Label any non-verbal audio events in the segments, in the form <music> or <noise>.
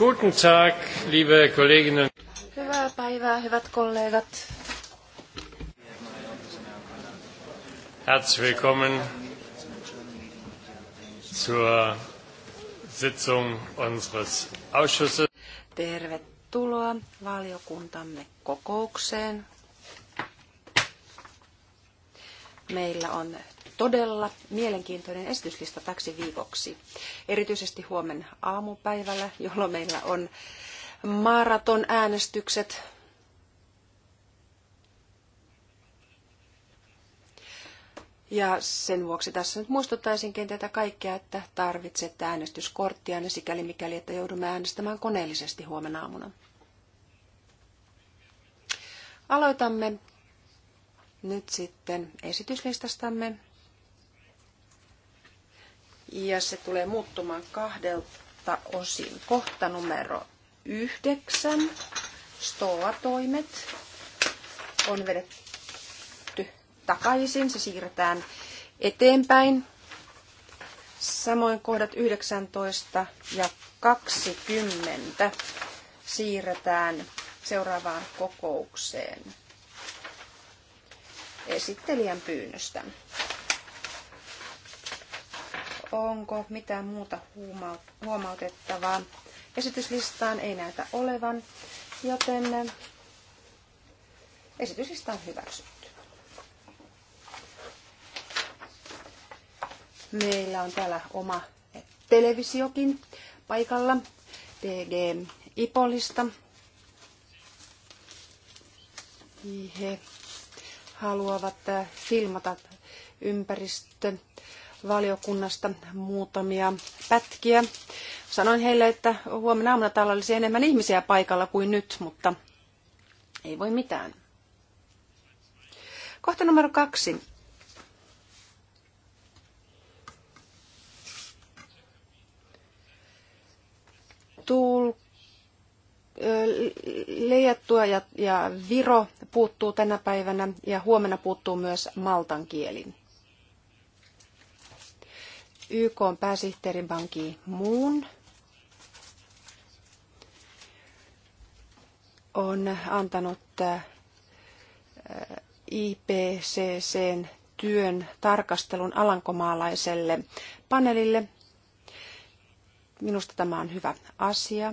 Guten Tag, liebe Kolleginnen. Hyvää päivää, hyvät kollegat. Herzlich willkommen zur Sitzung unseres Ausschusses. Tervetuloa valiokuntamme kokoukseen. Meillä on todella mielenkiintoinen esityslista täksi viikoksi. Erityisesti huomenna aamupäivällä, jolloin meillä on maraton äänestykset. Ja sen vuoksi tässä nyt muistuttaisinkin tätä kaikkea, että tarvitsette äänestyskorttia, niin sikäli mikäli, että joudumme äänestämään koneellisesti huomenna aamuna. Aloitamme nyt sitten esityslistastamme ja se tulee muuttumaan kahdelta osin. Kohta numero yhdeksän, STOA-toimet, on vedetty takaisin. Se siirretään eteenpäin. Samoin kohdat 19 ja 20 siirretään seuraavaan kokoukseen esittelijän pyynnöstä. Onko mitään muuta huomautettavaa? Esityslistaan ei näytä olevan, joten eh, esityslista on hyväksytty. Meillä on täällä oma televisiokin paikalla TG Ipolista. He haluavat eh, filmata ympäristön valiokunnasta muutamia pätkiä. Sanoin heille, että huomenna aamuna täällä olisi enemmän ihmisiä paikalla kuin nyt, mutta ei voi mitään. Kohta numero kaksi. Tul- Liettua ja, ja Viro puuttuu tänä päivänä ja huomenna puuttuu myös maltan kielin. YK on pääsihteerin banki muun on antanut äh, IPCCn työn tarkastelun alankomaalaiselle paneelille. Minusta tämä on hyvä asia.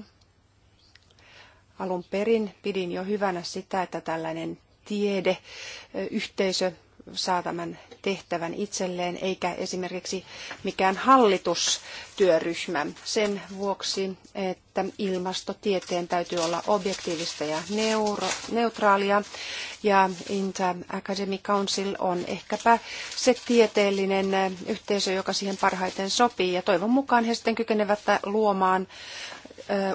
Alun perin pidin jo hyvänä sitä, että tällainen tiedeyhteisö äh, saa tämän tehtävän itselleen, eikä esimerkiksi mikään hallitustyöryhmä. Sen vuoksi, että ilmastotieteen täytyy olla objektiivista ja neuro, neutraalia, ja Inter Academy Council on ehkäpä se tieteellinen yhteisö, joka siihen parhaiten sopii, ja toivon mukaan he sitten kykenevät luomaan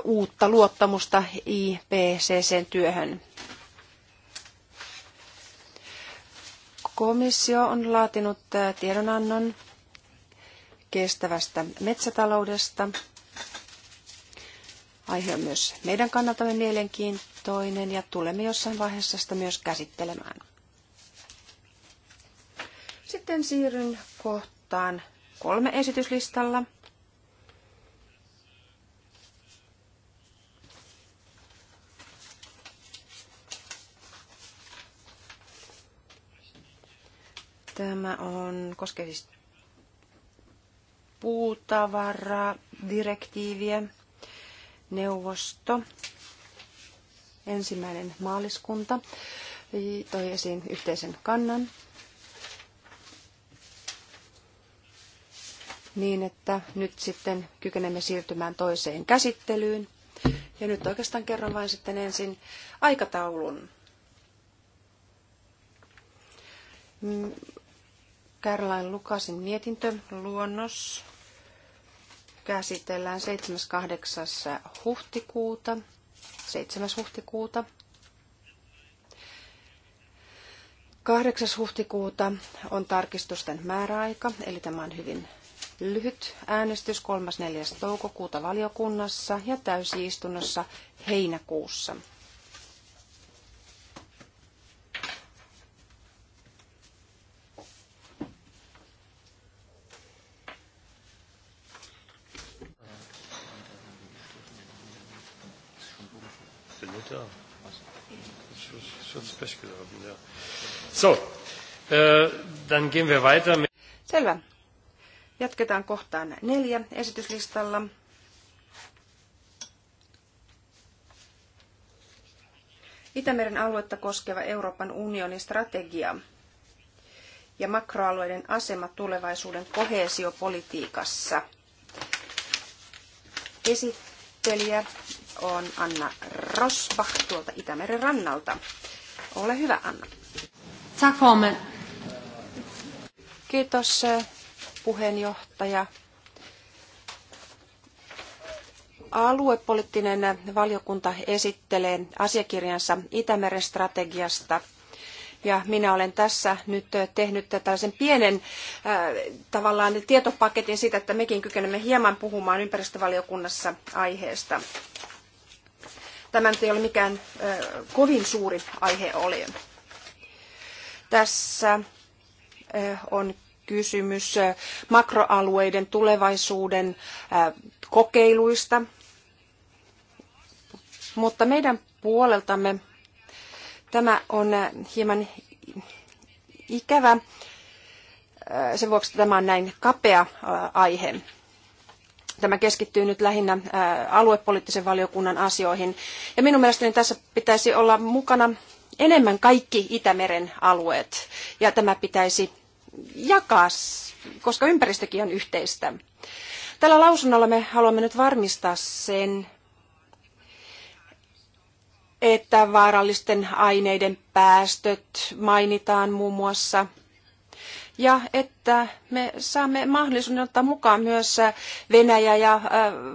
uutta luottamusta IPCCn työhön. Komissio on laatinut tiedonannon kestävästä metsätaloudesta. Aihe on myös meidän kannaltamme mielenkiintoinen ja tulemme jossain vaiheessa sitä myös käsittelemään. Sitten siirryn kohtaan kolme esityslistalla – Tämä on, koskee siis direktiiviä, neuvosto, ensimmäinen maaliskunta, toi esiin yhteisen kannan niin, että nyt sitten kykenemme siirtymään toiseen käsittelyyn. Ja nyt oikeastaan kerron vain sitten ensin aikataulun. Kärlain Lukasin mietintö, luonnos, käsitellään 7.8. huhtikuuta, 7. huhtikuuta. 8. huhtikuuta on tarkistusten määräaika, eli tämä on hyvin lyhyt äänestys 3.4. toukokuuta valiokunnassa ja täysistunnossa heinäkuussa. ja. So, äh, dann gehen wir weiter. Mit Selvä. Jatketaan kohtaan neljä esityslistalla. Itämeren aluetta koskeva Euroopan unionin strategia ja makroalueiden asema tulevaisuuden koheesiopolitiikassa. Esittelijä on Anna Rosbach tuolta Itämeren rannalta. Ole hyvä, Anna. Tack Kiitos eh, puheenjohtaja. Aluepoliittinen valiokunta esittelee asiakirjansa Itämeren strategiasta ja minä olen tässä nyt eh, tehnyt tällaisen pienen äh, tavallaan tietopaketin siitä, että mekin kykenemme hieman puhumaan ympäristövaliokunnassa aiheesta. Tämä nyt ei ole mikään kovin suuri aihe ole. Tässä on kysymys makroalueiden tulevaisuuden kokeiluista, mutta meidän puoleltamme tämä on hieman ikävä sen vuoksi, että tämä on näin kapea aihe. Tämä keskittyy nyt lähinnä aluepoliittisen valiokunnan asioihin. Ja minun mielestäni tässä pitäisi olla mukana enemmän kaikki Itämeren alueet. Ja tämä pitäisi jakaa, koska ympäristökin on yhteistä. Tällä lausunnolla me haluamme nyt varmistaa sen, että vaarallisten aineiden päästöt mainitaan muun muassa – ja että me saamme mahdollisuuden ottaa mukaan myös äh, Venäjä ja äh,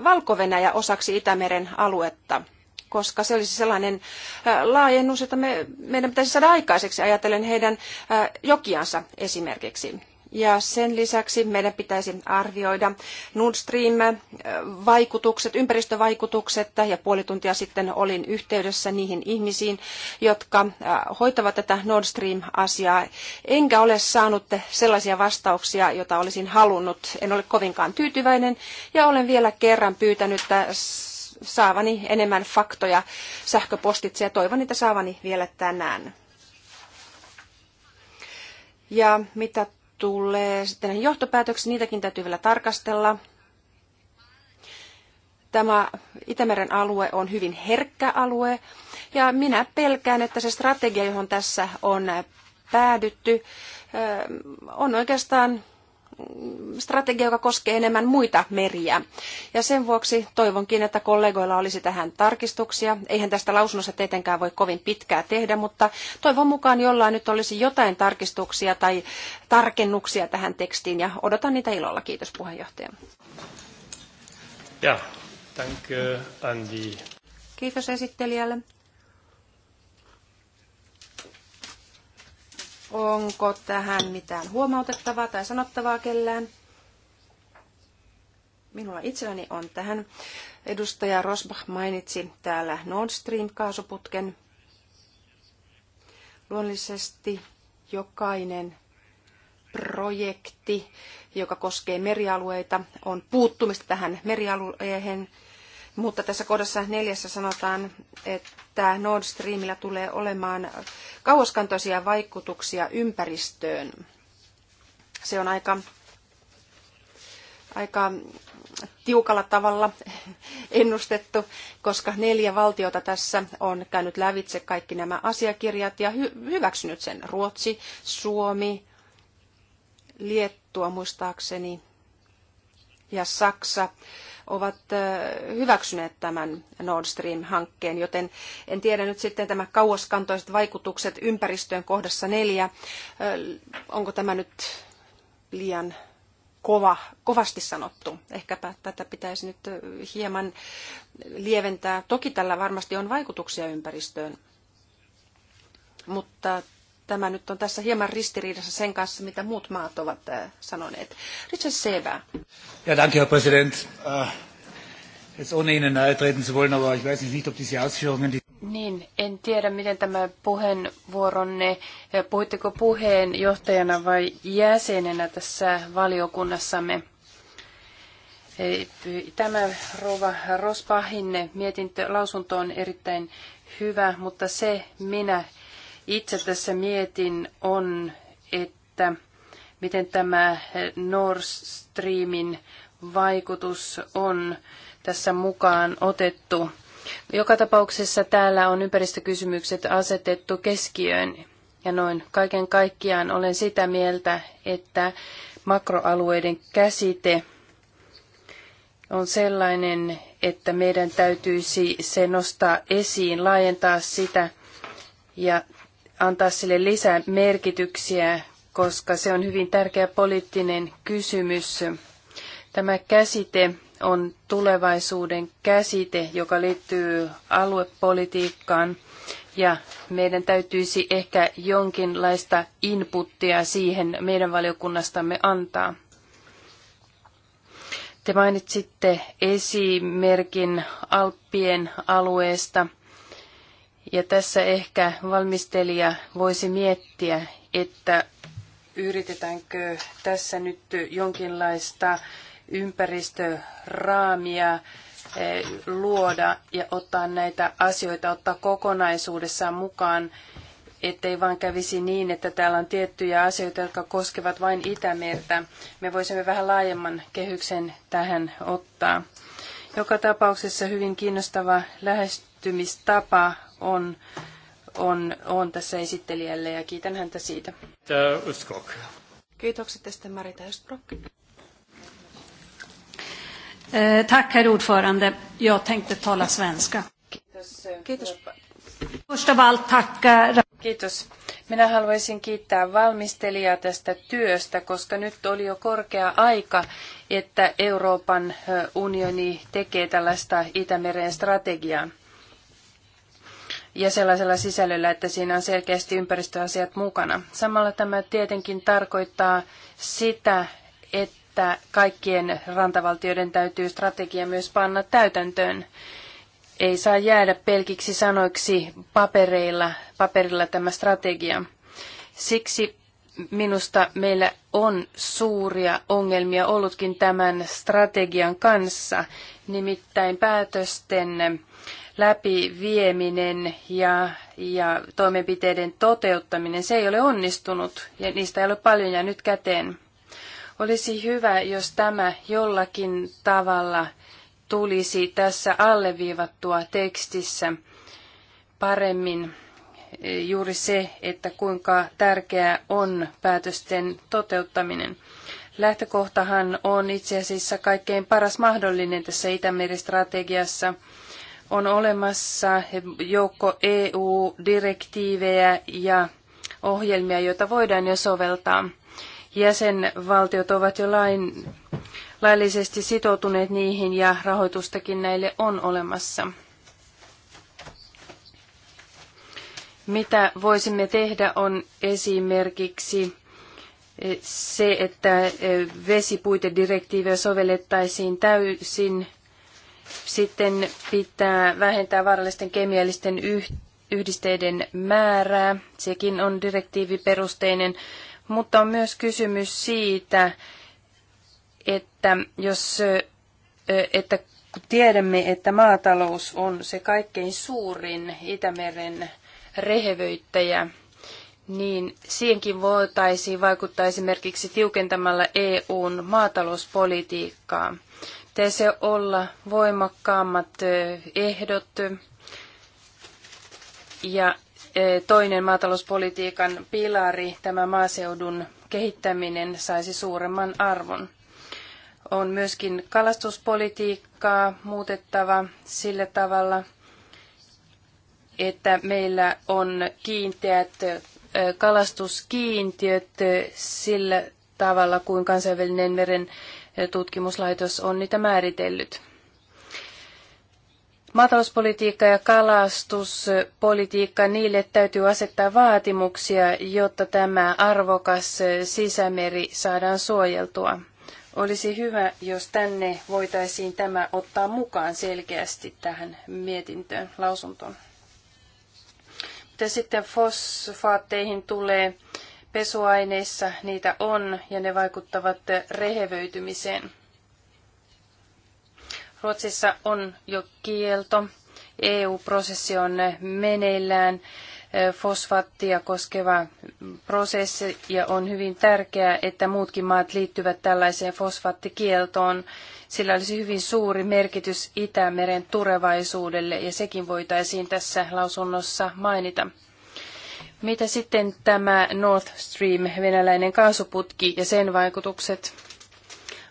Valko-Venäjä osaksi Itämeren aluetta koska se olisi sellainen äh, laajennus, jota me, meidän pitäisi saada aikaiseksi ajatellen heidän jokiansa esimerkiksi. Ja sen lisäksi meidän pitäisi arvioida Nord Stream-vaikutukset, äh, ympäristövaikutukset. Ja puoli tuntia sitten olin yhteydessä niihin ihmisiin, jotka äh, hoitavat tätä Nord Stream-asiaa. Enkä ole saanut sellaisia vastauksia, joita olisin halunnut. En ole kovinkaan tyytyväinen ja olen vielä kerran pyytänyt äh, saavani enemmän faktoja sähköpostitse ja toivon niitä saavani vielä tänään. Ja mitä tulee sitten näihin johtopäätöksiin, niitäkin täytyy vielä tarkastella. Tämä Itämeren alue on hyvin herkkä alue ja minä pelkään, että se strategia, johon tässä on päädytty, on oikeastaan strategia, joka koskee enemmän muita meriä. Ja sen vuoksi toivonkin, että kollegoilla olisi tähän tarkistuksia. Eihän tästä lausunnossa tietenkään voi kovin pitkää tehdä, mutta toivon mukaan jollain nyt olisi jotain tarkistuksia tai tarkennuksia tähän tekstiin ja odotan niitä ilolla. Kiitos puheenjohtaja. Ja, Kiitos esittelijälle. Onko tähän mitään huomautettavaa tai sanottavaa kellään? Minulla itselläni on tähän. Edustaja Rosbach mainitsi täällä Nord Stream-kaasuputken. Luonnollisesti jokainen projekti, joka koskee merialueita, on puuttumista tähän merialueen mutta tässä kohdassa neljässä sanotaan, että Nord Streamilla tulee olemaan kauaskantoisia vaikutuksia ympäristöön. Se on aika, aika tiukalla tavalla <laughs> ennustettu, koska neljä valtiota tässä on käynyt lävitse kaikki nämä asiakirjat ja hy- hyväksynyt sen. Ruotsi, Suomi, Liettua muistaakseni ja Saksa ovat hyväksyneet tämän Nord Stream-hankkeen, joten en tiedä nyt sitten tämä kauaskantoiset vaikutukset ympäristöön kohdassa neljä. Onko tämä nyt liian kova, kovasti sanottu. Ehkäpä tätä pitäisi nyt hieman lieventää. Toki tällä varmasti on vaikutuksia ympäristöön, mutta tämä nyt on tässä hieman ristiriidassa sen kanssa, mitä muut maat ovat äh, sanoneet. Richard Ja, danke, Herr Präsident. Uh, jetzt ohne Ihnen zu wollen, aber ich weiß nicht, ob diese Ausführungen... Die... Niin, en tiedä, miten tämä puheenvuoronne, äh, puhuitteko puheenjohtajana vai jäsenenä tässä valiokunnassamme? Tämä Rova Rospahin mietintö, lausunto on erittäin hyvä, mutta se minä itse tässä mietin, on, että miten tämä Nord Streamin vaikutus on tässä mukaan otettu. Joka tapauksessa täällä on ympäristökysymykset asetettu keskiöön ja noin kaiken kaikkiaan olen sitä mieltä, että makroalueiden käsite on sellainen, että meidän täytyisi se nostaa esiin, laajentaa sitä ja antaa sille lisää merkityksiä, koska se on hyvin tärkeä poliittinen kysymys. Tämä käsite on tulevaisuuden käsite, joka liittyy aluepolitiikkaan, ja meidän täytyisi ehkä jonkinlaista inputtia siihen meidän valiokunnastamme antaa. Te mainitsitte esimerkin Alppien alueesta ja tässä ehkä valmistelija voisi miettiä, että yritetäänkö tässä nyt jonkinlaista ympäristöraamia eh, luoda ja ottaa näitä asioita, ottaa kokonaisuudessaan mukaan, ettei vaan kävisi niin, että täällä on tiettyjä asioita, jotka koskevat vain Itämertä. Me voisimme vähän laajemman kehyksen tähän ottaa. Joka tapauksessa hyvin kiinnostava lähestymistapa on, on, on tässä esittelijälle ja kiitän häntä siitä. Kiitokset tästä Marita Östbrock. Eh, tack herr ordförande. Jag tänkte tala svenska. Kiitos. Eh, Först av allt tacka. Kiitos. Minä haluaisin kiittää valmistelijaa tästä työstä, koska nyt oli jo korkea aika, että Euroopan eh, unioni tekee tällaista Itämeren strategiaa ja sellaisella sisällöllä, että siinä on selkeästi ympäristöasiat mukana. Samalla tämä tietenkin tarkoittaa sitä, että kaikkien rantavaltioiden täytyy strategia myös panna täytäntöön. Ei saa jäädä pelkiksi sanoiksi papereilla, paperilla tämä strategia. Siksi minusta meillä on suuria ongelmia ollutkin tämän strategian kanssa, nimittäin päätösten läpivieminen ja, ja toimenpiteiden toteuttaminen, se ei ole onnistunut ja niistä ei ole paljon ja nyt käteen. Olisi hyvä, jos tämä jollakin tavalla tulisi tässä alleviivattua tekstissä paremmin e, juuri se, että kuinka tärkeää on päätösten toteuttaminen. Lähtökohtahan on itse asiassa kaikkein paras mahdollinen tässä Itämeri-strategiassa – on olemassa joukko EU-direktiivejä ja ohjelmia, joita voidaan jo soveltaa. Jäsenvaltiot ovat jo lain, laillisesti sitoutuneet niihin ja rahoitustakin näille on olemassa. Mitä voisimme tehdä on esimerkiksi eh, se, että eh, vesipuitedirektiiviä sovellettaisiin täysin sitten pitää vähentää vaarallisten kemiallisten yhdisteiden määrää. Sekin on direktiiviperusteinen, mutta on myös kysymys siitä, että jos että kun tiedämme, että maatalous on se kaikkein suurin Itämeren rehevöittäjä, niin siihenkin voitaisiin vaikuttaa esimerkiksi tiukentamalla EUn maatalouspolitiikkaa pitäisi olla voimakkaammat ehdot ja toinen maatalouspolitiikan pilari, tämä maaseudun kehittäminen, saisi suuremman arvon. On myöskin kalastuspolitiikkaa muutettava sillä tavalla, että meillä on kiinteät kalastuskiintiöt sillä tavalla kuin kansainvälinen meren tutkimuslaitos on niitä määritellyt. Maatalouspolitiikka ja kalastuspolitiikka, niille täytyy asettaa vaatimuksia, jotta tämä arvokas sisämeri saadaan suojeltua. Olisi hyvä, jos tänne voitaisiin tämä ottaa mukaan selkeästi tähän mietintöön, lausuntoon. Mitä sitten fosfaatteihin tulee, pesuaineissa niitä on ja ne vaikuttavat rehevöitymiseen. Ruotsissa on jo kielto. EU-prosessi on meneillään fosfaattia koskeva prosessi ja on hyvin tärkeää, että muutkin maat liittyvät tällaiseen fosfaattikieltoon. Sillä olisi hyvin suuri merkitys Itämeren tulevaisuudelle ja sekin voitaisiin tässä lausunnossa mainita. Mitä sitten tämä North Stream, venäläinen kaasuputki ja sen vaikutukset?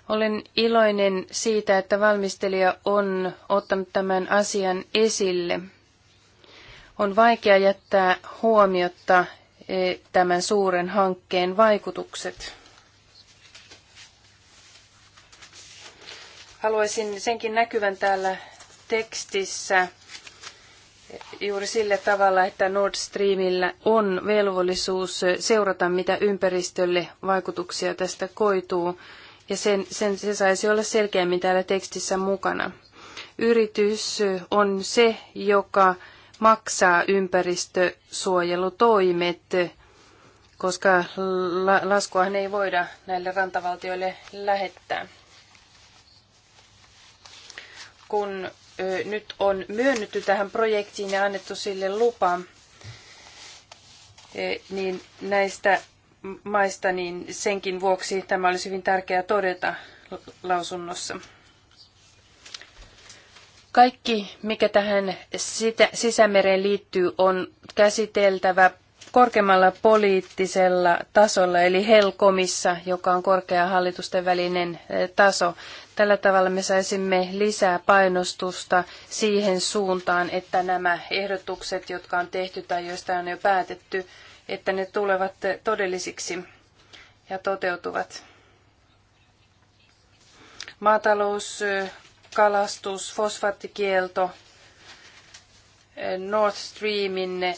Olen iloinen siitä, että valmistelija on ottanut tämän asian esille. On vaikea jättää huomiotta eh, tämän suuren hankkeen vaikutukset. Haluaisin senkin näkyvän täällä tekstissä juuri sillä tavalla, että Nord Streamillä on velvollisuus seurata, mitä ympäristölle vaikutuksia tästä koituu. Ja sen, sen se saisi olla selkeämmin täällä tekstissä mukana. Yritys on se, joka maksaa ympäristösuojelutoimet, koska la, laskuahan ei voida näille rantavaltioille lähettää. Kun nyt on myönnytty tähän projektiin ja annettu sille lupa, niin näistä maista, niin senkin vuoksi tämä olisi hyvin tärkeää todeta lausunnossa. Kaikki, mikä tähän sisämereen liittyy, on käsiteltävä korkeammalla poliittisella tasolla, eli Helkomissa, joka on korkea hallitusten välinen taso. Tällä tavalla me saisimme lisää painostusta siihen suuntaan, että nämä ehdotukset, jotka on tehty tai joista on jo päätetty, että ne tulevat todellisiksi ja toteutuvat. Maatalous, kalastus, fosfaattikielto, North Streamin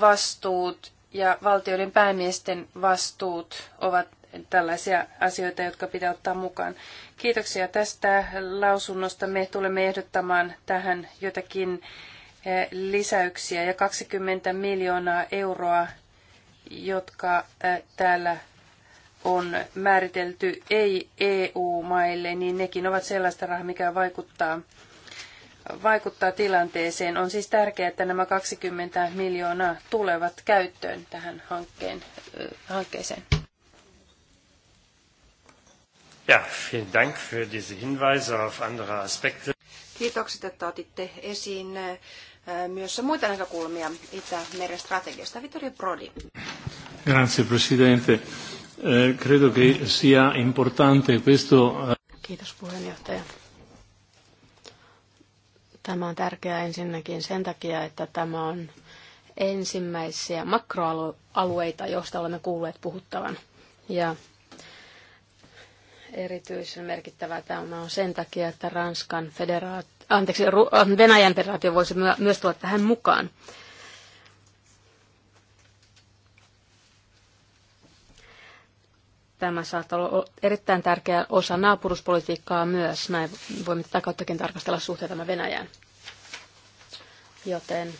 vastuut ja valtioiden päämiesten vastuut ovat tällaisia asioita, jotka pitää ottaa mukaan. Kiitoksia tästä lausunnosta. Me tulemme ehdottamaan tähän jotakin eh, lisäyksiä ja 20 miljoonaa euroa, jotka eh, täällä on määritelty ei-EU-maille, niin nekin ovat sellaista rahaa, mikä vaikuttaa, vaikuttaa tilanteeseen. On siis tärkeää, että nämä 20 miljoonaa tulevat käyttöön tähän hankkeen, eh, hankkeeseen. Ja, vielen Dank für diese Hinweise auf andere Aspekte. Kiitokset, että otitte esiin äh, myös muita näkökulmia Itämeren strategiasta. Vittorio Prodi. Grazie, Presidente. Eh, credo che sia importante questo... Eh, Kiitos puheenjohtaja. Tämä on tärkeää ensinnäkin sen takia, että tämä on ensimmäisiä makroalueita, joista olemme kuulleet puhuttavan. Ja Erityisen merkittävä tämä on sen takia, että Ranskan federaat... Anteeksi, äh, Venäjän federaatio voisi myös tulla tähän mukaan. Tämä saattaa olla erittäin tärkeä osa naapuruspolitiikkaa myös. Näin voimme tätä kauttakin tarkastella suhteitamme Venäjään. Joten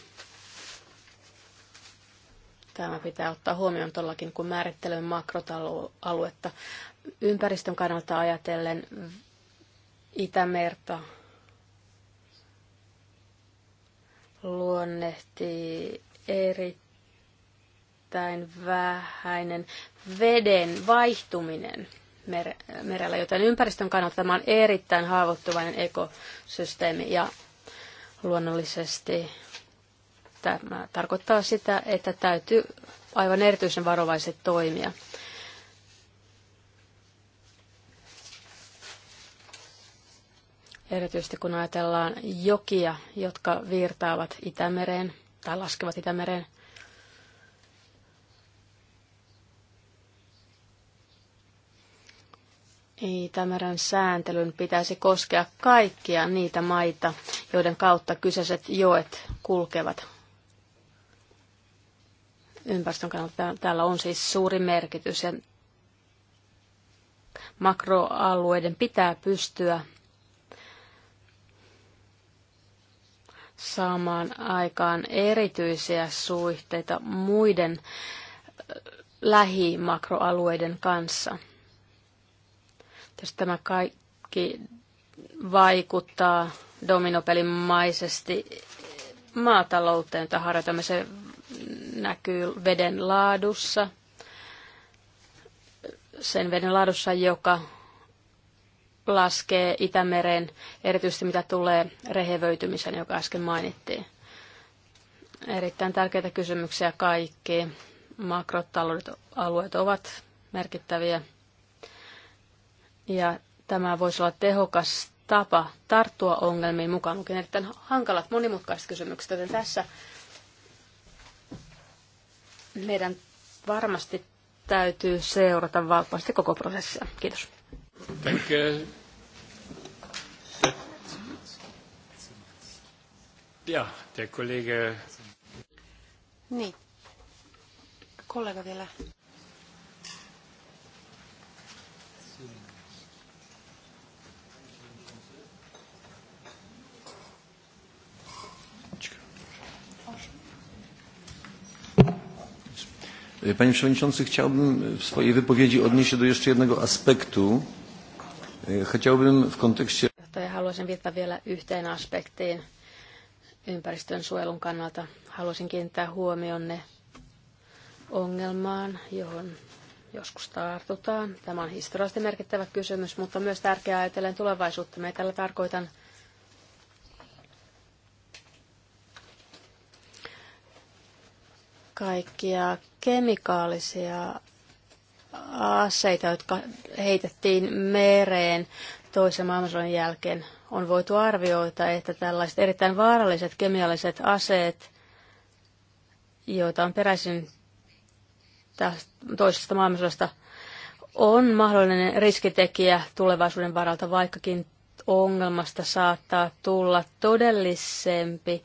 tämä pitää ottaa huomioon tuollakin, kun määrittelemme makrotaloualuetta ympäristön kannalta ajatellen Itämerta luonnehti erittäin vähäinen veden vaihtuminen merellä, joten ympäristön kannalta tämä on erittäin haavoittuvainen ekosysteemi ja luonnollisesti tämä tarkoittaa sitä, että täytyy aivan erityisen varovaiset toimia. erityisesti kun ajatellaan jokia, jotka virtaavat Itämereen tai laskevat Itämereen. Itämeren sääntelyn pitäisi koskea kaikkia niitä maita, joiden kautta kyseiset joet kulkevat. Ympäristön kannalta täällä on siis suuri merkitys ja makroalueiden pitää pystyä saamaan aikaan erityisiä suhteita muiden lähimakroalueiden kanssa. Tietysti tämä kaikki vaikuttaa dominopelimaisesti maatalouteen, jota harjoitamme. Se näkyy veden laadussa, sen veden laadussa, joka laskee Itämereen, erityisesti mitä tulee rehevöitymisen, joka äsken mainittiin. Erittäin tärkeitä kysymyksiä kaikki. Makrotaloudet alueet ovat merkittäviä ja tämä voisi olla tehokas tapa tarttua ongelmiin mukaan lukien erittäin hankalat monimutkaiset kysymykset, joten tässä meidän varmasti täytyy seurata valppaasti koko prosessia. Kiitos. Ja, der Kollege. Niin. Kollega vielä. Panie Przewodniczący, chciałbym w swojej wypowiedzi odnieść się do jeszcze jednego aspektu. Chciałbym w kontekście Haluaisin viittaa vielä yhteen aspektiin ympäristön suojelun kannalta. Haluaisin kiinnittää huomionne ongelmaan, johon joskus tartutaan. Tämä on historiallisesti merkittävä kysymys, mutta myös tärkeää ajatellen tulevaisuutta. Me tällä tarkoitan kaikkia kemikaalisia aseita, jotka heitettiin mereen toisen maailmansodan jälkeen on voitu arvioida, että tällaiset erittäin vaaralliset kemialliset aseet, joita on peräisin toisesta maailmansodasta, on mahdollinen riskitekijä tulevaisuuden varalta, vaikkakin ongelmasta saattaa tulla todellisempi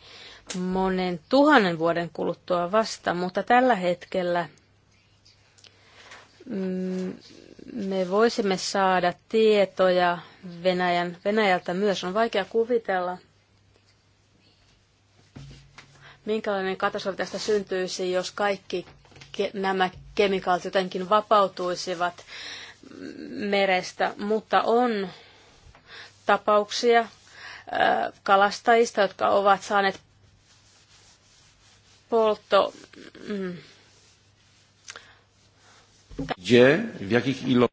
monen tuhannen vuoden kuluttua vasta, mutta tällä hetkellä mm, me voisimme saada tietoja Venäjän, Venäjältä myös. On vaikea kuvitella, minkälainen katastrofi tästä syntyisi, jos kaikki nämä kemikaalit jotenkin vapautuisivat merestä, mutta on tapauksia kalastajista, jotka ovat saaneet poltto, mm,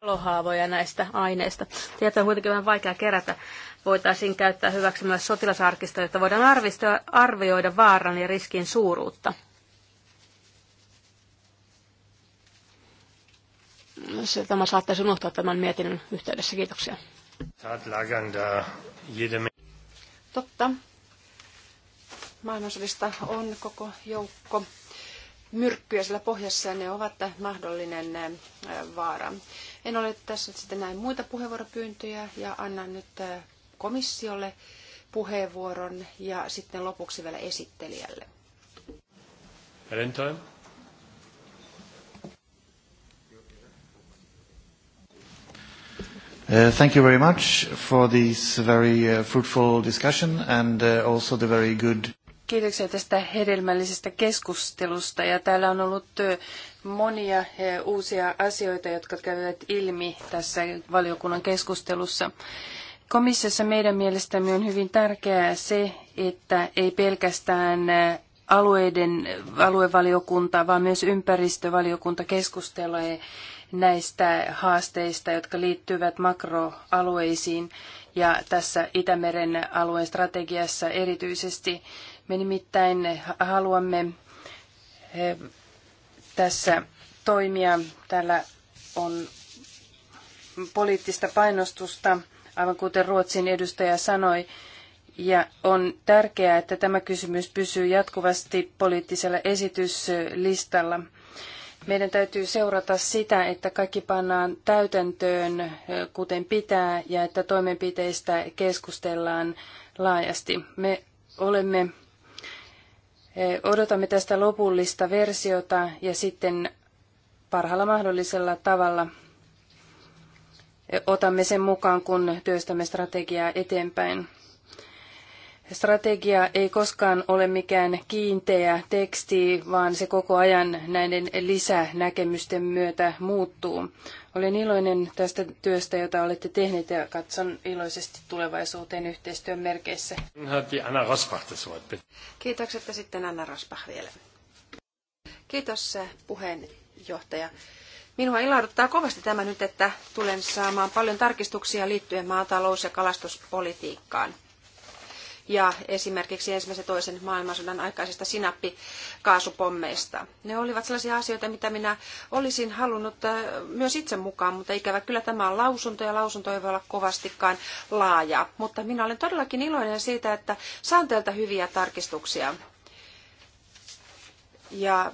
Lohaavoja näistä aineista. Tietoa on kuitenkin vähän vaikea kerätä. Voitaisiin käyttää hyväksi myös sotilasarkistoa, jotta voidaan arvioida vaaran ja riskin suuruutta. Se, tämä saattaisi unohtaa tämän mietinnön yhteydessä. Kiitoksia. Totta. Maailmansodista on koko joukko myrkkyjä siellä pohjassa ja ne ovat mahdollinen eh, vaara. En ole tässä nyt sitten näin muita puheenvuoropyyntöjä ja annan nyt eh, komissiolle puheenvuoron ja sitten lopuksi vielä esittelijälle. Uh, Thank you very much for this very uh, fruitful discussion and uh, also the very good Kiitoksia tästä hedelmällisestä keskustelusta ja täällä on ollut monia uusia asioita, jotka käyvät ilmi tässä valiokunnan keskustelussa. Komissiossa meidän mielestämme on hyvin tärkeää se, että ei pelkästään alueiden aluevaliokunta, vaan myös ympäristövaliokunta keskustelee näistä haasteista, jotka liittyvät makroalueisiin ja tässä Itämeren alueen strategiassa erityisesti me nimittäin haluamme eh, tässä toimia. Täällä on poliittista painostusta, aivan kuten Ruotsin edustaja sanoi, ja on tärkeää, että tämä kysymys pysyy jatkuvasti poliittisella esityslistalla. Meidän täytyy seurata sitä, että kaikki pannaan täytäntöön eh, kuten pitää ja että toimenpiteistä keskustellaan laajasti. Me olemme Odotamme tästä lopullista versiota ja sitten parhaalla mahdollisella tavalla otamme sen mukaan, kun työstämme strategiaa eteenpäin. Strategia ei koskaan ole mikään kiinteä teksti, vaan se koko ajan näiden lisänäkemysten myötä muuttuu. Olen iloinen tästä työstä, jota olette tehneet ja katson iloisesti tulevaisuuteen yhteistyön merkeissä. Anna Rosbach, Kiitokset ja sitten Anna Rosbach vielä. Kiitos eh, puheenjohtaja. Minua ilahduttaa kovasti tämä nyt, että tulen saamaan paljon tarkistuksia liittyen maatalous- ja kalastuspolitiikkaan ja esimerkiksi ensimmäisen toisen maailmansodan aikaisista sinappikaasupommeista. Ne olivat sellaisia asioita, mitä minä olisin halunnut äh, myös itse mukaan, mutta ikävä kyllä tämä on lausunto ja lausunto ei voi olla kovastikaan laaja. Mutta minä olen todellakin iloinen siitä, että saan teiltä hyviä tarkistuksia. Ja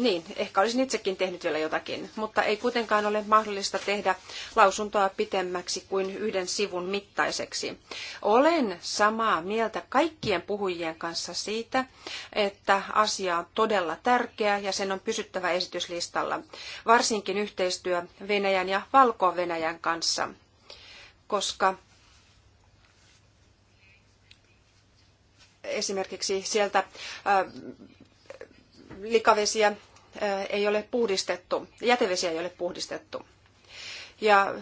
niin, ehkä olisin itsekin tehnyt vielä jotakin, mutta ei kuitenkaan ole mahdollista tehdä lausuntoa pitemmäksi kuin yhden sivun mittaiseksi. Olen samaa mieltä kaikkien puhujien kanssa siitä, että asia on todella tärkeä ja sen on pysyttävä esityslistalla, varsinkin yhteistyö Venäjän ja Valko-Venäjän kanssa, koska esimerkiksi sieltä äh, likavesiä ei ole puhdistettu, jätevesiä ei ole puhdistettu. Ja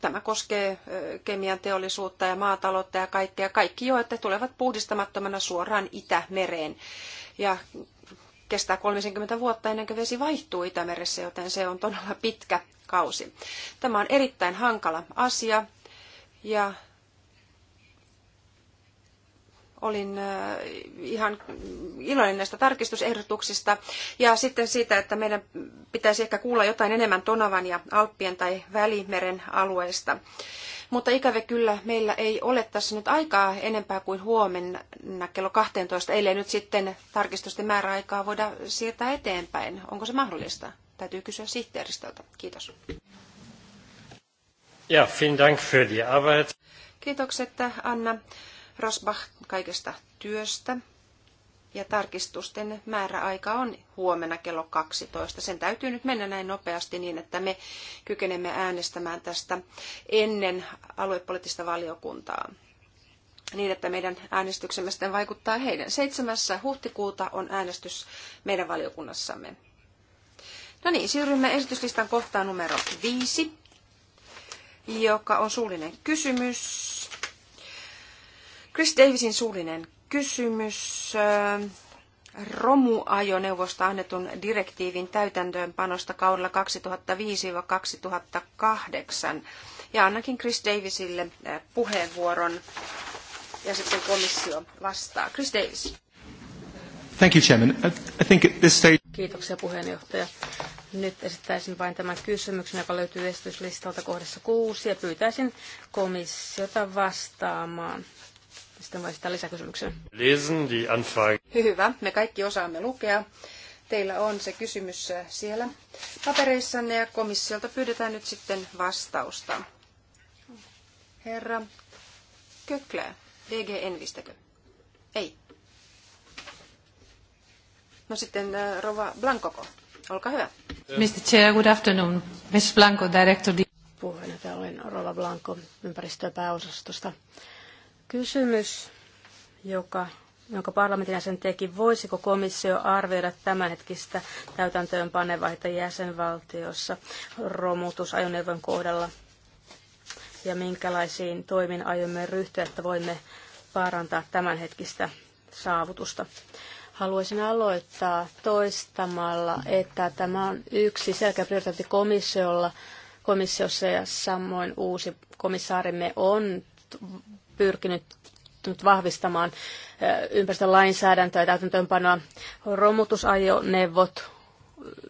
tämä koskee kemian teollisuutta ja maataloutta ja kaikkea. Kaikki joet tulevat puhdistamattomana suoraan Itämereen. Ja kestää 30 vuotta ennen kuin vesi vaihtuu Itämeressä, joten se on todella pitkä kausi. Tämä on erittäin hankala asia ja olin ihan iloinen näistä tarkistusehdotuksista ja sitten siitä, että meidän pitäisi ehkä kuulla jotain enemmän Tonavan ja Alppien tai Välimeren alueista. Mutta ikävä kyllä meillä ei ole tässä nyt aikaa enempää kuin huomenna kello 12, ellei nyt sitten tarkistusten määräaikaa voida siirtää eteenpäin. Onko se mahdollista? Täytyy kysyä sihteeristöltä. Kiitos. Ja, vielen Dank für die Arbeit. Kiitokset Anna Rosbach kaikesta työstä. Ja tarkistusten määräaika on huomenna kello 12. Sen täytyy nyt mennä näin nopeasti niin, että me kykenemme äänestämään tästä ennen aluepoliittista valiokuntaa niin, että meidän äänestyksemme sitten vaikuttaa heidän. 7. huhtikuuta on äänestys meidän valiokunnassamme. No niin, siirrymme esityslistan kohtaan numero 5, joka on suullinen kysymys Chris Davisin suullinen kysymys romuajoneuvosta annetun direktiivin täytäntöönpanosta kaudella 2005-2008. Ja annakin Chris Davisille puheenvuoron ja sitten komissio vastaa. Chris Davis. Thank you, Chairman. I think at this stage... Kiitoksia puheenjohtaja. Nyt esittäisin vain tämän kysymyksen, joka löytyy esityslistalta kohdassa kuusi, ja pyytäisin komissiota vastaamaan sitten voi sitä lisäkysymyksen. Lesen die Anfrage. Hyvä, me kaikki osaamme lukea. Teillä on se kysymys äh, siellä papereissanne ja komissiolta pyydetään nyt sitten vastausta. Herra Köklä, DG Envistäkö? Ei. No sitten äh, Rova Blankoko, olkaa hyvä. Mr. Chair, good afternoon. Miss Blanco, Director... Puheenjohtaja, olen Rova Blanco ympäristöpääosastosta. pääosastosta Kysymys, joka, jonka parlamentin jäsen teki, voisiko komissio arvioida tämänhetkistä täytäntöönpanevaihta jäsenvaltiossa romutusajoneuvon kohdalla ja minkälaisiin toimiin aiomme ryhtyä, että voimme parantaa tämänhetkistä saavutusta. Haluaisin aloittaa toistamalla, että tämä on yksi selkeä prioriteetti komissiolla, komissiossa ja samoin uusi komissaarimme on pyrkinyt nyt vahvistamaan ympäristölainsäädäntöä ja täytäntöönpanoa. Romutusajoneuvot,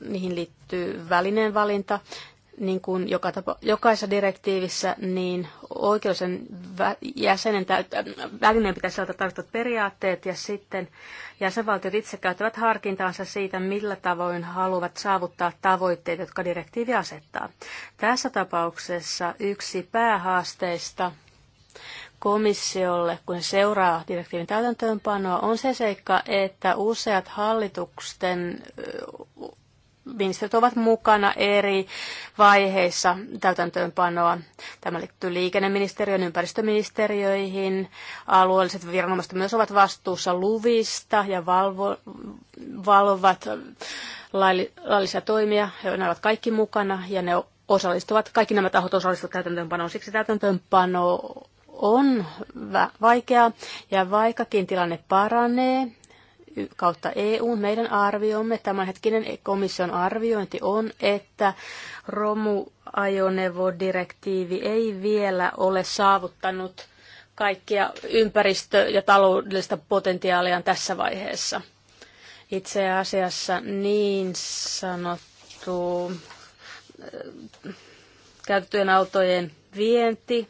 niihin liittyy välineen valinta, niin kuin joka tapa, jokaisessa direktiivissä, niin oikeudellisen jäsenen täyttä, välineen pitäisi olla tarvittavat periaatteet ja sitten jäsenvaltiot itse käyttävät harkintaansa siitä, millä tavoin haluavat saavuttaa tavoitteet, jotka direktiivi asettaa. Tässä tapauksessa yksi päähaasteista komissiolle, kun se seuraa direktiivin täytäntöönpanoa, on se seikka, että useat hallituksen ministerit ovat mukana eri vaiheissa täytäntöönpanoa. Tämä liittyy liikenneministeriön, ympäristöministeriöihin. Alueelliset viranomaiset myös ovat vastuussa luvista ja valvo, valvovat laillisia toimia. Ne ovat kaikki mukana ja ne osallistuvat, kaikki nämä tahot osallistuvat täytäntöönpanoon. Siksi täytäntöönpano on vaikea ja vaikkakin tilanne paranee kautta EU, meidän arviomme, tämänhetkinen komission arviointi on, että romuajoneuvodirektiivi ei vielä ole saavuttanut kaikkia ympäristö- ja taloudellista potentiaalia tässä vaiheessa. Itse asiassa niin sanottu käytettyjen autojen vienti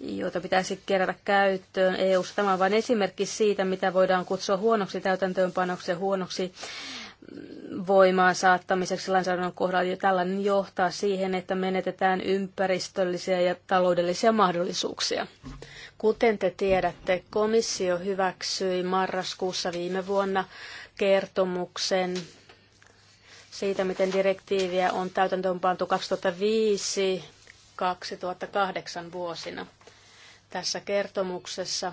joita pitäisi kerätä käyttöön eu Tämä on vain esimerkki siitä, mitä voidaan kutsua huonoksi täytäntöönpanoksi ja huonoksi voimaan saattamiseksi lainsäädännön kohdalla. Ja tällainen johtaa siihen, että menetetään ympäristöllisiä ja taloudellisia mahdollisuuksia. Kuten te tiedätte, komissio hyväksyi marraskuussa viime vuonna kertomuksen siitä, miten direktiiviä on täytäntöönpantu 2005 2008 vuosina. Tässä kertomuksessa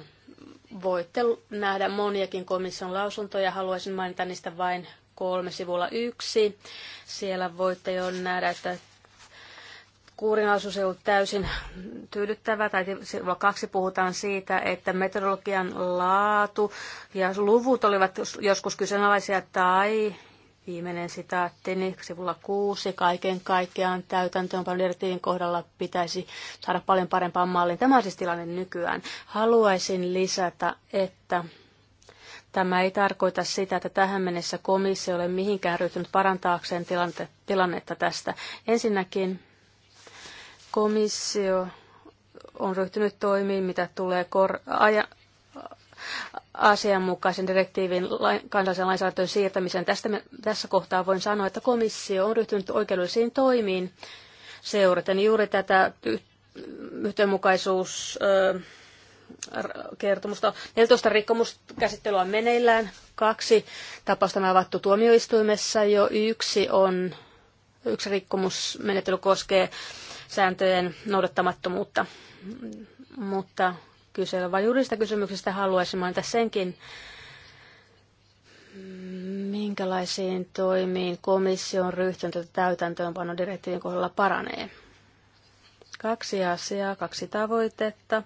voitte nähdä moniakin komission lausuntoja. Haluaisin mainita niistä vain kolme sivulla yksi. Siellä voitte jo nähdä, että kuurinaisuus ei ollut täysin tyydyttävä, tai sivulla kaksi puhutaan siitä, että metodologian laatu ja luvut olivat joskus kyseenalaisia tai Viimeinen sitaatti, niin sivulla kuusi kaiken kaikkiaan täytäntöön paljon kohdalla pitäisi saada paljon parempaan malliin. Tämä on siis tilanne nykyään. Haluaisin lisätä, että Tämä ei tarkoita sitä, että tähän mennessä komissio ei ole mihinkään ryhtynyt parantaakseen tilante, tilannetta tästä. Ensinnäkin komissio on ryhtynyt toimiin, mitä tulee kor- aja- asianmukaisen direktiivin kansallisen lainsäädäntöön siirtämiseen. Tästä me, tässä kohtaa voin sanoa, että komissio on ryhtynyt oikeudellisiin toimiin seuraten juuri tätä yhdenmukaisuus kertomusta. 14 rikkomuskäsittelyä on meneillään, kaksi tapausta on avattu tuomioistuimessa jo, yksi on yksi rikkomusmenettely koskee sääntöjen noudattamattomuutta. Mutta kysellä, vaan juuri sitä kysymyksestä kysymyksistä, haluaisin mainita senkin, minkälaisiin toimiin komission täytäntöönpano direktiivin kohdalla paranee. Kaksi asiaa, kaksi tavoitetta.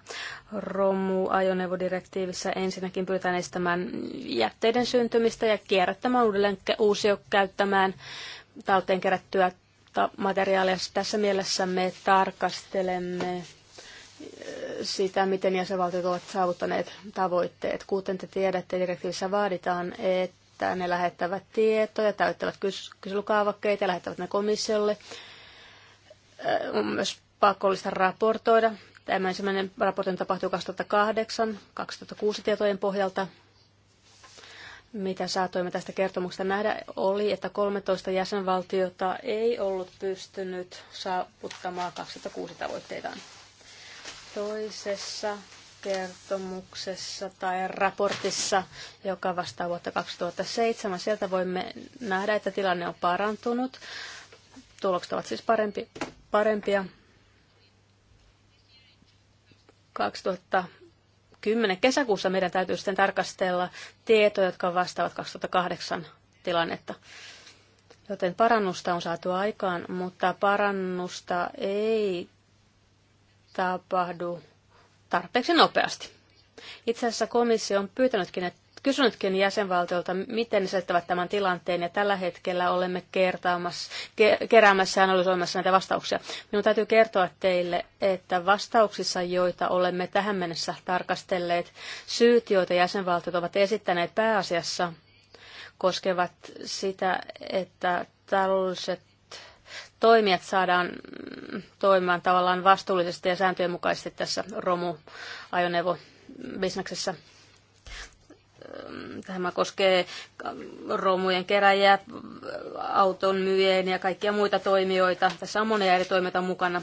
Romu-ajoneuvodirektiivissä ensinnäkin pyritään estämään jätteiden syntymistä ja kierrättämään uudelleen uusio käyttämään talteen kerättyä materiaalia. Tässä mielessä me tarkastelemme sitä, miten jäsenvaltiot ovat saavuttaneet tavoitteet. Kuten te tiedätte, direktiivissä vaaditaan, että ne lähettävät tietoja, täyttävät kys- kyselykaavakkeita ja lähettävät ne komissiolle. On myös pakollista raportoida. Tämä ensimmäinen raportointi tapahtui 2008-2006 tietojen pohjalta. Mitä saatoimme tästä kertomuksesta nähdä, oli, että 13 jäsenvaltiota ei ollut pystynyt saavuttamaan 2006 tavoitteitaan. Toisessa kertomuksessa tai raportissa, joka vastaa vuotta 2007. Sieltä voimme nähdä, että tilanne on parantunut. Tulokset ovat siis parempi, parempia. 2010 kesäkuussa meidän täytyy sitten tarkastella tietoja, jotka vastaavat 2008 tilannetta. Joten parannusta on saatu aikaan, mutta parannusta ei tapahdu tarpeeksi nopeasti. Itse asiassa komissio on pyytänytkin, että kysynytkin jäsenvaltiolta, miten ne selittävät tämän tilanteen, ja tällä hetkellä olemme kertaamassa, keräämässä ja analysoimassa näitä vastauksia. Minun täytyy kertoa teille, että vastauksissa, joita olemme tähän mennessä tarkastelleet, syyt, joita jäsenvaltiot ovat esittäneet pääasiassa, koskevat sitä, että taloudelliset toimijat saadaan toimimaan tavallaan vastuullisesti ja sääntöjen mukaisesti tässä romuajoneuvobisneksessä. Tämä koskee romujen keräjiä, auton myyjien ja kaikkia muita toimijoita. Tässä on monia eri toimijoita mukana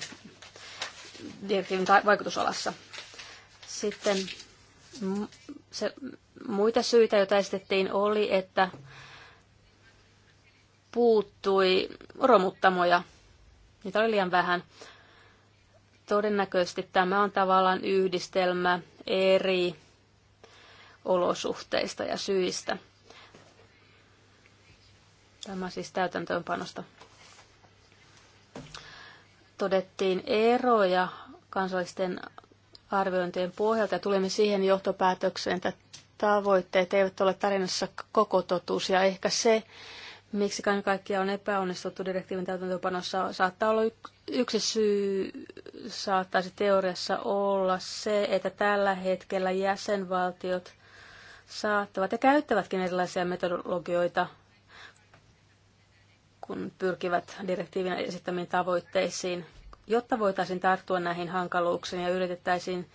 direktiivin vaikutusalassa. Sitten se, muita syitä, joita esitettiin, oli, että puuttui romuttamoja. Niitä oli liian vähän. Todennäköisesti tämä on tavallaan yhdistelmä eri olosuhteista ja syistä. Tämä siis täytäntöönpanosta. Todettiin eroja kansallisten arviointien pohjalta ja tulimme siihen johtopäätökseen, että tavoitteet eivät ole tarinassa koko totuus ja ehkä se, miksi kaikkia on epäonnistuttu direktiivin täytäntöönpanossa, saattaa olla yksi syy, saattaisi teoriassa olla se, että tällä hetkellä jäsenvaltiot saattavat ja käyttävätkin erilaisia metodologioita, kun pyrkivät direktiivin esittämiin tavoitteisiin, jotta voitaisiin tarttua näihin hankaluuksiin ja yritettäisiin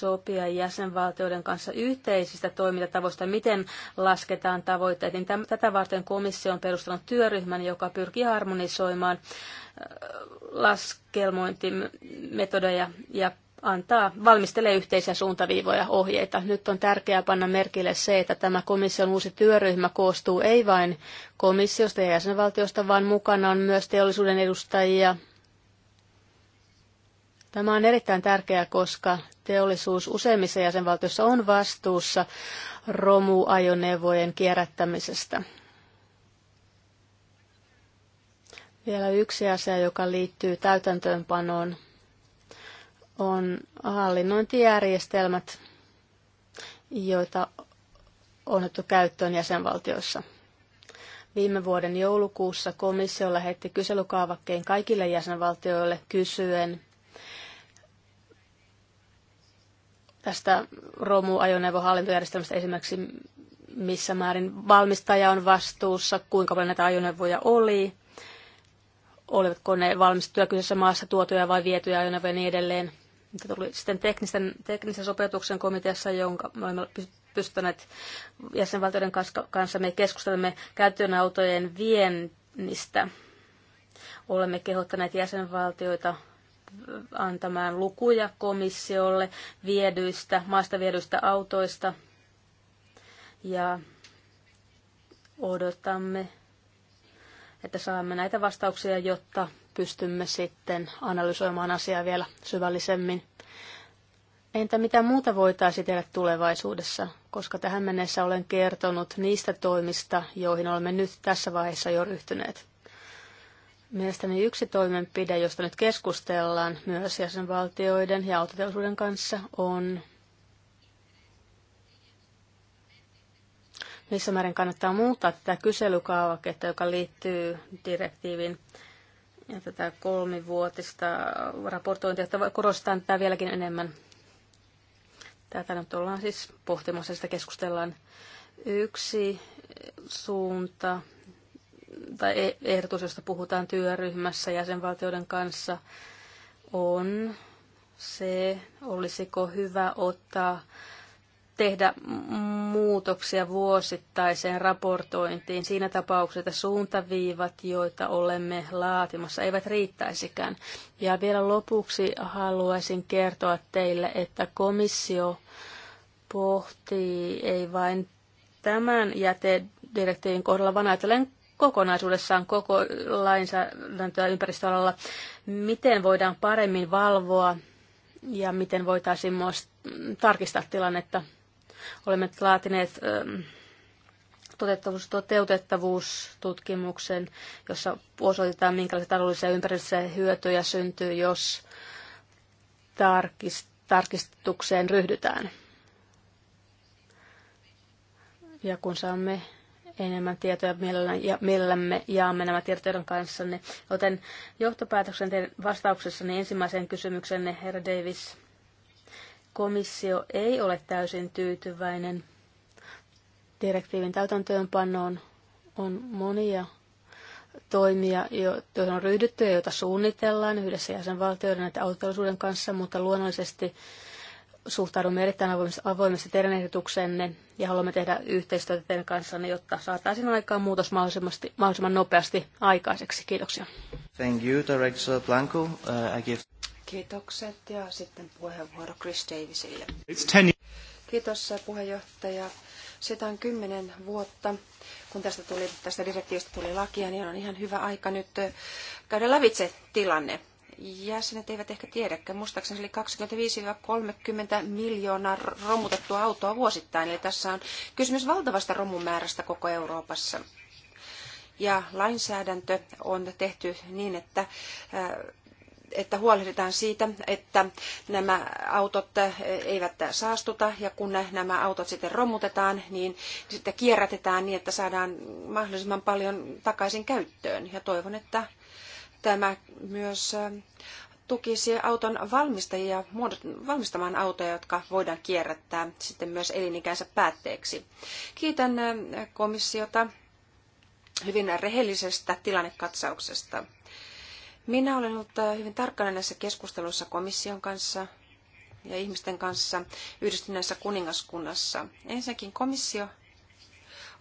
sopia jäsenvaltioiden kanssa yhteisistä toimintatavoista, miten lasketaan tavoitteet, niin tätä varten komissio on perustanut työryhmän, joka pyrkii harmonisoimaan äh, laskelmointimetodeja ja antaa, valmistelee yhteisiä suuntaviivoja ohjeita. Nyt on tärkeää panna merkille se, että tämä komission uusi työryhmä koostuu ei vain komissiosta ja jäsenvaltiosta, vaan mukana on myös teollisuuden edustajia. Tämä on erittäin tärkeää, koska teollisuus useimmissa jäsenvaltioissa on vastuussa romuajoneuvojen kierrättämisestä. Vielä yksi asia, joka liittyy täytäntöönpanoon, on hallinnointijärjestelmät, joita on otettu käyttöön jäsenvaltioissa. Viime vuoden joulukuussa komissio lähetti kyselykaavakkeen kaikille jäsenvaltioille kysyen, tästä romuajoneuvohallintojärjestelmästä esimerkiksi, missä määrin valmistaja on vastuussa, kuinka paljon näitä ajoneuvoja oli, olivatko ne valmistettuja kyseisessä maassa tuotuja vai vietyjä ajoneuvoja ja niin edelleen. Mitä tuli sitten teknisen teknisen sopeutuksen komiteassa, jonka me olemme pystyneet jäsenvaltioiden kanssa, me keskustelemme käyttöön autojen viennistä. Olemme kehottaneet jäsenvaltioita antamaan lukuja komissiolle viedyistä, maasta viedyistä autoista. Ja odotamme, että saamme näitä vastauksia, jotta pystymme sitten analysoimaan asiaa vielä syvällisemmin. Entä mitä muuta voitaisiin tehdä tulevaisuudessa, koska tähän mennessä olen kertonut niistä toimista, joihin olemme nyt tässä vaiheessa jo ryhtyneet. Mielestäni yksi toimenpide, josta nyt keskustellaan myös jäsenvaltioiden ja autoteollisuuden kanssa, on missä määrin kannattaa muuttaa tätä kyselykaavaketta, joka liittyy direktiivin ja tätä kolmivuotista raportointia, että korostetaan tätä vieläkin enemmän. Tätä nyt ollaan siis pohtimassa, sitä keskustellaan. Yksi suunta tai e- ehdotus, josta puhutaan työryhmässä jäsenvaltioiden kanssa, on se, olisiko hyvä ottaa tehdä muutoksia vuosittaiseen raportointiin siinä tapauksessa, että suuntaviivat, joita olemme laatimassa, eivät riittäisikään. Ja vielä lopuksi haluaisin kertoa teille, että komissio pohtii ei vain tämän jätedirektiivin kohdalla, vaan ajatellen kokonaisuudessaan koko lainsäädäntöä ympäristöalalla. Miten voidaan paremmin valvoa ja miten voitaisiin myös tarkistaa tilannetta? Olemme laatineet ähm, toteutettavuus, toteutettavuustutkimuksen, jossa osoitetaan, minkälaisia taloudellisia ympäristöllisiä hyötyjä syntyy, jos tarkist, tarkistukseen ryhdytään. Ja kun saamme enemmän tietoja mielellään, ja mielellämme jaamme nämä tiedot teidän kanssanne. Joten johtopäätöksen teidän vastauksessani ensimmäiseen kysymyksenne, herra Davis. Komissio ei ole täysin tyytyväinen direktiivin täytäntöönpanoon. On monia toimia, joita on ryhdytty ja joita suunnitellaan yhdessä jäsenvaltioiden ja autollisuuden kanssa, mutta luonnollisesti suhtaudumme erittäin avoimesti teidän ehdotuksenne ja haluamme tehdä yhteistyötä teidän kanssanne, jotta saataisiin aikaan muutos mahdollisimman nopeasti aikaiseksi. Kiitoksia. Thank you, Director Blanco. Uh, I give... Kiitokset ja sitten puheenvuoro Chris Davisille. It's ten... Kiitos puheenjohtaja. Sitä on kymmenen vuotta, kun tästä, tuli, tästä direktiivistä tuli lakia, niin on ihan hyvä aika nyt käydä lävitse tilanne jäsenet eivät ehkä tiedäkään. Muistaakseni se oli 25-30 miljoonaa romutettua autoa vuosittain. Eli tässä on kysymys valtavasta romumäärästä koko Euroopassa. Ja lainsäädäntö on tehty niin, että äh, että huolehditaan siitä, että nämä autot äh, eivät saastuta ja kun nämä autot sitten romutetaan, niin sitten kierrätetään niin, että saadaan mahdollisimman paljon takaisin käyttöön. Ja toivon, että Tämä myös tukisi auton valmistajia valmistamaan autoja, jotka voidaan kierrättää sitten myös elinikänsä päätteeksi. Kiitän komissiota hyvin rehellisestä tilannekatsauksesta. Minä olen ollut hyvin tarkkana näissä keskusteluissa komission kanssa ja ihmisten kanssa yhdistyneessä kuningaskunnassa. Ensinnäkin komissio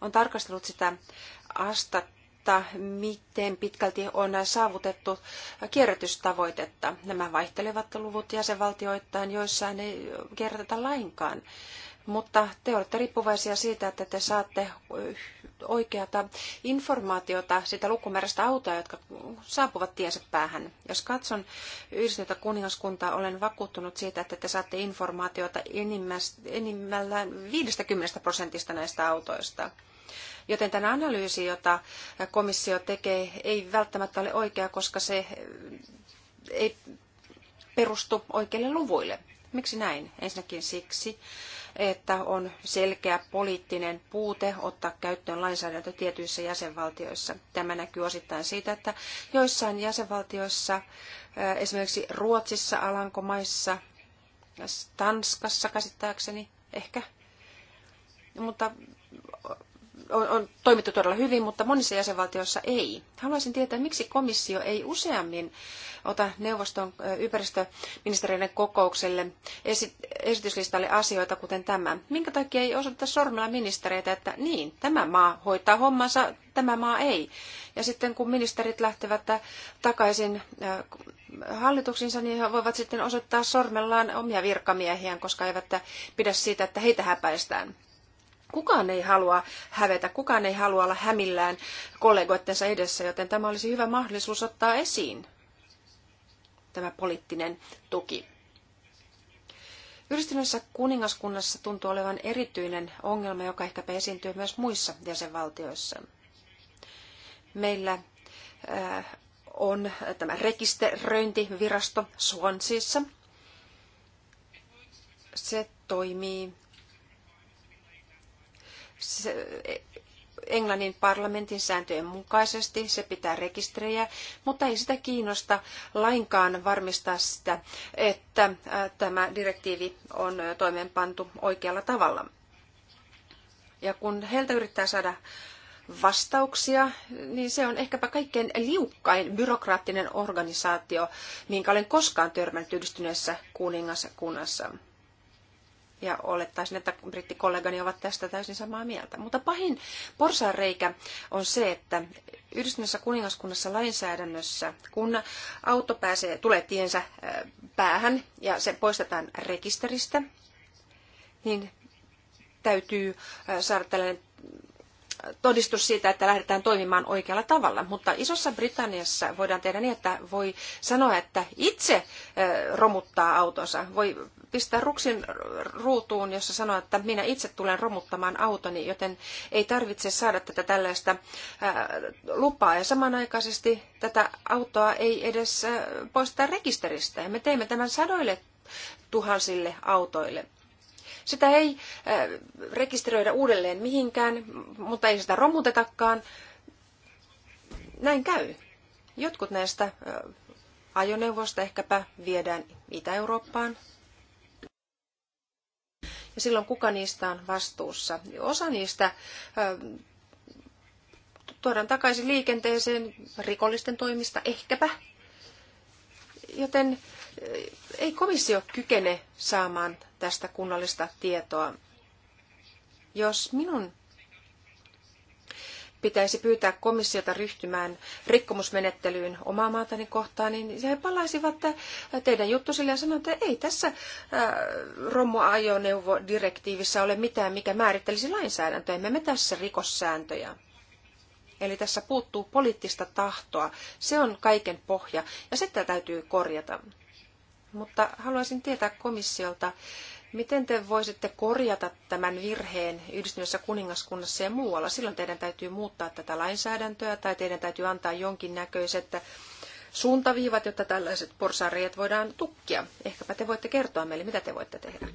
on tarkastellut sitä astat mutta miten pitkälti on saavutettu kierrätystavoitetta. Nämä vaihtelevat luvut jäsenvaltioittain, joissa ei kierrätetä lainkaan. Mutta te olette riippuvaisia siitä, että te saatte oikeata informaatiota sitä lukumäärästä autoja, jotka saapuvat tiensä päähän. Jos katson yhdistynyttä kuningaskuntaa, olen vakuuttunut siitä, että te saatte informaatiota enimmällään 50 prosentista näistä autoista. Joten tämä analyysi, jota komissio tekee, ei välttämättä ole oikea, koska se ei perustu oikeille luvuille. Miksi näin? Ensinnäkin siksi, että on selkeä poliittinen puute ottaa käyttöön lainsäädäntö tietyissä jäsenvaltioissa. Tämä näkyy osittain siitä, että joissain jäsenvaltioissa, äh, esimerkiksi Ruotsissa, Alankomaissa, Tanskassa käsittääkseni ehkä, mutta on, on toimittu todella hyvin, mutta monissa jäsenvaltioissa ei. Haluaisin tietää, miksi komissio ei useammin ota neuvoston ympäristöministeriöiden kokoukselle esityslistalle asioita kuten tämä. Minkä takia ei osoiteta sormella ministereitä, että niin, tämä maa hoitaa hommansa, tämä maa ei. Ja sitten kun ministerit lähtevät takaisin hallituksinsa, niin he voivat sitten osoittaa sormellaan omia virkamiehiään, koska eivät pidä siitä, että heitä häpäistään. Kukaan ei halua hävetä, kukaan ei halua olla hämillään kollegoittensa edessä, joten tämä olisi hyvä mahdollisuus ottaa esiin tämä poliittinen tuki. Yhdistyneessä kuningaskunnassa tuntuu olevan erityinen ongelma, joka ehkä esiintyy myös muissa jäsenvaltioissa. Meillä äh, on tämä rekisteröintivirasto Suonsiissa. Se toimii E, Englannin parlamentin sääntöjen mukaisesti, se pitää rekisterejä, mutta ei sitä kiinnosta lainkaan varmistaa sitä, että tämä direktiivi on toimeenpantu oikealla tavalla. Ja kun heiltä yrittää saada vastauksia, niin se on ehkäpä kaikkein liukkain byrokraattinen organisaatio, minkä olen koskaan törmännyt yhdistyneessä kuningaskunnassa ja olettaisin, että brittikollegani ovat tästä täysin samaa mieltä. Mutta pahin porsaanreikä on se, että Yhdistyneessä kuningaskunnassa lainsäädännössä, kun auto pääsee, tulee tiensä päähän ja se poistetaan rekisteristä, niin täytyy saada tällainen todistus siitä, että lähdetään toimimaan oikealla tavalla. Mutta Isossa Britanniassa voidaan tehdä niin, että voi sanoa, että itse romuttaa autonsa, voi pistää ruksin ruutuun, jossa sanoo, että minä itse tulen romuttamaan autoni, joten ei tarvitse saada tätä tällaista lupaa. Ja samanaikaisesti tätä autoa ei edes poisteta rekisteristä. Ja me teemme tämän sadoille tuhansille autoille. Sitä ei rekisteröidä uudelleen mihinkään, mutta ei sitä romutetakaan. Näin käy. Jotkut näistä ajoneuvoista ehkäpä viedään Itä-Eurooppaan, ja silloin kuka niistä on vastuussa. Osa niistä tuodaan takaisin liikenteeseen rikollisten toimista ehkäpä. Joten ei komissio kykene saamaan tästä kunnollista tietoa. Jos minun pitäisi pyytää komissiota ryhtymään rikkomusmenettelyyn omaa maatani kohtaan, niin he palaisivat teidän juttusille ja sanoivat, että ei tässä äh, romuajoneuvodirektiivissä ole mitään, mikä määrittelisi lainsäädäntöä. Emme me tässä rikossääntöjä. Eli tässä puuttuu poliittista tahtoa. Se on kaiken pohja ja sitä täytyy korjata. Mutta haluaisin tietää komissiolta, Miten te voisitte korjata tämän virheen yhdistyneessä kuningaskunnassa ja muualla? Silloin teidän täytyy muuttaa tätä lainsäädäntöä tai teidän täytyy antaa jonkinnäköiset suuntaviivat, jotta tällaiset porsareet voidaan tukkia. Ehkäpä te voitte kertoa meille, mitä te voitte tehdä.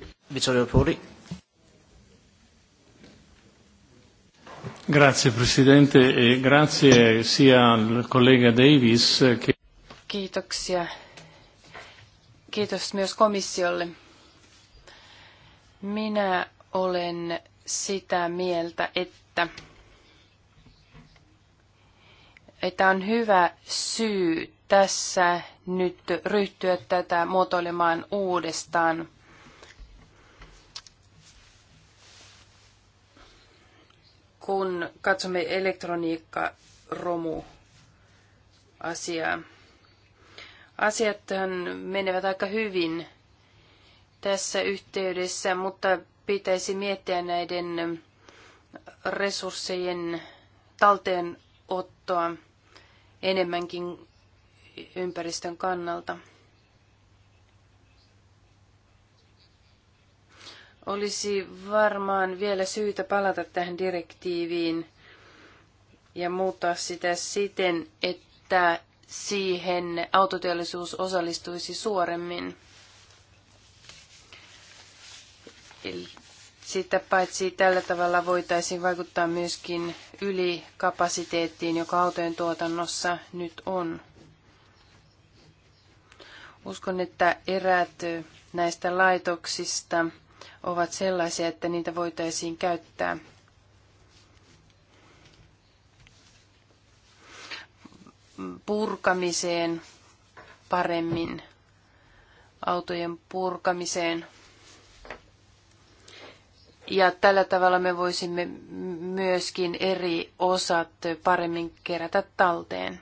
Grazie Presidente e grazie sia al collega Davis che... Kiitoksia. Kiitos myös komissiolle minä olen sitä mieltä, että, että on hyvä syy tässä nyt ryhtyä tätä muotoilemaan uudestaan. Kun katsomme elektroniikkaromu asiaa. asiat menevät aika hyvin tässä yhteydessä, mutta pitäisi miettiä näiden resurssien talteenottoa enemmänkin ympäristön kannalta. Olisi varmaan vielä syytä palata tähän direktiiviin ja muuttaa sitä siten, että siihen autoteollisuus osallistuisi suoremmin. sitä paitsi tällä tavalla voitaisiin vaikuttaa myöskin ylikapasiteettiin, joka autojen tuotannossa nyt on. Uskon, että eräät näistä laitoksista ovat sellaisia, että niitä voitaisiin käyttää. purkamiseen paremmin, autojen purkamiseen – ja tällä tavalla me voisimme myöskin eri osat paremmin kerätä talteen.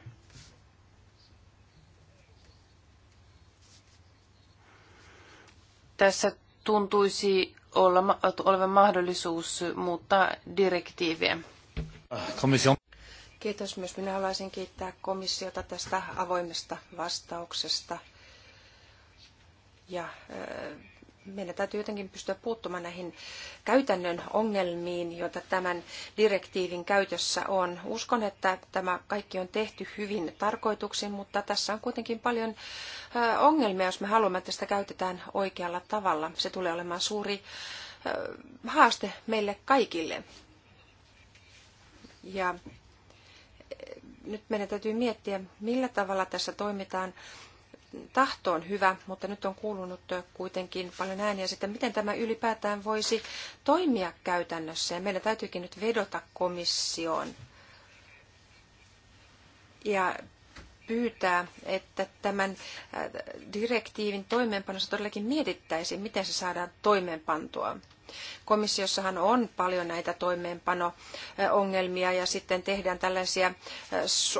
Tässä tuntuisi olla, olevan mahdollisuus muuttaa direktiiviä. Komission. Kiitos myös. Minä haluaisin kiittää komissiota tästä avoimesta vastauksesta. Ja meidän täytyy jotenkin pystyä puuttumaan näihin käytännön ongelmiin, joita tämän direktiivin käytössä on. Uskon, että tämä kaikki on tehty hyvin tarkoituksin, mutta tässä on kuitenkin paljon ongelmia, jos me haluamme, että sitä käytetään oikealla tavalla. Se tulee olemaan suuri haaste meille kaikille. Ja nyt meidän täytyy miettiä, millä tavalla tässä toimitaan tahto on hyvä, mutta nyt on kuulunut kuitenkin paljon ääniä sitten, miten tämä ylipäätään voisi toimia käytännössä. Ja meidän täytyykin nyt vedota komissioon ja pyytää, että tämän äh, direktiivin toimeenpanossa todellakin mietittäisiin, miten se saadaan toimeenpantua. Komissiossahan on paljon näitä toimeenpano-ongelmia ja sitten tehdään tällaisia,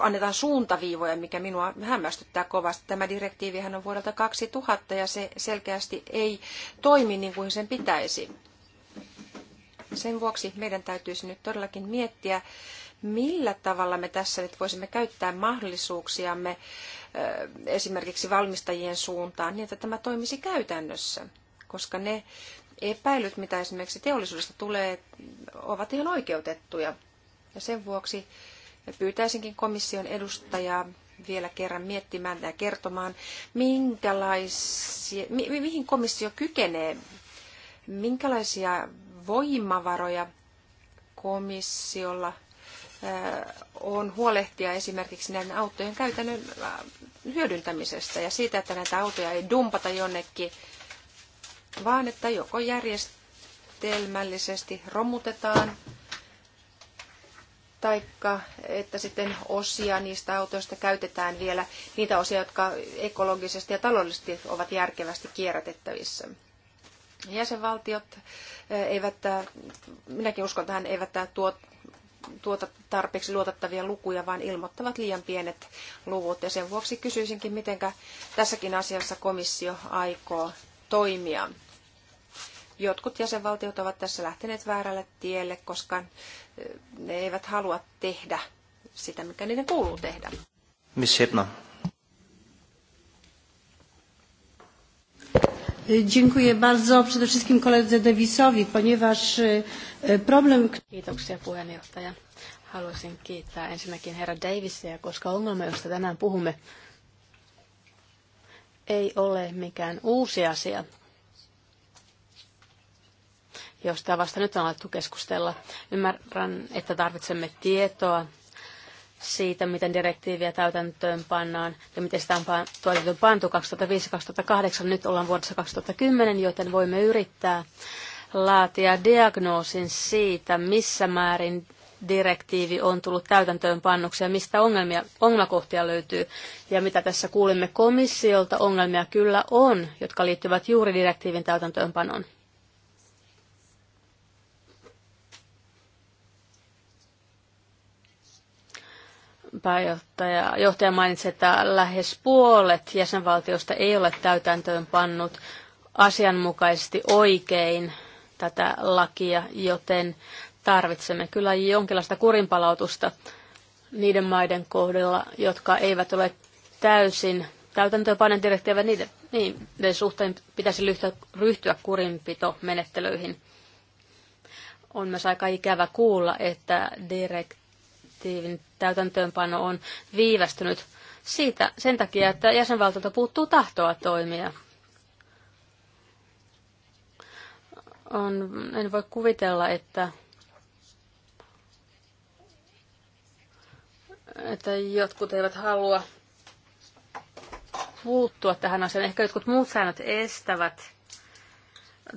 annetaan suuntaviivoja, mikä minua hämmästyttää kovasti. Tämä direktiivihän on vuodelta 2000 ja se selkeästi ei toimi niin kuin sen pitäisi. Sen vuoksi meidän täytyisi nyt todellakin miettiä, millä tavalla me tässä nyt voisimme käyttää mahdollisuuksiamme esimerkiksi valmistajien suuntaan niin, että tämä toimisi käytännössä, koska ne epäilyt, mitä esimerkiksi teollisuudesta tulee, ovat ihan oikeutettuja. Ja sen vuoksi pyytäisinkin komission edustajaa vielä kerran miettimään ja kertomaan, minkälaisia, mi, mihin komissio kykenee, minkälaisia voimavaroja komissiolla on huolehtia esimerkiksi näiden autojen käytännön hyödyntämisestä ja siitä, että näitä autoja ei dumpata jonnekin vaan että joko järjestelmällisesti romutetaan taikka että sitten osia niistä autoista käytetään vielä, niitä osia, jotka ekologisesti ja taloudellisesti ovat järkevästi kierrätettävissä. Jäsenvaltiot eh, eivät, eh, minäkin uskon tähän, eivät eh, tuo, tuota tarpeeksi luotettavia lukuja, vaan ilmoittavat liian pienet luvut. Ja sen vuoksi kysyisinkin, miten tässäkin asiassa komissio aikoo toimia. Jotkut jäsenvaltiot ovat tässä lähteneet väärälle tielle, koska eh, ne eivät halua tehdä sitä, mikä niiden kuuluu tehdä. Miss Hepna. Dziękuję bardzo przede wszystkim koledze Davisowi, ponieważ e, problem... Kiitoksia puheenjohtaja. Haluaisin kiittää ensinnäkin herra Davisia, koska ongelma, josta tänään puhumme, ei ole mikään uusi asia, josta vasta nyt on alettu keskustella. Ymmärrän, että tarvitsemme tietoa siitä, miten direktiiviä täytäntöön pannaan ja miten sitä on tuotettu pantu 2005-2008. Nyt ollaan vuodessa 2010, joten voimme yrittää laatia diagnoosin siitä, missä määrin direktiivi on tullut täytäntöönpannuksi ja mistä ongelmia, ongelmakohtia löytyy. Ja mitä tässä kuulimme komissiolta, ongelmia kyllä on, jotka liittyvät juuri direktiivin täytäntöönpanoon. pääjohtaja johtaja mainitsi, että lähes puolet jäsenvaltioista ei ole täytäntöön pannut asianmukaisesti oikein tätä lakia, joten tarvitsemme kyllä jonkinlaista kurinpalautusta niiden maiden kohdalla, jotka eivät ole täysin täytäntöönpanen direktiivä, niiden, niiden suhteen pitäisi ryhtyä, ryhtyä kurinpitomenettelyihin. On myös aika ikävä kuulla, että direktiivin täytäntöönpano on viivästynyt siitä, sen takia, että jäsenvaltiolta puuttuu tahtoa toimia. On, en voi kuvitella, että että jotkut eivät halua puuttua tähän asiaan. Ehkä jotkut muut säännöt estävät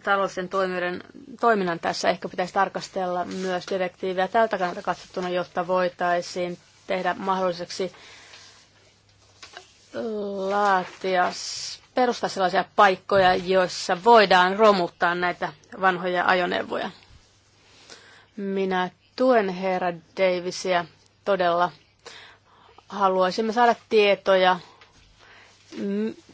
taloudellisen toimijoiden toiminnan tässä. Ehkä pitäisi tarkastella myös direktiiviä tältä kannalta katsottuna, jotta voitaisiin tehdä mahdolliseksi laatia, perustaa sellaisia paikkoja, joissa voidaan romuttaa näitä vanhoja ajoneuvoja. Minä tuen herra Davisia todella – haluaisimme saada tietoja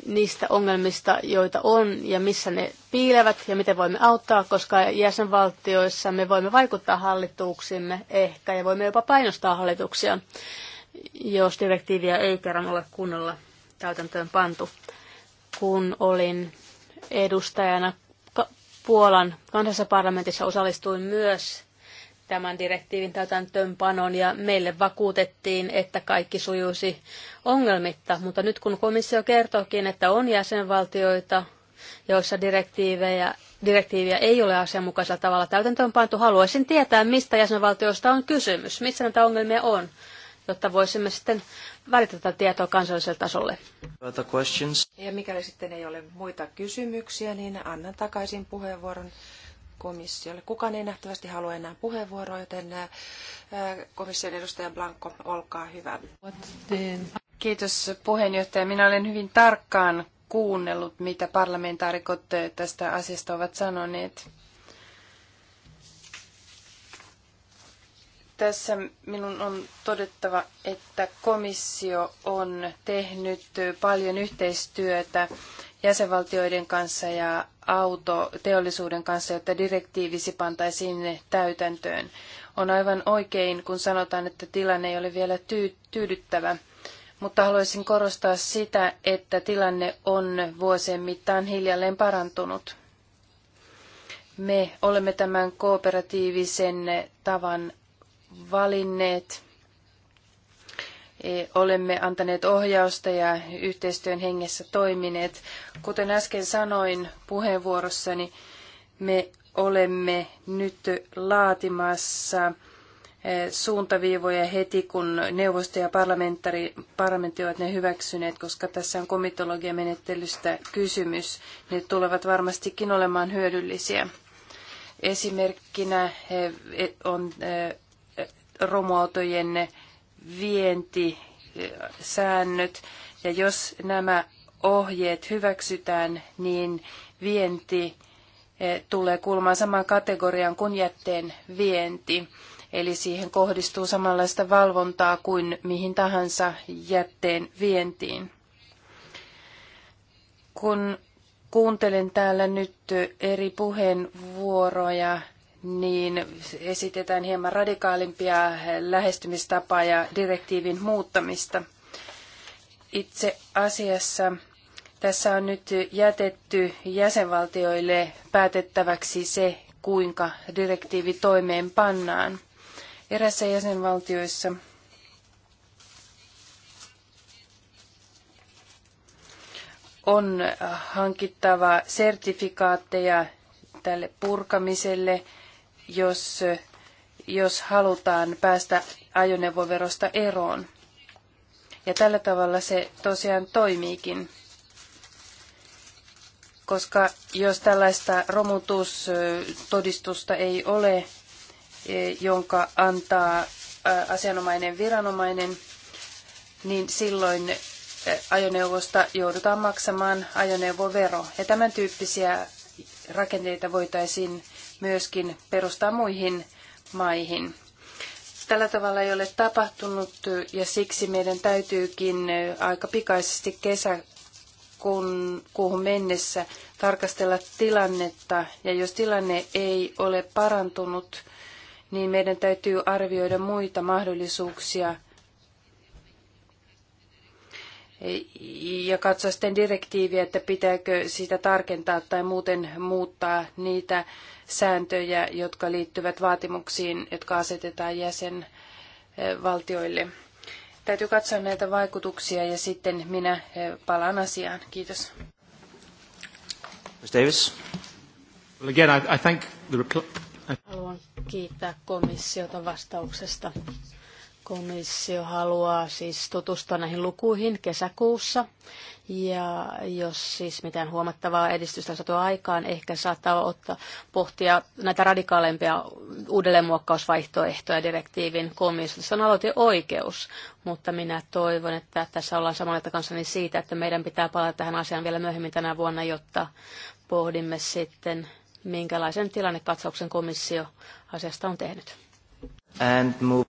niistä ongelmista, joita on ja missä ne piilevät ja miten voimme auttaa, koska jäsenvaltioissa me voimme vaikuttaa hallituksimme ehkä ja voimme jopa painostaa hallituksia, jos direktiiviä ei kerran ole kunnolla täytäntöön pantu. Kun olin edustajana Puolan kansallisessa parlamentissa, osallistuin myös tämän direktiivin täytäntöönpanon ja meille vakuutettiin, että kaikki sujuisi ongelmitta. Mutta nyt kun komissio kertookin, että on jäsenvaltioita, joissa direktiivejä, direktiiviä ei ole asianmukaisella tavalla täytäntöönpantu, haluaisin tietää, mistä jäsenvaltioista on kysymys, missä näitä ongelmia on, jotta voisimme sitten välittää tietoa kansalliselle tasolle. Ja mikäli sitten ei ole muita kysymyksiä, niin annan takaisin puheenvuoron komissiolle. Kukaan ei nähtävästi halua enää puheenvuoroa, joten komission edustaja Blanco, olkaa hyvä. Kiitos puheenjohtaja. Minä olen hyvin tarkkaan kuunnellut, mitä parlamentaarikot tästä asiasta ovat sanoneet. tässä minun on todettava, että komissio on tehnyt paljon yhteistyötä jäsenvaltioiden kanssa ja autoteollisuuden kanssa, jotta direktiivisi pantaisiin täytäntöön. On aivan oikein, kun sanotaan, että tilanne ei ole vielä tyy- tyydyttävä, mutta haluaisin korostaa sitä, että tilanne on vuosien mittaan hiljalleen parantunut. Me olemme tämän kooperatiivisen tavan valinneet E, olemme antaneet ohjausta ja yhteistyön hengessä toimineet. Kuten äsken sanoin puheenvuorossani, me olemme nyt laatimassa e, suuntaviivoja heti, kun neuvosto ja parlamentti ovat ne hyväksyneet, koska tässä on komitologiamenettelystä kysymys. Ne tulevat varmastikin olemaan hyödyllisiä. Esimerkkinä e, on romuautojen vientisäännöt. Ja jos nämä ohjeet hyväksytään, niin vienti eh, tulee kulmaan samaan kategoriaan kuin jätteen vienti. Eli siihen kohdistuu samanlaista valvontaa kuin mihin tahansa jätteen vientiin. Kun kuuntelen täällä nyt eri puheenvuoroja, niin esitetään hieman radikaalimpia lähestymistapaa ja direktiivin muuttamista. Itse asiassa tässä on nyt jätetty jäsenvaltioille päätettäväksi se, kuinka direktiivi toimeenpannaan. Erässä jäsenvaltioissa on hankittava sertifikaatteja tälle purkamiselle – jos, jos halutaan päästä ajoneuvoverosta eroon. Ja tällä tavalla se tosiaan toimiikin. Koska jos tällaista romutustodistusta ei ole, e, jonka antaa asianomainen viranomainen, niin silloin ajoneuvosta joudutaan maksamaan ajoneuvovero. Ja tämän tyyppisiä rakenteita voitaisiin myöskin perustaa muihin maihin. Tällä tavalla ei ole tapahtunut ja siksi meidän täytyykin aika pikaisesti kesä, kuuhun mennessä tarkastella tilannetta. Ja jos tilanne ei ole parantunut, niin meidän täytyy arvioida muita mahdollisuuksia – ja katsoa sitten direktiiviä, että pitääkö sitä tarkentaa tai muuten muuttaa niitä sääntöjä, jotka liittyvät vaatimuksiin, jotka asetetaan jäsenvaltioille. Täytyy katsoa näitä vaikutuksia ja sitten minä eh, palaan asiaan. Kiitos. Ms. Davis. Well, again, I, I thank the... Haluan kiittää komissiota vastauksesta. Komissio haluaa siis tutustua näihin lukuihin kesäkuussa. Ja jos siis mitään huomattavaa edistystä saatu aikaan, ehkä saattaa ottaa, pohtia näitä radikaalempia uudelleenmuokkausvaihtoehtoja direktiivin komissiossa. on oikeus, mutta minä toivon, että tässä ollaan samalla mieltä kanssani siitä, että meidän pitää palata tähän asiaan vielä myöhemmin tänä vuonna, jotta pohdimme sitten, minkälaisen tilannekatsauksen komissio asiasta on tehnyt. And move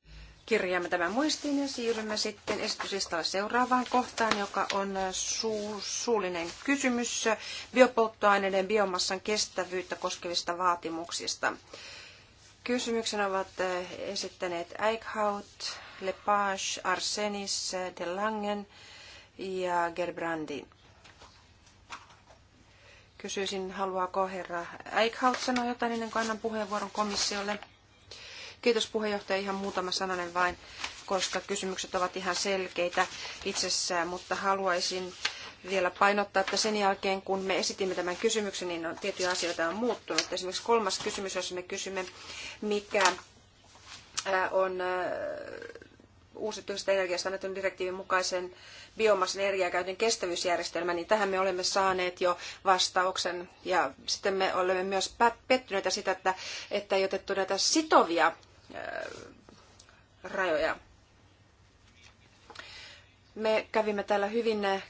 kirjaamme tämän muistiin ja siirrymme sitten esityslistalla seuraavaan kohtaan, joka on äh, su- suullinen kysymys äh, biopolttoaineiden biomassan kestävyyttä koskevista vaatimuksista. Kysymyksen ovat äh, esittäneet Eichhaut, Lepage, Arsenis, De Langen ja Gerbrandi. Kysyisin, haluaako herra Eichhaut sanoa jotain ennen kuin annan puheenvuoron komissiolle? Kiitos puheenjohtaja. Ihan muutama sananen vain, koska kysymykset ovat ihan selkeitä itsessään, mutta haluaisin vielä painottaa, että sen jälkeen kun me esitimme tämän kysymyksen, niin on, tiettyjä asioita on muuttunut. Esimerkiksi kolmas kysymys, jossa me kysymme, mikä äh, on äh, uusiutuvista energiasta annetun direktiivin mukaisen biomassan energiakäytön kestävyysjärjestelmä, niin tähän me olemme saaneet jo vastauksen. Ja sitten me olemme myös pettyneitä sitä, että, että ei otettu näitä sitovia Äh, rajoja. Me kävimme täällä hyvin äh,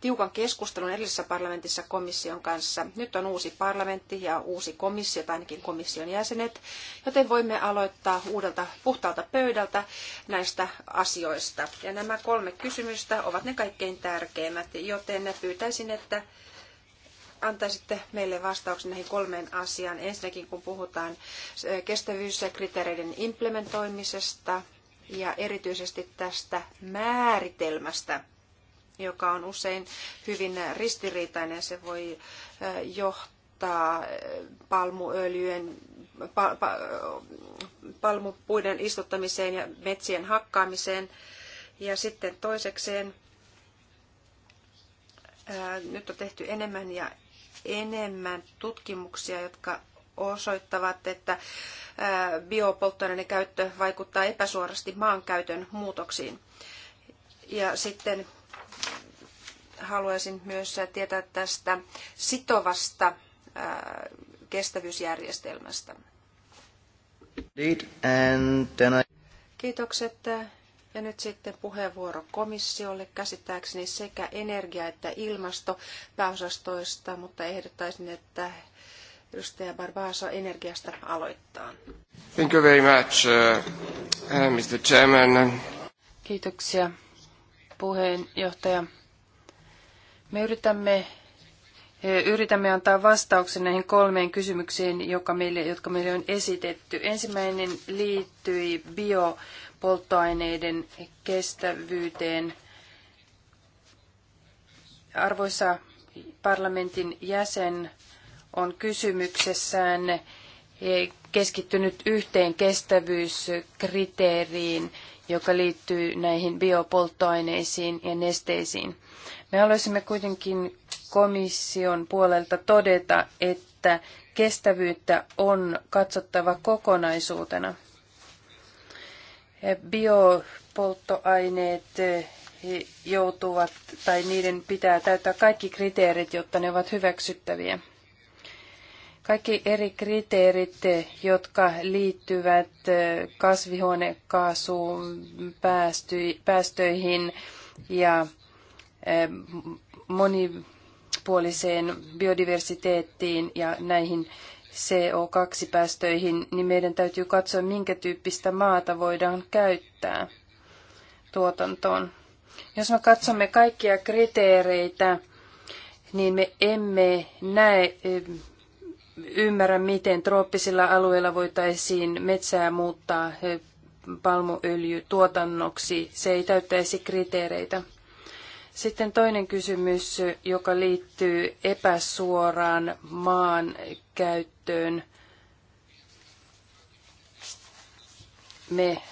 tiukan keskustelun edellisessä parlamentissa komission kanssa. Nyt on uusi parlamentti ja uusi komissio, tai ainakin komission jäsenet, joten voimme aloittaa uudelta puhtaalta pöydältä näistä asioista. Ja nämä kolme kysymystä ovat ne kaikkein tärkeimmät, joten pyytäisin, että antaisitte meille vastauksen näihin kolmeen asiaan. Ensinnäkin kun puhutaan kriteereiden implementoimisesta ja erityisesti tästä määritelmästä, joka on usein hyvin ristiriitainen. Se voi johtaa palmuöljyjen, pal, palmupuiden istuttamiseen ja metsien hakkaamiseen. Ja sitten toisekseen nyt on tehty enemmän ja enemmän tutkimuksia, jotka osoittavat, että biopolttoaineiden käyttö vaikuttaa epäsuorasti maankäytön muutoksiin. Ja sitten haluaisin myös tietää tästä sitovasta kestävyysjärjestelmästä. Kiitokset. Ja nyt sitten puheenvuoro komissiolle käsittääkseni sekä energia- että ilmastopääosastoista, mutta ehdottaisin, että edustaja Barbaasa energiasta aloittaa. Thank you very much, uh, uh Mr. Chairman. Kiitoksia, puheenjohtaja. Me yritämme uh, Yritämme antaa vastauksen näihin kolmeen kysymykseen, meille, jotka meille on esitetty. Ensimmäinen liittyi bio- polttoaineiden kestävyyteen. Arvoisa parlamentin jäsen on kysymyksessään keskittynyt yhteen kestävyyskriteeriin, joka liittyy näihin biopolttoaineisiin ja nesteisiin. Me haluaisimme kuitenkin komission puolelta todeta, että kestävyyttä on katsottava kokonaisuutena biopolttoaineet eh, joutuvat tai niiden pitää täyttää kaikki kriteerit, jotta ne ovat hyväksyttäviä. Kaikki eri kriteerit, eh, jotka liittyvät eh, kasvihuonekaasuun, päästöihin ja monipuoliseen biodiversiteettiin ja näihin CO2-päästöihin, niin meidän täytyy katsoa, minkä tyyppistä maata voidaan käyttää tuotantoon. Jos me katsomme kaikkia kriteereitä, niin me emme näe, ymmärrä, miten trooppisilla alueilla voitaisiin metsää muuttaa palmuöljytuotannoksi. Se ei täyttäisi kriteereitä. Sitten toinen kysymys, joka liittyy epäsuoraan maan käyttöön käyttöön. Me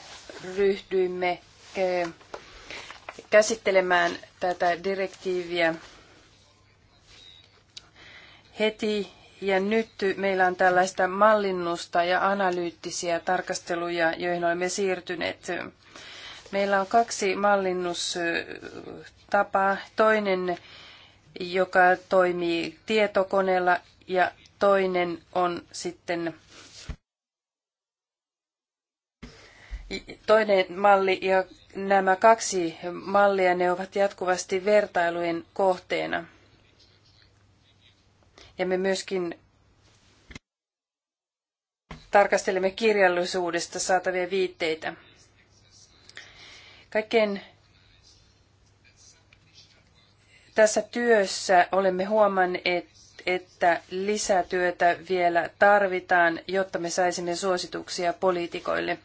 ryhdyimme eh, käsittelemään tätä direktiiviä heti ja nyt meillä on tällaista mallinnusta ja analyyttisiä tarkasteluja, joihin olemme siirtyneet. Meillä on kaksi mallinnustapaa. Toinen, joka toimii tietokoneella ja toinen on sitten toinen malli ja nämä kaksi mallia, ne ovat jatkuvasti vertailujen kohteena. Ja me myöskin tarkastelemme kirjallisuudesta saatavia viitteitä. Kaikkein tässä työssä olemme huomanneet, että lisätyötä vielä tarvitaan, jotta me saisimme suosituksia poliitikoille.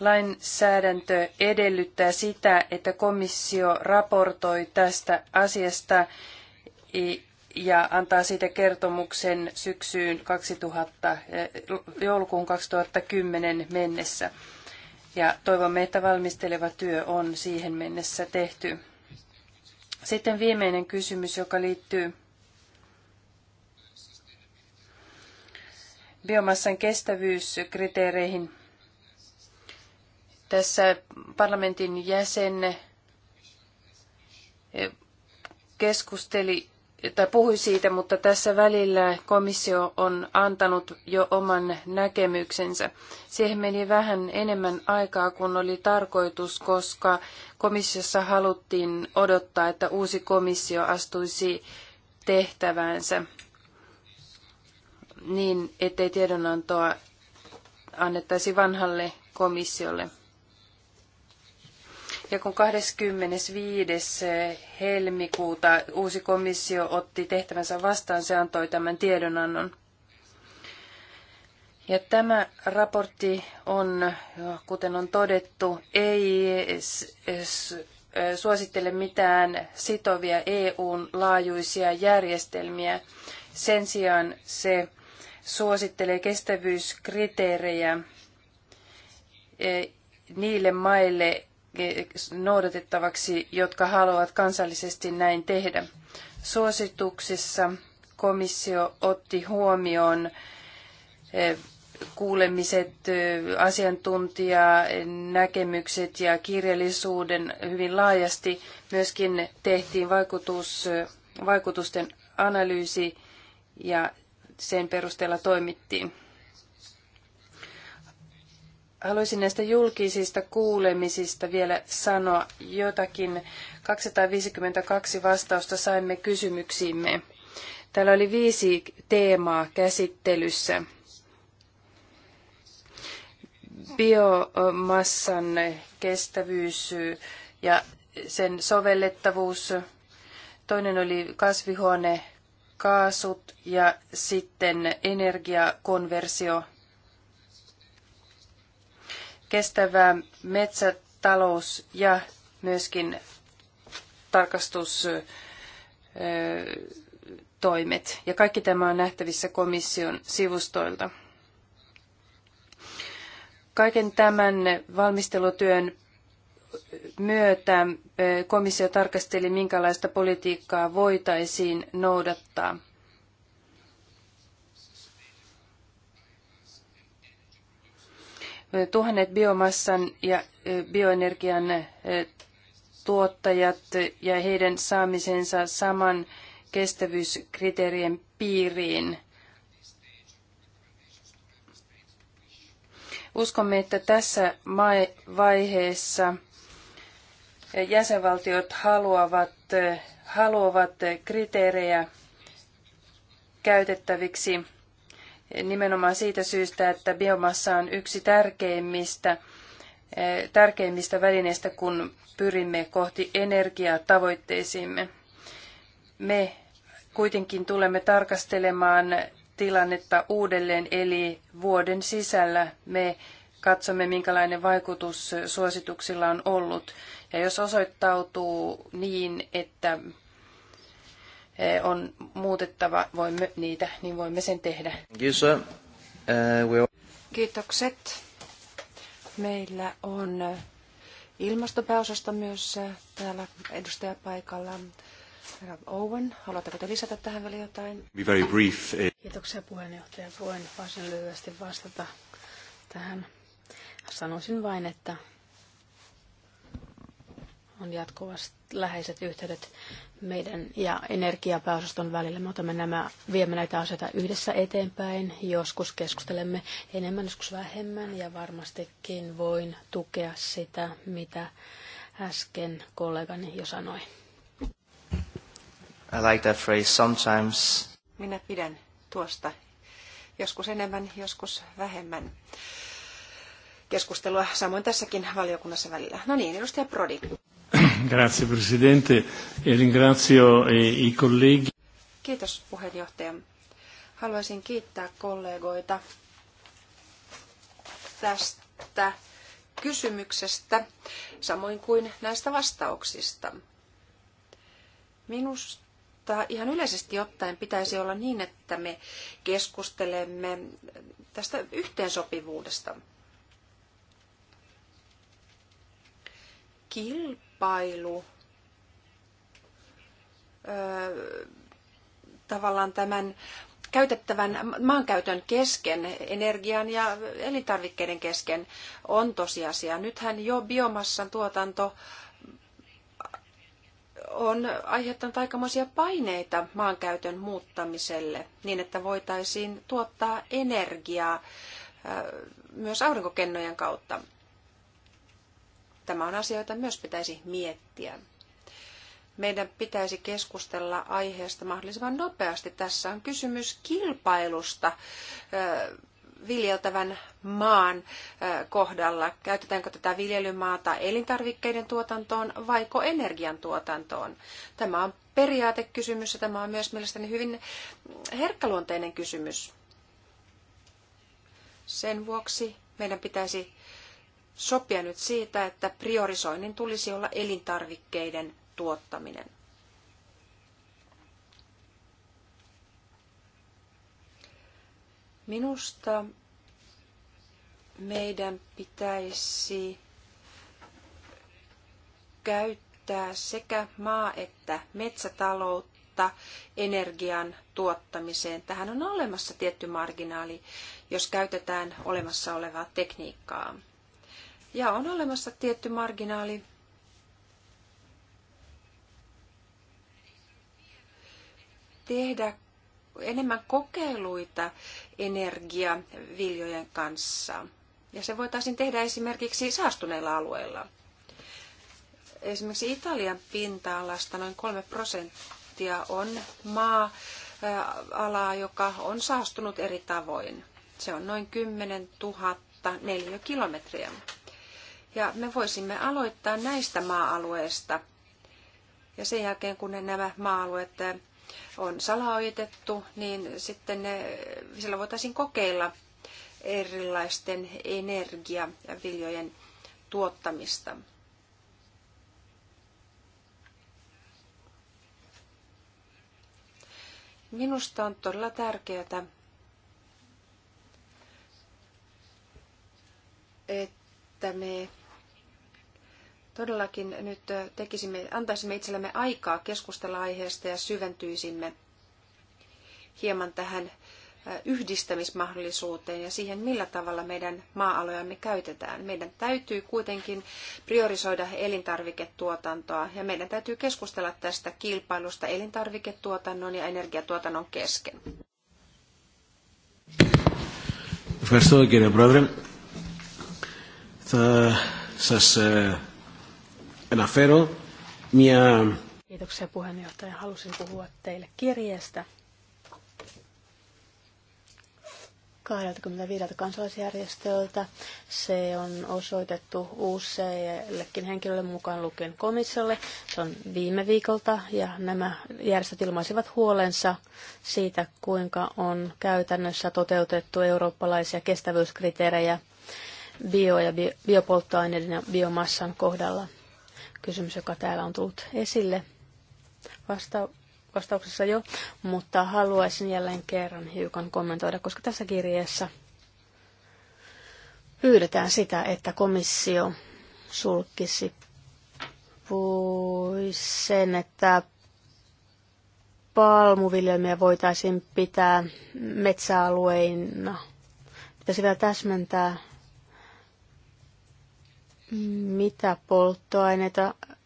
Lainsäädäntö edellyttää sitä, että komissio raportoi tästä asiasta ja antaa siitä kertomuksen syksyyn 2000, eh, joulukuun 2010 mennessä. Ja toivomme, että valmisteleva työ on siihen mennessä tehty. Sitten viimeinen kysymys, joka liittyy biomassan kestävyyskriteereihin. Tässä parlamentin jäsen keskusteli tai puhui siitä, mutta tässä välillä komissio on antanut jo oman näkemyksensä. Siihen meni vähän enemmän aikaa kuin oli tarkoitus, koska komissiossa haluttiin odottaa, että uusi komissio astuisi tehtäväänsä niin, ettei tiedonantoa annettaisi vanhalle komissiolle. Ja kun 25. helmikuuta uusi komissio otti tehtävänsä vastaan, se antoi tämän tiedonannon. Ja tämä raportti on, kuten on todettu, ei suosittele mitään sitovia EUn laajuisia järjestelmiä. Sen sijaan se suosittelee kestävyyskriteerejä e, niille maille, noudatettavaksi, jotka haluavat kansallisesti näin tehdä. Suosituksissa komissio otti huomioon eh, kuulemiset, eh, asiantuntija, näkemykset ja kirjallisuuden hyvin laajasti. Myöskin tehtiin vaikutus, eh, vaikutusten analyysi ja sen perusteella toimittiin. Haluaisin näistä julkisista kuulemisista vielä sanoa jotakin. 252 vastausta saimme kysymyksiimme. Täällä oli viisi teemaa käsittelyssä. Biomassan kestävyys ja sen sovellettavuus. Toinen oli kasvihuonekaasut ja sitten energiakonversio kestävä metsätalous ja myöskin tarkastustoimet. Ja kaikki tämä on nähtävissä komission sivustoilta. Kaiken tämän valmistelutyön myötä komissio tarkasteli, minkälaista politiikkaa voitaisiin noudattaa. Tuhannet biomassan ja bioenergian tuottajat ja heidän saamisensa saman kestävyyskriteerien piiriin. Uskomme, että tässä vaiheessa jäsenvaltiot haluavat, haluavat kriteerejä käytettäviksi nimenomaan siitä syystä, että biomassa on yksi tärkeimmistä, eh, tärkeimmistä välineistä, kun pyrimme kohti energiatavoitteisiimme. Me kuitenkin tulemme tarkastelemaan tilannetta uudelleen, eli vuoden sisällä me katsomme, minkälainen vaikutus suosituksilla on ollut. Ja jos osoittautuu niin, että Eh, on muutettava voimme niitä, niin voimme sen tehdä. Eh, Kiitokset. Meillä on eh, ilmastopääosasta myös täällä edustaja paikalla. Herra Owen, haluatteko te lisätä tähän vielä jotain? Be very brief. Kiitoksia puheenjohtaja. Voin varsin lyhyesti vastata tähän. Sanoisin vain, että on jatkuvasti läheiset yhteydet meidän ja energiapääosaston välillä. Me otamme nämä, viemme näitä asioita yhdessä eteenpäin. Joskus keskustelemme enemmän, joskus vähemmän ja varmastikin voin tukea sitä, mitä äsken kollegani jo sanoi. I like that phrase sometimes. Minä pidän tuosta joskus enemmän, joskus vähemmän keskustelua, samoin tässäkin valiokunnassa välillä. No niin, edustaja Prodi. <coughs> Grazie Presidente e ringrazio eh, i colleghi. Kiitos puheenjohtaja. Haluaisin kiittää kollegoita tästä kysymyksestä, samoin kuin näistä vastauksista. Minusta ihan yleisesti ottaen pitäisi olla niin, että me keskustelemme tästä yhteensopivuudesta. Kilpailu kamppailu tavallaan tämän käytettävän maankäytön kesken, energian ja elintarvikkeiden kesken on tosiasia. Nythän jo biomassan tuotanto on aiheuttanut aikamoisia paineita maankäytön muuttamiselle niin, että voitaisiin tuottaa energiaa myös aurinkokennojen kautta. Tämä on asia, jota myös pitäisi miettiä. Meidän pitäisi keskustella aiheesta mahdollisimman nopeasti. Tässä on kysymys kilpailusta viljeltävän maan kohdalla? Käytetäänkö tätä viljelymaata elintarvikkeiden tuotantoon vaiko energiantuotantoon? Tämä on periaatekysymys ja tämä on myös mielestäni hyvin herkkäluonteinen kysymys. Sen vuoksi meidän pitäisi sopia nyt siitä, että priorisoinnin tulisi olla elintarvikkeiden tuottaminen. Minusta meidän pitäisi käyttää sekä maa- että metsätaloutta energian tuottamiseen. Tähän on olemassa tietty marginaali, jos käytetään olemassa olevaa tekniikkaa. Ja on olemassa tietty marginaali. Tehdä enemmän kokeiluita energiaviljojen kanssa. Ja se voitaisiin tehdä esimerkiksi saastuneilla alueilla. Esimerkiksi Italian pinta-alasta noin 3 prosenttia on maa-alaa, joka on saastunut eri tavoin. Se on noin 10 000 neliökilometriä. kilometriä. Ja me voisimme aloittaa näistä maa-alueista. Ja sen jälkeen, kun nämä maa-alueet eh, on salaoitettu, niin sitten ne, eh, siellä voitaisiin kokeilla erilaisten ja viljojen tuottamista. Minusta on todella tärkeää, että me todellakin nyt tekisimme, antaisimme itsellemme aikaa keskustella aiheesta ja syventyisimme hieman tähän yhdistämismahdollisuuteen ja siihen, millä tavalla meidän maa-alojamme käytetään. Meidän täytyy kuitenkin priorisoida elintarviketuotantoa ja meidän täytyy keskustella tästä kilpailusta elintarviketuotannon ja energiatuotannon kesken. Kiitos, κύριε Θα σας Anafero, mia... Kiitoksia puheenjohtaja. Halusin puhua teille kirjeestä 25 kansalaisjärjestöltä. Se on osoitettu useillekin henkilölle mukaan lukien komissiolle. Se on viime viikolta ja nämä järjestöt ilmaisivat huolensa siitä, kuinka on käytännössä toteutettu eurooppalaisia kestävyyskriteerejä bio- ja biopolttoaineiden ja biomassan kohdalla kysymys, joka täällä on tullut esille vasta- vastauksessa jo, mutta haluaisin jälleen kerran hiukan kommentoida, koska tässä kirjeessä pyydetään sitä, että komissio sulkisi pois sen, että palmuviljelmiä voitaisiin pitää metsäalueina. Pitäisi vielä täsmentää, mitä polttoaineita äh,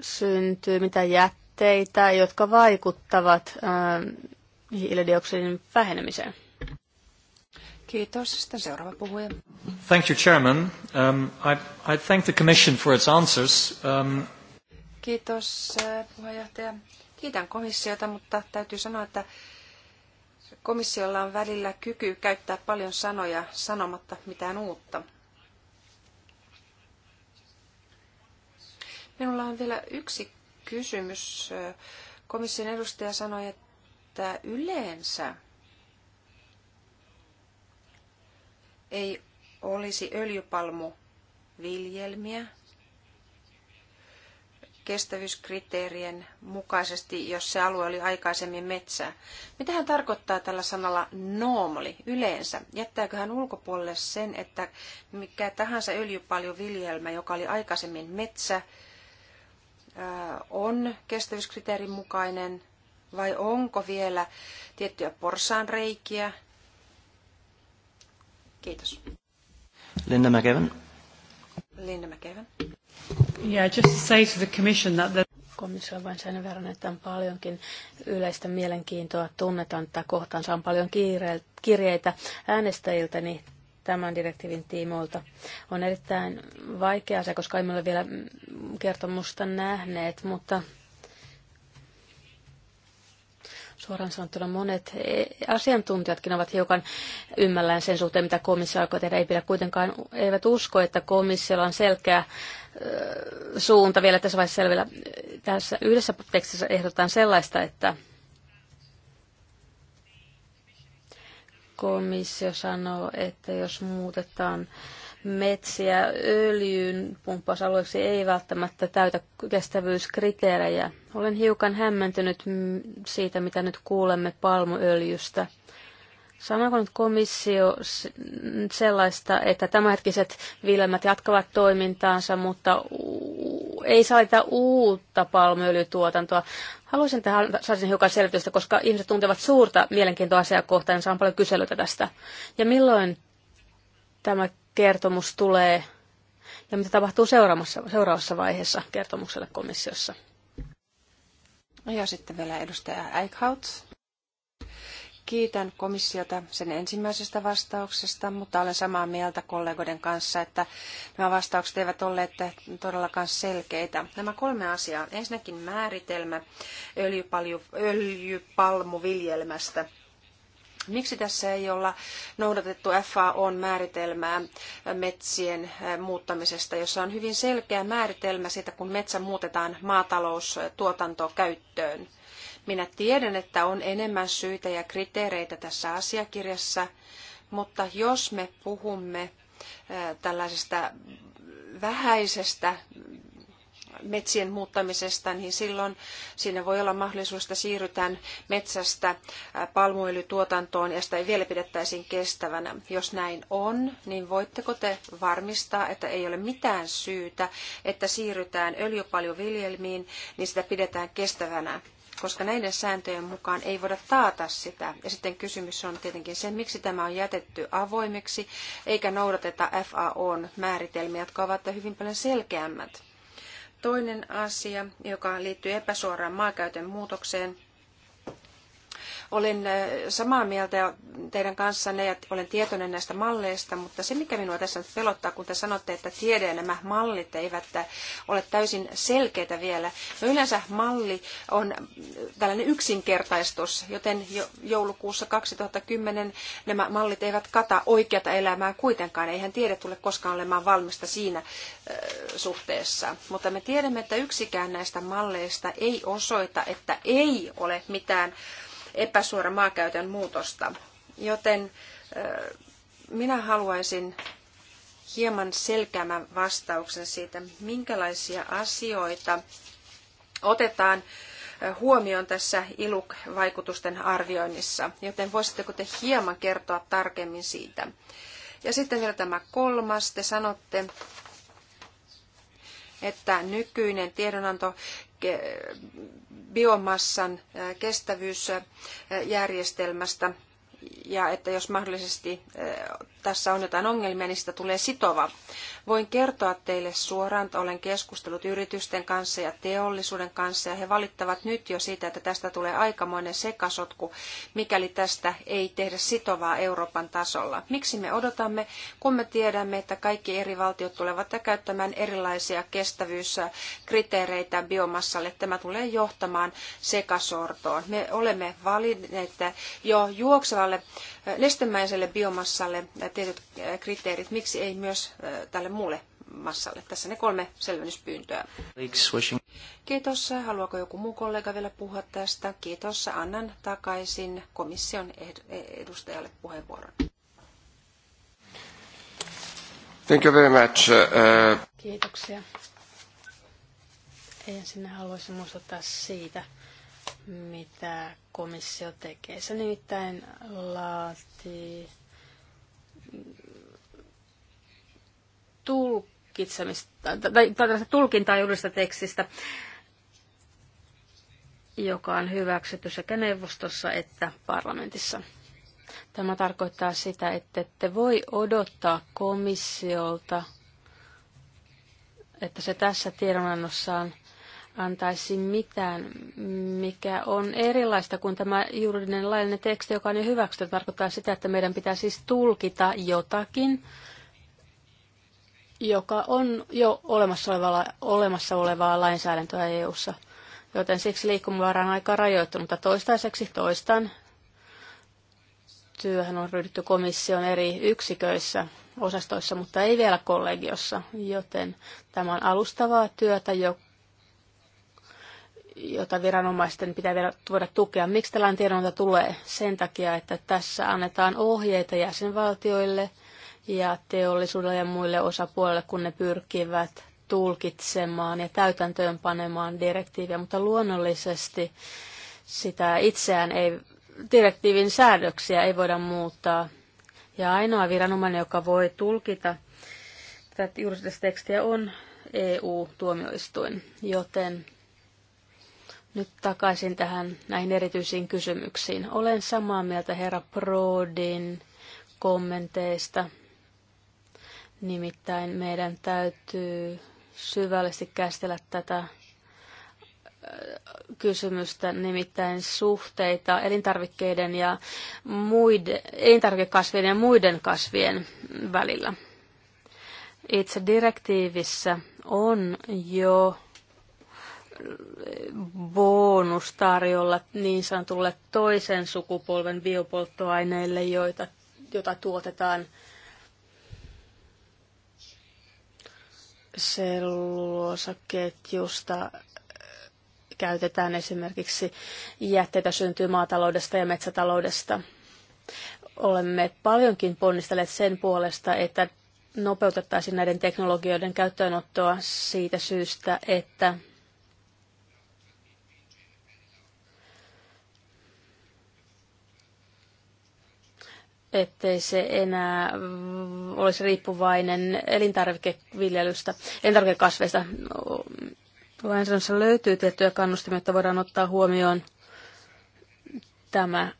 syntyy, mitä jätteitä, jotka vaikuttavat äh, hiilidioksidin vähenemiseen. Kiitos. Sitten seuraava puhuja. Thank you, Chairman. Um, I, I thank the Commission for its answers. Um... Kiitos, äh, puheenjohtaja. Kiitän komissiota, mutta täytyy sanoa, että komissiolla on välillä kyky käyttää paljon sanoja sanomatta mitään uutta. Minulla on vielä yksi kysymys. Komission edustaja sanoi, että yleensä ei olisi öljypalmuviljelmiä kestävyyskriteerien mukaisesti, jos se alue oli aikaisemmin metsää. Mitä hän tarkoittaa tällä sanalla normaali yleensä? Jättääkö hän ulkopuolelle sen, että mikä tahansa öljypaljuviljelmä, joka oli aikaisemmin metsä, on kestävyyskriteerin mukainen vai onko vielä tiettyjä porsaanreikiä? Kiitos. Linda McEwen. Linda McEwen. Yeah, just to say to the commission that the komissio vain sen verran, että on paljonkin yleistä mielenkiintoa. Tunnetaan että kohtaan, saan paljon kiireitä äänestäjiltä, niin tämän direktiivin tiimoilta. On erittäin vaikea se, koska emme ole vielä kertomusta nähneet, mutta suoraan sanottuna monet asiantuntijatkin ovat hiukan ymmällään sen suhteen, mitä komissio alkoi tehdä. Ei pidä kuitenkaan, eivät usko, että komissiolla on selkeä suunta vielä tässä vaiheessa selvillä. Tässä yhdessä tekstissä ehdotetaan sellaista, että komissio sanoo, että jos muutetaan metsiä öljyn pumppausalueeksi ei välttämättä täytä kestävyyskriteerejä. Olen hiukan hämmentynyt siitä, mitä nyt kuulemme palmuöljystä. Sanoiko nyt komissio sellaista, että tämänhetkiset viljelmät jatkavat toimintaansa, mutta ei saa uutta palmuöljytuotantoa? Haluaisin tähän saisin hiukan selitystä, koska ihmiset tuntevat suurta mielenkiintoa asiakohtaa ja saan paljon kyselyitä tästä. Ja milloin tämä kertomus tulee ja mitä tapahtuu seuraavassa vaiheessa kertomukselle komissiossa? Ja sitten vielä edustaja Eichhaut. Kiitän komissiota sen ensimmäisestä vastauksesta, mutta olen samaa mieltä kollegoiden kanssa, että nämä vastaukset eivät olleet todellakaan selkeitä. Nämä kolme asiaa. Ensinnäkin määritelmä öljypalmuviljelmästä. Miksi tässä ei olla noudatettu FAOn määritelmää metsien eh, muuttamisesta, jossa on hyvin selkeä määritelmä siitä, kun metsä muutetaan maataloustuotantokäyttöön? Minä tiedän, että on enemmän syitä ja kriteereitä tässä asiakirjassa, mutta jos me puhumme tällaisesta vähäisestä metsien muuttamisesta, niin silloin siinä voi olla mahdollisuus, että siirrytään metsästä palmuöljytuotantoon ja sitä ei vielä pidettäisiin kestävänä. Jos näin on, niin voitteko te varmistaa, että ei ole mitään syytä, että siirrytään öljypaljoviljelmiin, niin sitä pidetään kestävänä? koska näiden sääntöjen mukaan ei voida taata sitä. Ja sitten kysymys on tietenkin se, miksi tämä on jätetty avoimeksi, eikä noudateta FAOn määritelmiä, jotka ovat hyvin paljon selkeämmät. Toinen asia, joka liittyy epäsuoraan maakäytön muutokseen, olen samaa mieltä teidän kanssanne ja olen tietoinen näistä malleista, mutta se mikä minua tässä nyt pelottaa, kun te sanotte, että tiede ja nämä mallit eivät ole täysin selkeitä vielä. No yleensä malli on tällainen yksinkertaistus, joten joulukuussa 2010 nämä mallit eivät kata oikeata elämää kuitenkaan. Eihän tiede tule koskaan olemaan valmista siinä suhteessa. Mutta me tiedämme, että yksikään näistä malleista ei osoita, että ei ole mitään epäsuora maakäytön muutosta. Joten minä haluaisin hieman selkeämmän vastauksen siitä, minkälaisia asioita otetaan huomioon tässä ILUK-vaikutusten arvioinnissa, joten voisitteko te hieman kertoa tarkemmin siitä. Ja sitten vielä tämä kolmas, te sanotte, että nykyinen tiedonanto biomassan kestävyysjärjestelmästä – ja että jos mahdollisesti tässä on jotain ongelmia, niin sitä tulee sitova. Voin kertoa teille suoraan, että olen keskustellut yritysten kanssa ja teollisuuden kanssa, ja he valittavat nyt jo siitä, että tästä tulee aikamoinen sekasotku, mikäli tästä ei tehdä sitovaa Euroopan tasolla. Miksi me odotamme, kun me tiedämme, että kaikki eri valtiot tulevat käyttämään erilaisia kestävyyskriteereitä biomassalle. Tämä tulee johtamaan sekasortoon. Me olemme valinneet jo juoksevan biomassalle, äh, nestemäiselle biomassalle tietyt äh, kriteerit, miksi ei myös äh, tälle muulle massalle. Tässä ne kolme selvennyspyyntöä. Kiitos. Haluaako joku muu kollega vielä puhua tästä? Kiitos. Annan takaisin komission e-, edustajalle puheenvuoron. Thank you very much. Uh... uh Kiitoksia. Ensin haluaisin muistuttaa siitä, mitä komissio tekee. Se nimittäin laatii tulkitsemista, tai, tulkintaa juridista tekstistä, joka on hyväksytty sekä neuvostossa että parlamentissa. Tämä tarkoittaa sitä, että te voi odottaa komissiolta, että se tässä tiedonannossaan – antaisi mitään, mikä on erilaista kuin tämä juridinen laillinen teksti, joka on jo hyväksytty. Tarkoittaa sitä, että meidän pitää siis tulkita jotakin, joka on jo olemassa olevaa, olemassa olevaa lainsäädäntöä EU-ssa. Joten siksi liikkumavara on aika rajoittunutta. Toistaiseksi toistan. Työhän on ryhdytty komission eri yksiköissä, osastoissa, mutta ei vielä kollegiossa, joten tämä on alustavaa työtä, joka jota viranomaisten pitää voida tukea. Miksi tällainen tiedonanto tulee? Sen takia, että tässä annetaan ohjeita jäsenvaltioille ja teollisuudelle ja muille osapuolille, kun ne pyrkivät tulkitsemaan ja täytäntöön panemaan direktiiviä, mutta luonnollisesti sitä itseään ei, direktiivin säädöksiä ei voida muuttaa. Ja ainoa viranomainen, joka voi tulkita tätä juridista tekstiä, on EU-tuomioistuin, joten nyt takaisin tähän näihin erityisiin kysymyksiin. Olen samaa mieltä herra Prodin kommenteista. Nimittäin meidän täytyy syvällisesti käsitellä tätä kysymystä, nimittäin suhteita elintarvikkeiden ja muiden, elintarvikekasvien ja muiden kasvien välillä. Itse direktiivissä on jo bonus tarjolla niin sanotulle toisen sukupolven biopolttoaineille, joita, jota tuotetaan selluosaketjusta käytetään esimerkiksi jätteitä syntyy maataloudesta ja metsätaloudesta. Olemme paljonkin ponnistelleet sen puolesta, että nopeutettaisiin näiden teknologioiden käyttöönottoa siitä syystä, että ettei se enää olisi riippuvainen elintarvikeviljelystä, elintarvikekasveista. Lainsäädännössä löytyy tiettyjä kannustimia, että voidaan ottaa huomioon tämä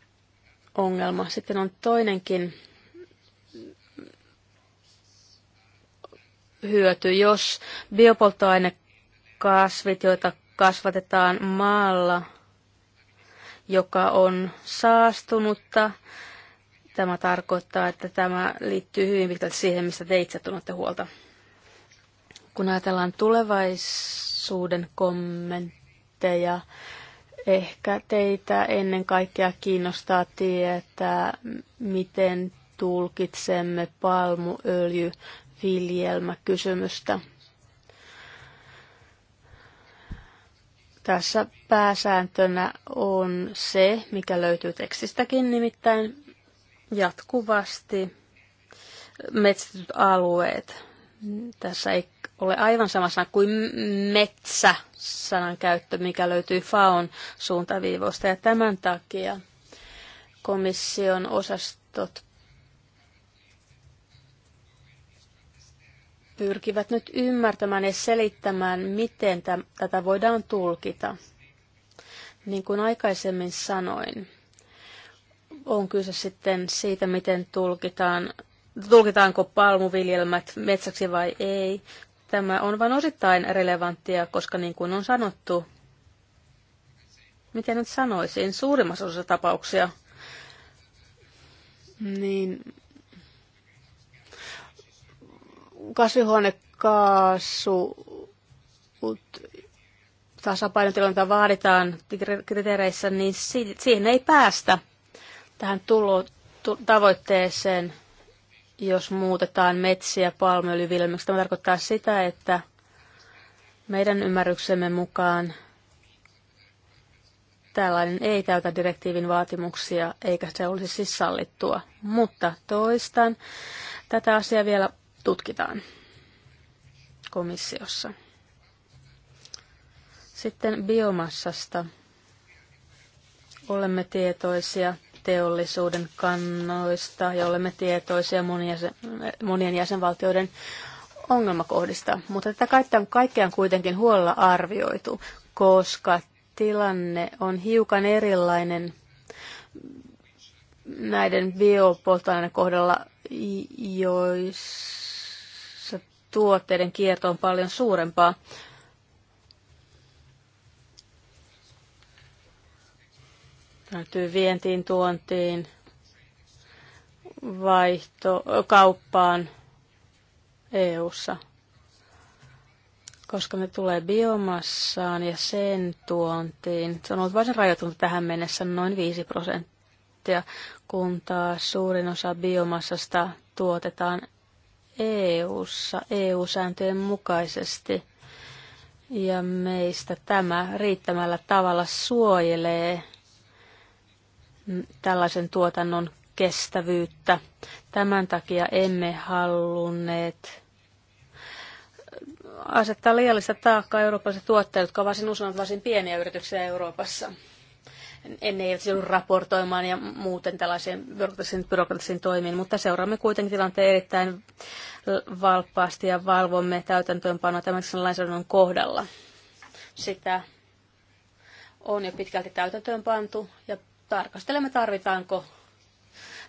ongelma. Sitten on toinenkin hyöty, jos biopolttoainekasvit, joita kasvatetaan maalla, joka on saastunutta, Tämä tarkoittaa, että tämä liittyy hyvin pitkälti siihen, mistä te itse tunnette huolta. Kun ajatellaan tulevaisuuden kommentteja, ehkä teitä ennen kaikkea kiinnostaa tietää, miten tulkitsemme palmuöljyviljelmäkysymystä. Tässä pääsääntönä on se, mikä löytyy tekstistäkin, nimittäin jatkuvasti metsätyt alueet. Tässä ei ole aivan sama sana kuin metsä sanan käyttö, mikä löytyy FAON suuntaviivoista. Ja tämän takia komission osastot pyrkivät nyt ymmärtämään ja selittämään, miten tätä voidaan tulkita. Niin kuin aikaisemmin sanoin, on kyse sitten siitä, miten tulkitaan, tulkitaanko palmuviljelmät metsäksi vai ei. Tämä on vain osittain relevanttia, koska niin kuin on sanottu, miten nyt sanoisin, suurimmassa osassa tapauksia, niin kasvihuonekaasu tasapainotilanta vaaditaan kriteereissä, niin siihen ei päästä tähän tulo, tu, tavoitteeseen, jos muutetaan metsiä palmuöljyviljelmäksi. Tämä tarkoittaa sitä, että meidän ymmärryksemme mukaan tällainen ei täytä direktiivin vaatimuksia, eikä se olisi siis sallittua. Mutta toistan, tätä asiaa vielä tutkitaan komissiossa. Sitten biomassasta olemme tietoisia – teollisuuden kannoista ja olemme tietoisia monien jäsenvaltioiden ongelmakohdista, mutta tätä kaikkea on kuitenkin huolella arvioitu, koska tilanne on hiukan erilainen näiden biopolttoaineiden kohdalla, joissa tuotteiden kierto on paljon suurempaa. päätyy vientiin, tuontiin, vaihto, kauppaan EU-ssa, koska ne tulee biomassaan ja sen tuontiin. Se on ollut varsin rajoitunut tähän mennessä noin 5 prosenttia, kun taas suurin osa biomassasta tuotetaan EU-ssa EU-sääntöjen mukaisesti. Ja meistä tämä riittämällä tavalla suojelee tällaisen tuotannon kestävyyttä. Tämän takia emme halunneet asettaa liiallista taakkaa eurooppalaisille tuotteita, jotka ovat varsin usein varsin pieniä yrityksiä Euroopassa. En ei joudu raportoimaan ja muuten tällaisiin byrokratisiin, byrokratisiin toimiin, mutta seuraamme kuitenkin tilanteen erittäin valppaasti ja valvomme täytäntöönpanoa tämän lainsäädännön kohdalla. Sitä on jo pitkälti täytäntöönpantu ja tarkastelemme, tarvitaanko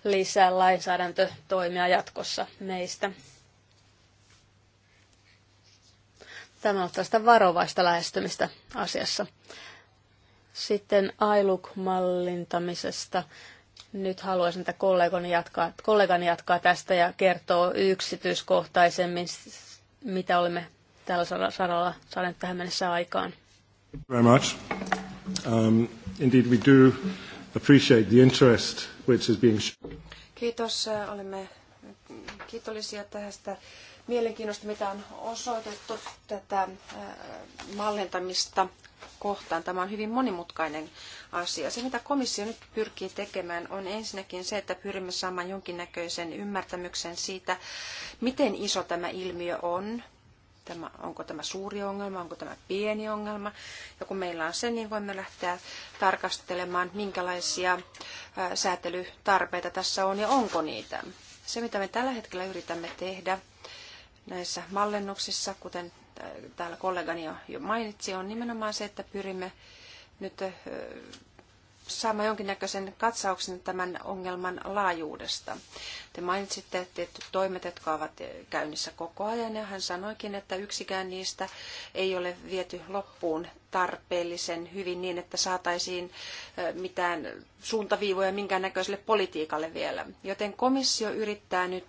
lisää lainsäädäntötoimia jatkossa meistä. Tämä on tästä varovaista lähestymistä asiassa. Sitten ILUK-mallintamisesta. Nyt haluaisin, että kollegani jatkaa, kollegani jatkaa tästä ja kertoo yksityiskohtaisemmin, mitä olemme tällä saralla saaneet tähän mennessä aikaan. Very much. Um, indeed we do appreciate the interest which is being shown. Kiitos. Äh, olemme kiitollisia tästä mielenkiinnosta, mitä on osoitettu tätä äh, mallentamista kohtaan. Tämä on hyvin monimutkainen asia. Se, mitä komissio nyt pyrkii tekemään, on ensinnäkin se, että pyrimme saamaan jonkinnäköisen ymmärtämyksen siitä, miten iso tämä ilmiö on, tämä, onko tämä suuri ongelma, onko tämä pieni ongelma. Ja kun meillä on se, niin voimme lähteä tarkastelemaan, minkälaisia säätelytarpeita tässä on ja onko niitä. Se, mitä me tällä hetkellä yritämme tehdä näissä mallennuksissa, kuten täällä kollegani jo mainitsi, on nimenomaan se, että pyrimme nyt saamaan jonkinnäköisen katsauksen tämän ongelman laajuudesta. Te mainitsitte tietyt toimet, jotka ovat käynnissä koko ajan, ja hän sanoikin, että yksikään niistä ei ole viety loppuun tarpeellisen hyvin niin, että saataisiin mitään suuntaviivoja minkäännäköiselle politiikalle vielä. Joten komissio yrittää nyt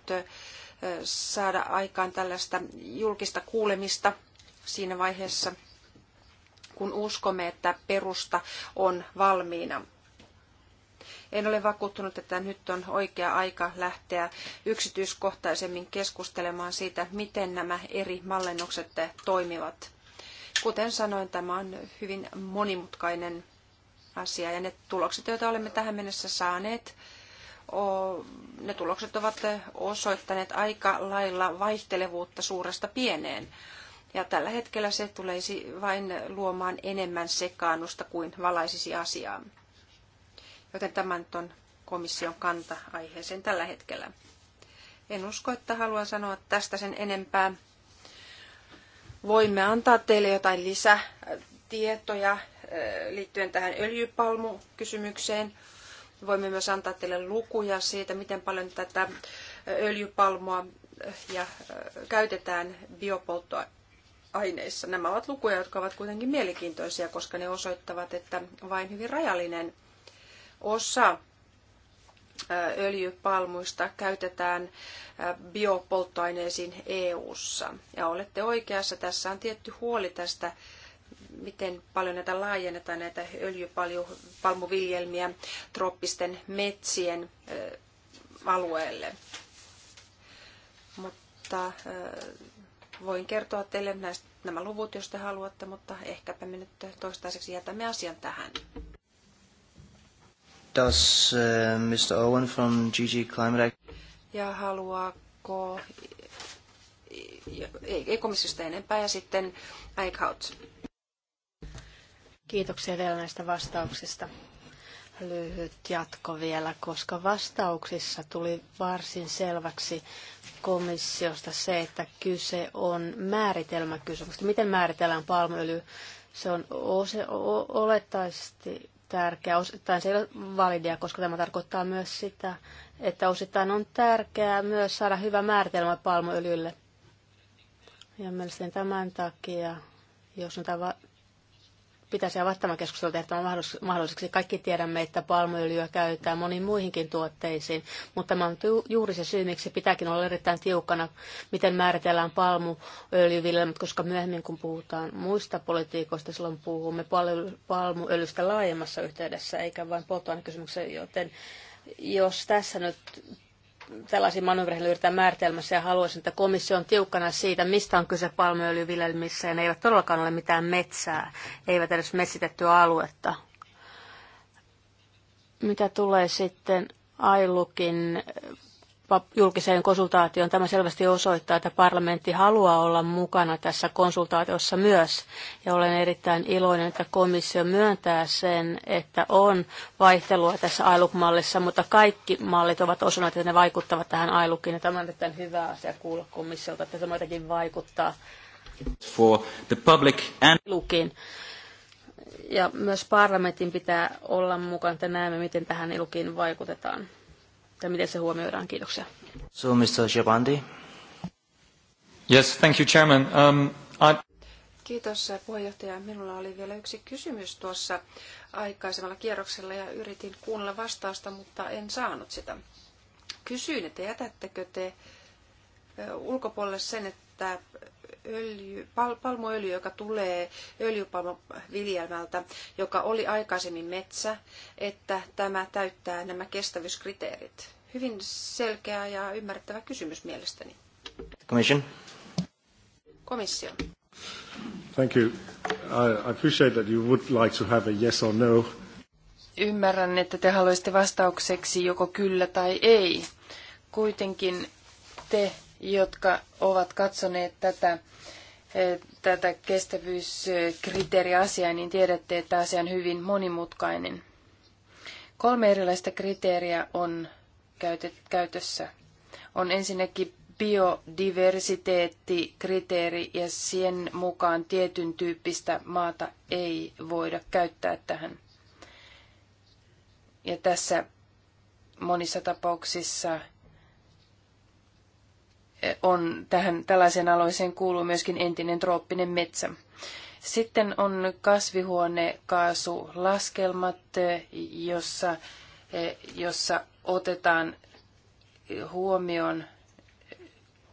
saada aikaan tällaista julkista kuulemista siinä vaiheessa, kun uskomme, että perusta on valmiina. En ole vakuuttunut, että nyt on oikea aika lähteä yksityiskohtaisemmin keskustelemaan siitä, miten nämä eri mallennukset toimivat. Kuten sanoin, tämä on hyvin monimutkainen asia ja ne tulokset, joita olemme tähän mennessä saaneet, ne tulokset ovat osoittaneet aika lailla vaihtelevuutta suuresta pieneen. Ja tällä hetkellä se tulisi vain luomaan enemmän sekaannusta kuin valaisisi asiaa. Joten tämä nyt on komission kanta aiheeseen tällä hetkellä. En usko, että haluan sanoa tästä sen enempää. Voimme antaa teille jotain lisätietoja eh, liittyen tähän öljypalmukysymykseen. Voimme myös antaa teille lukuja siitä, miten paljon tätä öljypalmua ja eh, käytetään biopolttoa aineissa. Nämä ovat lukuja, jotka ovat kuitenkin mielenkiintoisia, koska ne osoittavat, että vain hyvin rajallinen osa öljypalmuista käytetään biopolttoaineisiin EU:ssa. Ja olette oikeassa, tässä on tietty huoli tästä, miten paljon näitä laajennetaan, näitä öljypalmuviljelmiä trooppisten metsien alueelle. Mutta voin kertoa teille näistä, nämä luvut, jos te haluatte, mutta ehkäpä me nyt toistaiseksi jätämme asian tähän. Does uh, Mr. Owen from GG Climate Act... Ja haluaako... Ei, komissiosta enempää ja sitten Eichhout. Kiitoksia vielä näistä vastauksista lyhyt jatko vielä, koska vastauksissa tuli varsin selväksi komissiosta se, että kyse on määritelmäkysymyksestä. Miten määritellään palmuöljy? Se on olettaisesti tärkeä. osittain se ei ole validia, koska tämä tarkoittaa myös sitä, että osittain on tärkeää myös saada hyvä määritelmä palmuöljylle. Ja mielestäni tämän takia, jos on pitäisi avata tämä keskustelu tehtävä mahdolliseksi. Kaikki tiedämme, että palmuöljyä käytetään moniin muihinkin tuotteisiin, mutta tämä on juuri se syy, miksi pitääkin olla erittäin tiukkana, miten määritellään palmuöljyviljelmät, koska myöhemmin kun puhutaan muista politiikoista, silloin puhumme palmuöljystä laajemmassa yhteydessä, eikä vain polttoainekysymyksessä, joten jos tässä nyt tällaisiin manövereihin yritetään määritelmässä ja haluaisin, että komissio on tiukkana siitä, mistä on kyse palmuöljyviljelmissä ja ne eivät todellakaan ole mitään metsää, eivät edes metsitettyä aluetta. Mitä tulee sitten Ailukin julkiseen konsultaatioon. Tämä selvästi osoittaa, että parlamentti haluaa olla mukana tässä konsultaatiossa myös. Ja olen erittäin iloinen, että komissio myöntää sen, että on vaihtelua tässä ailukmallissa, mutta kaikki mallit ovat osuneet, että ne vaikuttavat tähän ILUKiin. Ja tämä on erittäin hyvä asia kuulla komissiolta, että se jotakin vaikuttaa. For the public and... Lukin ja myös parlamentin pitää olla mukana, että näemme, miten tähän ilukin vaikutetaan että miten se huomioidaan? Kiitoksia. So, Mr. Yes, thank you, Chairman. Um, I... Kiitos puheenjohtaja. Minulla oli vielä yksi kysymys tuossa aikaisemmalla kierroksella ja yritin kuunnella vastausta, mutta en saanut sitä. Kysyin, että jätättekö te ulkopuolelle sen, että öljy, pal, palmuöljy, joka tulee öljypalmoviljelmältä, joka oli aikaisemmin metsä, että tämä täyttää nämä kestävyyskriteerit? Hyvin selkeä ja ymmärrettävä kysymys mielestäni. Commission. Komissio. Thank you. I appreciate that you would like to have a yes or no. Ymmärrän, että te haluaisitte vastaukseksi joko kyllä tai ei. Kuitenkin te jotka ovat katsoneet tätä, eh, tätä kestävyyskriteeriasiaa, niin tiedätte, että asia on hyvin monimutkainen. Kolme erilaista kriteeriä on käytössä. On ensinnäkin biodiversiteettikriteeri ja sen mukaan tietyn tyyppistä maata ei voida käyttää tähän. Ja tässä monissa tapauksissa on tähän tällaiseen alueeseen kuuluu myöskin entinen trooppinen metsä. Sitten on kasvihuonekaasulaskelmat, jossa, jossa otetaan huomioon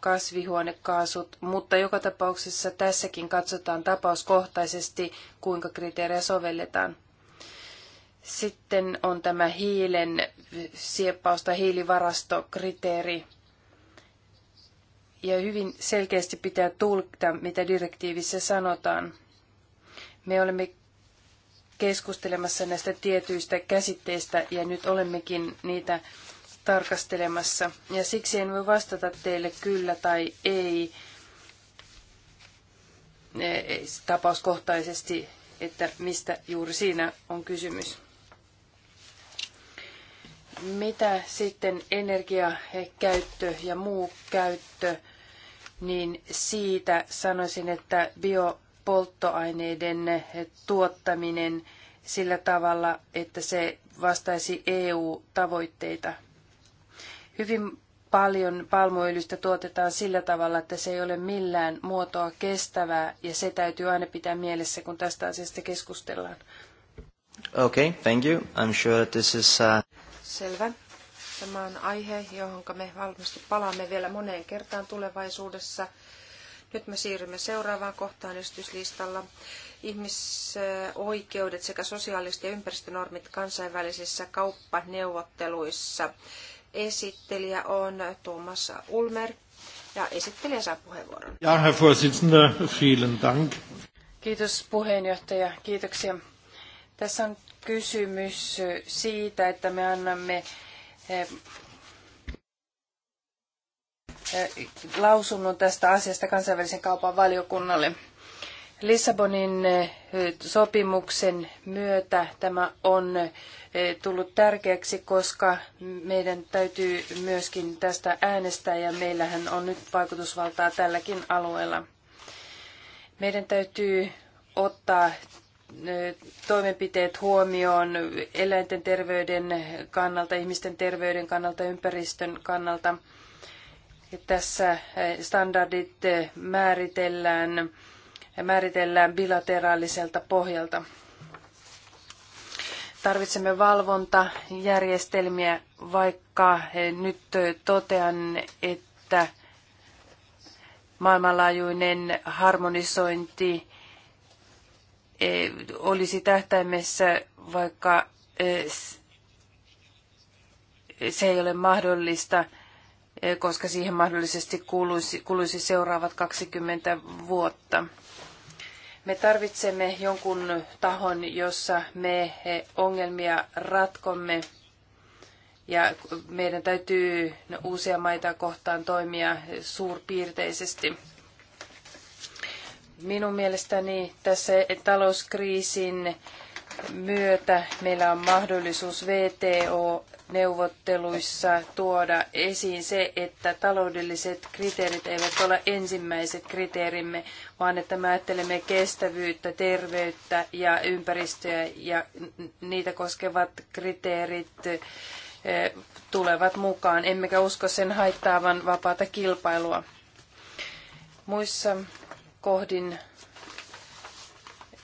kasvihuonekaasut, mutta joka tapauksessa tässäkin katsotaan tapauskohtaisesti, kuinka kriteerejä sovelletaan. Sitten on tämä hiilen sieppaus tai hiilivarastokriteeri, ja hyvin selkeästi pitää tulkita, mitä direktiivissä sanotaan. Me olemme keskustelemassa näistä tietyistä käsitteistä ja nyt olemmekin niitä tarkastelemassa. Ja siksi en voi vastata teille kyllä tai ei eh, eh, tapauskohtaisesti, että mistä juuri siinä on kysymys. Mitä sitten energiakäyttö ja muu käyttö, niin siitä sanoisin, että biopolttoaineiden tuottaminen sillä tavalla, että se vastaisi EU-tavoitteita. Hyvin paljon palmuöljystä tuotetaan sillä tavalla, että se ei ole millään muotoa kestävää, ja se täytyy aina pitää mielessä, kun tästä asiasta keskustellaan. Okay, thank you. I'm sure this is... Uh... Selvä. Tämä on aihe, johon me varmasti palaamme vielä moneen kertaan tulevaisuudessa. Nyt me siirrymme seuraavaan kohtaan esityslistalla. Ihmisoikeudet sekä sosiaaliset ja ympäristönormit kansainvälisissä kauppaneuvotteluissa. Esittelijä on Thomas Ulmer ja esittelijä saa puheenvuoron. Ja, Herr Vorsitzender, vielen Dank. Kiitos puheenjohtaja, kiitoksia. Tässä on kysymys siitä, että me annamme eh, eh, lausunnon tästä asiasta kansainvälisen kaupan valiokunnalle. Lissabonin eh, sopimuksen myötä tämä on tullut tärkeäksi, koska meidän täytyy myöskin tästä äänestää ja meillähän on nyt vaikutusvaltaa tälläkin alueella. Meidän täytyy ottaa toimenpiteet huomioon eläinten terveyden kannalta, ihmisten terveyden kannalta, ympäristön kannalta. Tässä eh, standardit eh, määritellään, eh, määritellään bilateraaliselta pohjalta. Tarvitsemme valvontajärjestelmiä, vaikka nyt totean, että maailmanlaajuinen harmonisointi E, olisi tähtäimessä, vaikka e, se ei ole mahdollista, e, koska siihen mahdollisesti kuuluisi kuuluisi seuraavat 20 vuotta. Me tarvitsemme jonkun tahon, jossa me ongelmia ratkomme ja meidän täytyy uusia maita kohtaan toimia suurpiirteisesti. Minun mielestäni tässä talouskriisin myötä meillä on mahdollisuus VTO-neuvotteluissa tuoda esiin se, että taloudelliset kriteerit eivät ole ensimmäiset kriteerimme, vaan että me ajattelemme kestävyyttä, terveyttä ja ympäristöä ja niitä koskevat kriteerit eh, tulevat mukaan, emmekä usko sen haittaavan vapaata kilpailua. Muissa kohdin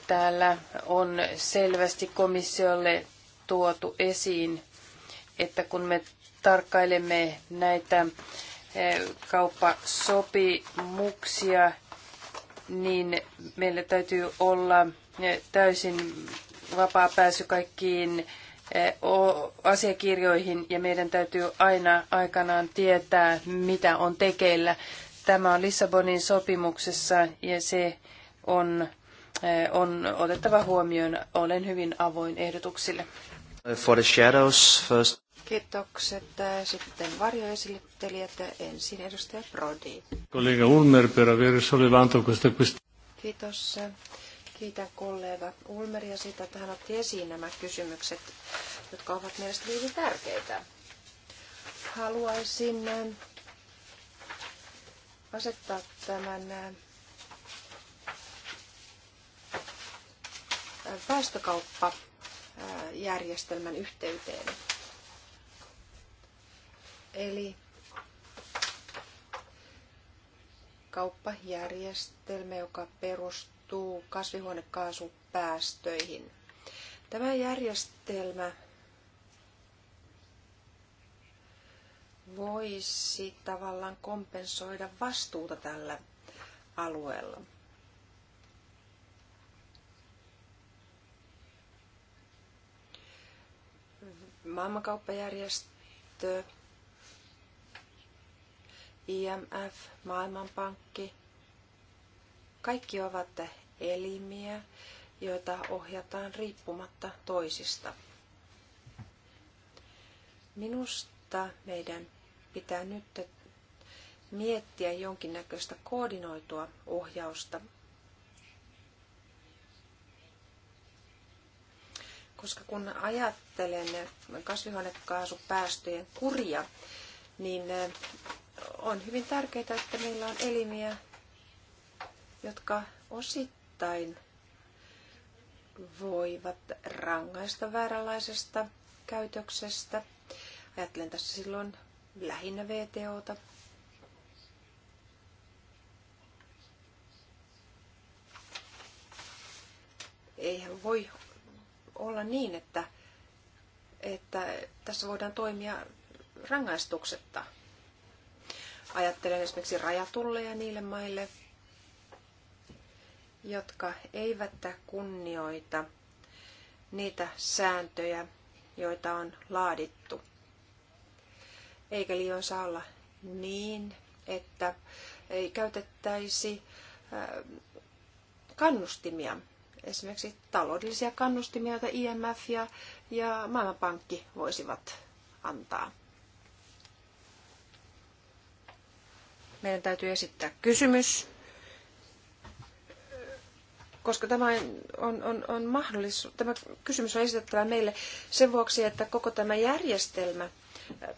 täällä on selvästi komissiolle tuotu esiin, että kun me tarkkailemme näitä eh, kauppasopimuksia, niin meillä täytyy olla eh, täysin vapaa pääsy kaikkiin eh, asiakirjoihin ja meidän täytyy aina aikanaan tietää, mitä on tekeillä. Tämä on Lissabonin sopimuksessa ja se on, eh, on otettava huomioon. Olen hyvin avoin ehdotuksille. For the shadows first. Kiitokset. Eh, sitten varjoesittelijät. Ensin edustaja Brody. Kollega Ulmer per aver sollevato questa Kiitos. Kiitän kollega Ulmeria siitä, että hän otti esiin nämä kysymykset, jotka ovat mielestäni hyvin tärkeitä. Haluaisin eh, asettaa tämän päästökauppajärjestelmän yhteyteen. Eli kauppajärjestelmä, joka perustuu kasvihuonekaasupäästöihin. Tämä järjestelmä voisi tavallaan kompensoida vastuuta tällä alueella. Maailmankauppajärjestö, IMF, Maailmanpankki, kaikki ovat elimiä, joita ohjataan riippumatta toisista. Minusta meidän pitää nyt miettiä jonkinnäköistä koordinoitua ohjausta, koska kun ajattelen kasvihuonekaasupäästöjen kuria, niin eh, on hyvin tärkeää, että meillä on elimiä, jotka osittain voivat rangaista vääränlaisesta käytöksestä. Ajattelen tässä silloin lähinnä VTOta. Eihän voi olla niin, että, että tässä voidaan toimia rangaistuksetta. Ajattelen esimerkiksi rajatulleja niille maille, jotka eivät kunnioita niitä sääntöjä, joita on laadittu – eikä liioin saa olla niin, että ei käytettäisi kannustimia, esimerkiksi taloudellisia kannustimia, joita IMF ja, ja Maailmanpankki voisivat antaa. Meidän täytyy esittää kysymys, koska tämä, on, on, on mahdollisuus, tämä kysymys on esitettävä meille sen vuoksi, että koko tämä järjestelmä –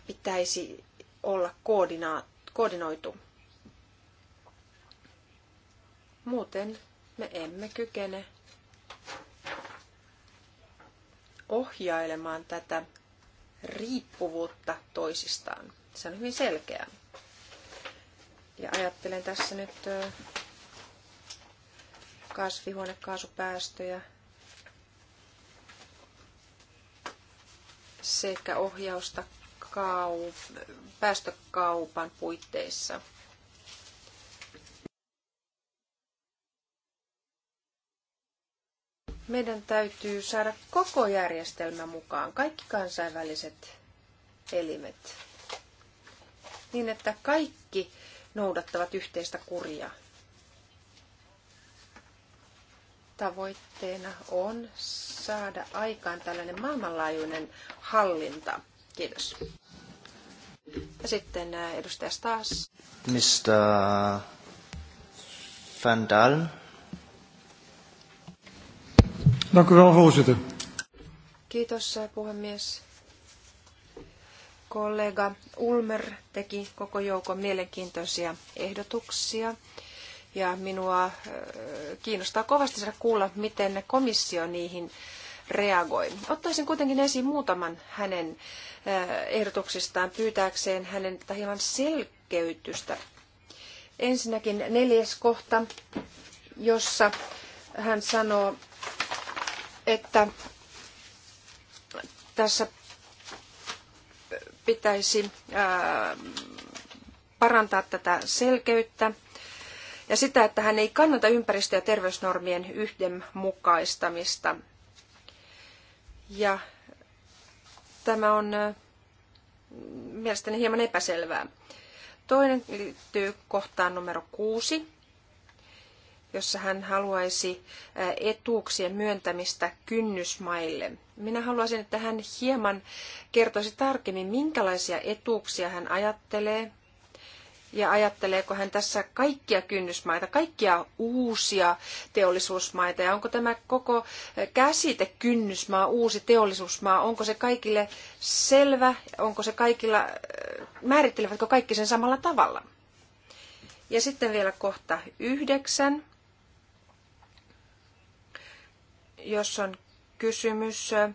pitäisi olla koordinoitu. Muuten me emme kykene ohjailemaan tätä riippuvuutta toisistaan. Se on hyvin selkeää. Ja ajattelen tässä nyt kasvihuonekaasupäästöjä sekä ohjausta kau- päästökaupan puitteissa. Meidän täytyy saada koko järjestelmä mukaan, kaikki kansainväliset elimet, niin että kaikki noudattavat yhteistä kuria. Tavoitteena on saada aikaan tällainen maailmanlaajuinen hallinta. Kiitos. Ja sitten äh, edustaja Stas. Mr. Van Dalen. Dank u wel, voorzitter. Kiitos, äh, puhemies. Kollega Ulmer teki koko joukon mielenkiintoisia ehdotuksia. Ja minua äh, kiinnostaa kovasti saada kuulla, miten komissio niihin reagoi. Ottaisin kuitenkin esiin muutaman hänen ehdotuksistaan pyytääkseen hänen hieman selkeytystä. Ensinnäkin neljäs kohta, jossa hän sanoo, että tässä pitäisi parantaa tätä selkeyttä ja sitä, että hän ei kannata ympäristö- ja terveysnormien yhdenmukaistamista. Ja tämä on mielestäni hieman epäselvää. Toinen liittyy kohtaan numero kuusi, jossa hän haluaisi etuuksien myöntämistä kynnysmaille. Minä haluaisin, että hän hieman kertoisi tarkemmin, minkälaisia etuuksia hän ajattelee – ja ajatteleeko hän tässä kaikkia kynnysmaita, kaikkia uusia teollisuusmaita ja onko tämä koko käsite kynnysmaa, uusi teollisuusmaa, onko se kaikille selvä, onko se kaikilla, äh, määrittelevätkö kaikki sen samalla tavalla? Ja sitten vielä kohta yhdeksän, jos on kysymys äh,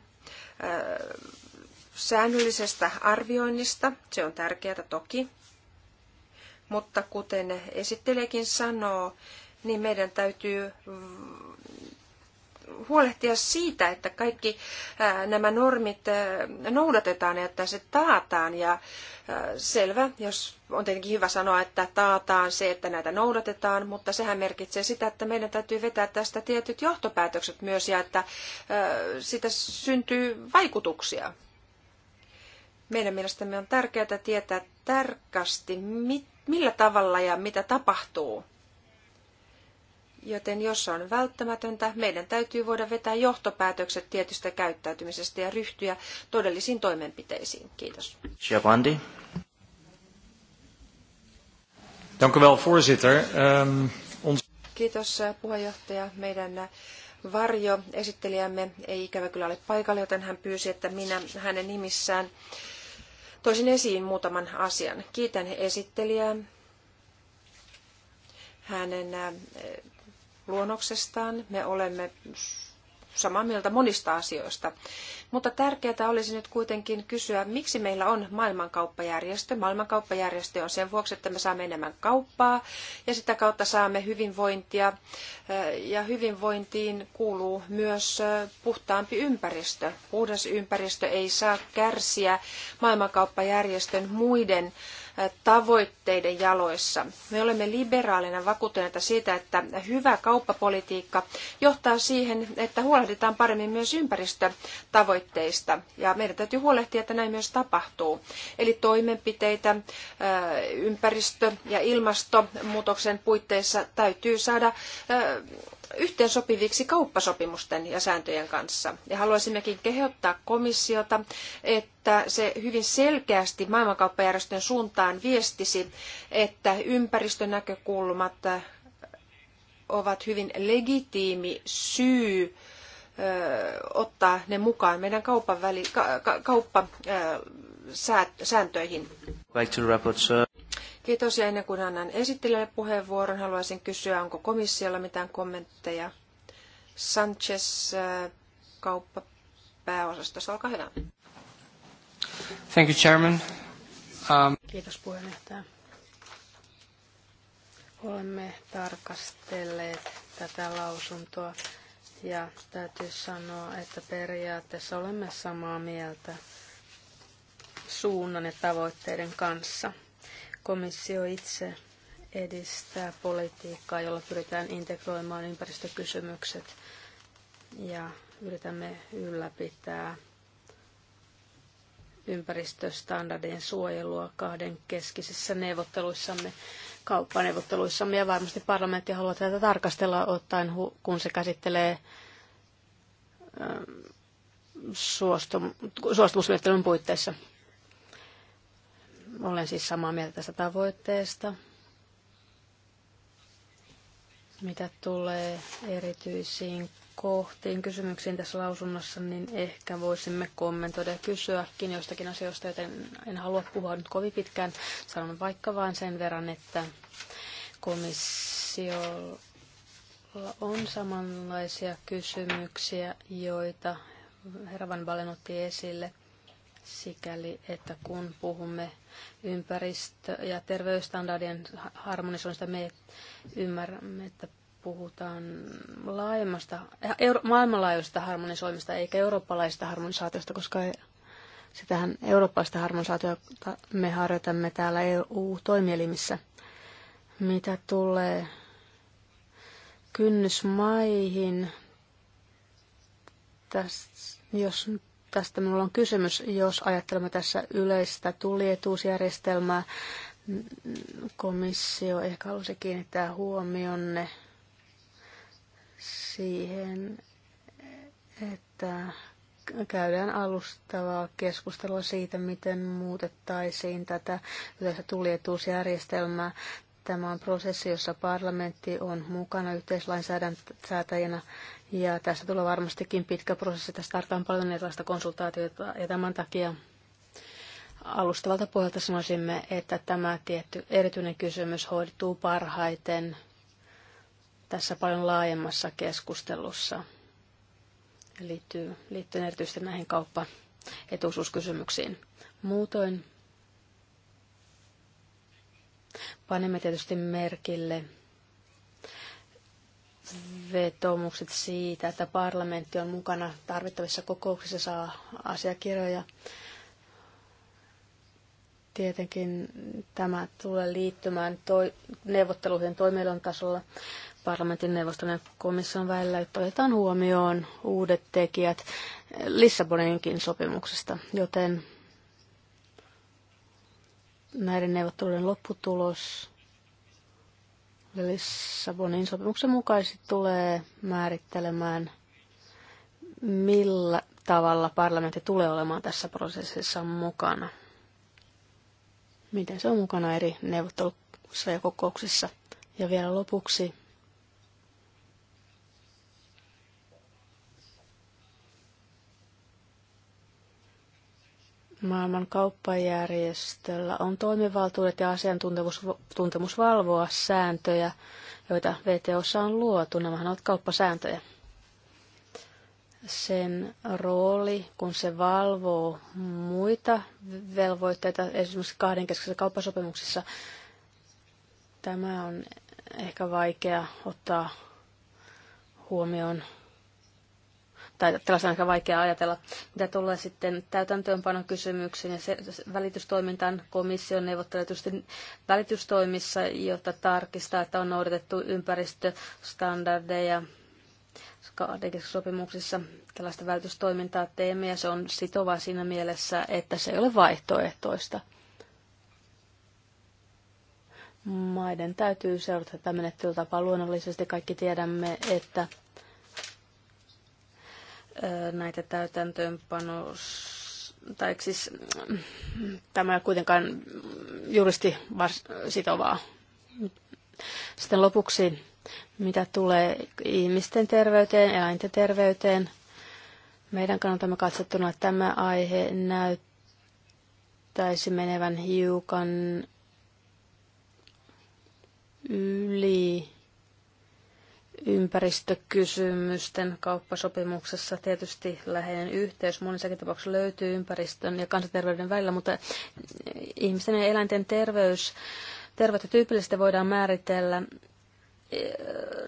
säännöllisestä arvioinnista. Se on tärkeää toki. Mutta kuten esittelijäkin sanoo, niin meidän täytyy huolehtia siitä, että kaikki nämä normit noudatetaan ja että se taataan. Ja selvä, jos on tietenkin hyvä sanoa, että taataan se, että näitä noudatetaan, mutta sehän merkitsee sitä, että meidän täytyy vetää tästä tietyt johtopäätökset myös ja että sitä syntyy vaikutuksia. Meidän mielestämme on tärkeää tietää tarkasti, millä tavalla ja mitä tapahtuu. Joten jos on välttämätöntä, meidän täytyy voida vetää johtopäätökset tietystä käyttäytymisestä ja ryhtyä todellisiin toimenpiteisiin. Kiitos. Chiavandi. Dank u wel, voorzitter. Um, ons... Kiitos eh, puheenjohtaja. Meidän eh, varjo esittelijämme ei ikävä kyllä ole paikalla, joten hän pyysi, että minä hänen nimissään Toisin esiin muutaman asian. Kiitän esittelijää hänen äh, luonnoksestaan. Me olemme samaa mieltä monista asioista. Mutta tärkeää olisi nyt kuitenkin kysyä, miksi meillä on maailmankauppajärjestö. Maailmankauppajärjestö on sen vuoksi, että me saamme enemmän kauppaa ja sitä kautta saamme hyvinvointia. Ja hyvinvointiin kuuluu myös puhtaampi ympäristö. Puhdas ympäristö ei saa kärsiä maailmankauppajärjestön muiden tavoitteiden jaloissa. Me olemme liberaalina vakuuttuneita siitä, että hyvä kauppapolitiikka johtaa siihen, että huolehditaan paremmin myös ympäristötavoitteista. Ja meidän täytyy huolehtia, että näin myös tapahtuu. Eli toimenpiteitä ympäristö- ja ilmastonmuutoksen puitteissa täytyy saada yhteensopiviksi kauppasopimusten ja sääntöjen kanssa. Ja haluaisimmekin kehottaa komissiota, että se hyvin selkeästi maailmankauppajärjestön suuntaan viestisi, että ympäristönäkökulmat ovat hyvin legitiimi syy ottaa ne mukaan meidän kaupan väli, ka, ka, Kiitos ja ennen kuin annan esittelijälle puheenvuoron, haluaisin kysyä, onko komissiolla mitään kommentteja. Sanchez, äh, kauppa pääosasta, olkaa hyvä. Thank you, Chairman. Um... Kiitos puheenjohtaja. Olemme tarkastelleet tätä lausuntoa ja täytyy sanoa, että periaatteessa olemme samaa mieltä suunnan ja tavoitteiden kanssa – Komissio itse edistää politiikkaa, jolla pyritään integroimaan ympäristökysymykset ja yritämme ylläpitää ympäristöstandardien suojelua kahden keskisissä neuvotteluissamme, kauppaneuvotteluissamme ja varmasti parlamentti haluaa tätä tarkastella ottaen, kun se käsittelee ähm, suostumusmenettelyn puitteissa. Olen siis samaa mieltä tästä tavoitteesta. Mitä tulee erityisiin kohtiin, kysymyksiin tässä lausunnossa, niin ehkä voisimme kommentoida ja kysyäkin jostakin asioista, joten en halua puhua nyt kovin pitkään. Sanon vaikka vain sen verran, että komissiolla on samanlaisia kysymyksiä, joita herra Van Balen otti esille – sikäli, että kun puhumme ympäristö- ja terveysstandardien harmonisoinnista, me ymmärrämme, että puhutaan laajemmasta, euro, maailmanlaajuisesta harmonisoimista eikä eurooppalaisesta harmonisaatiosta, koska sitähän eurooppalaista harmonisaatiota me harjoitamme täällä EU-toimielimissä. Mitä tulee kynnysmaihin, tässä, jos nyt Tästä minulla on kysymys, jos ajattelemme tässä yleistä tulietuusjärjestelmää. Komissio ehkä halusi kiinnittää huomionne siihen, että käydään alustavaa keskustelua siitä, miten muutettaisiin tätä yleistä tulietuusjärjestelmää. Tämä on prosessi, jossa parlamentti on mukana yhteislainsäätäjänä ja tässä tulee varmastikin pitkä prosessi. Tässä tarvitaan paljon erilaista konsultaatiota ja tämän takia alustavalta pohjalta sanoisimme, että tämä tietty erityinen kysymys hoituu parhaiten tässä paljon laajemmassa keskustelussa liittyy, liittyen erityisesti näihin kauppa- etuisuuskysymyksiin. Muutoin Panemme tietysti merkille vetomukset siitä, että parlamentti on mukana tarvittavissa kokouksissa, saa asiakirjoja. Tietenkin tämä tulee liittymään toi, neuvotteluihin toimielon tasolla parlamentin neuvoston ja komission välillä, että otetaan huomioon uudet tekijät Lissaboninkin sopimuksesta, joten näiden neuvottelujen lopputulos Lissabonin sopimuksen mukaisesti tulee määrittelemään, millä tavalla parlamentti tulee olemaan tässä prosessissa mukana. Miten se on mukana eri neuvottelussa ja kokouksissa. Ja vielä lopuksi Maailman kauppajärjestöllä on toimivaltuudet ja asiantuntemus valvoa sääntöjä, joita VTOssa on luotu. Nämähän ovat kauppasääntöjä. Sen rooli, kun se valvoo muita velvoitteita, esimerkiksi kahdenkeskisissä kauppasopimuksissa, tämä on ehkä vaikea ottaa huomioon tai tällaista on aika vaikea ajatella. Mitä tulee sitten täytäntöönpanon ja se, välitystoimintaan komission neuvottelutusti välitystoimissa, jotta tarkistaa, että on noudatettu ympäristöstandardeja sopimuksissa tällaista välitystoimintaa teemme ja se on sitovaa siinä mielessä, että se ei ole vaihtoehtoista. Maiden täytyy seurata tätä menettelytapaa. Luonnollisesti kaikki tiedämme, että näitä täytäntöönpanos tai siis tämä ei kuitenkaan juristi sitovaa. Sitten lopuksi, mitä tulee ihmisten terveyteen, eläinten terveyteen, meidän kannaltamme katsottuna tämä aihe näyttäisi menevän hiukan yli ympäristökysymysten kauppasopimuksessa tietysti läheinen yhteys monissakin tapauksissa löytyy ympäristön ja kansanterveyden välillä, mutta ihmisten ja eläinten terveys, terveyttä tyypillisesti voidaan määritellä eh,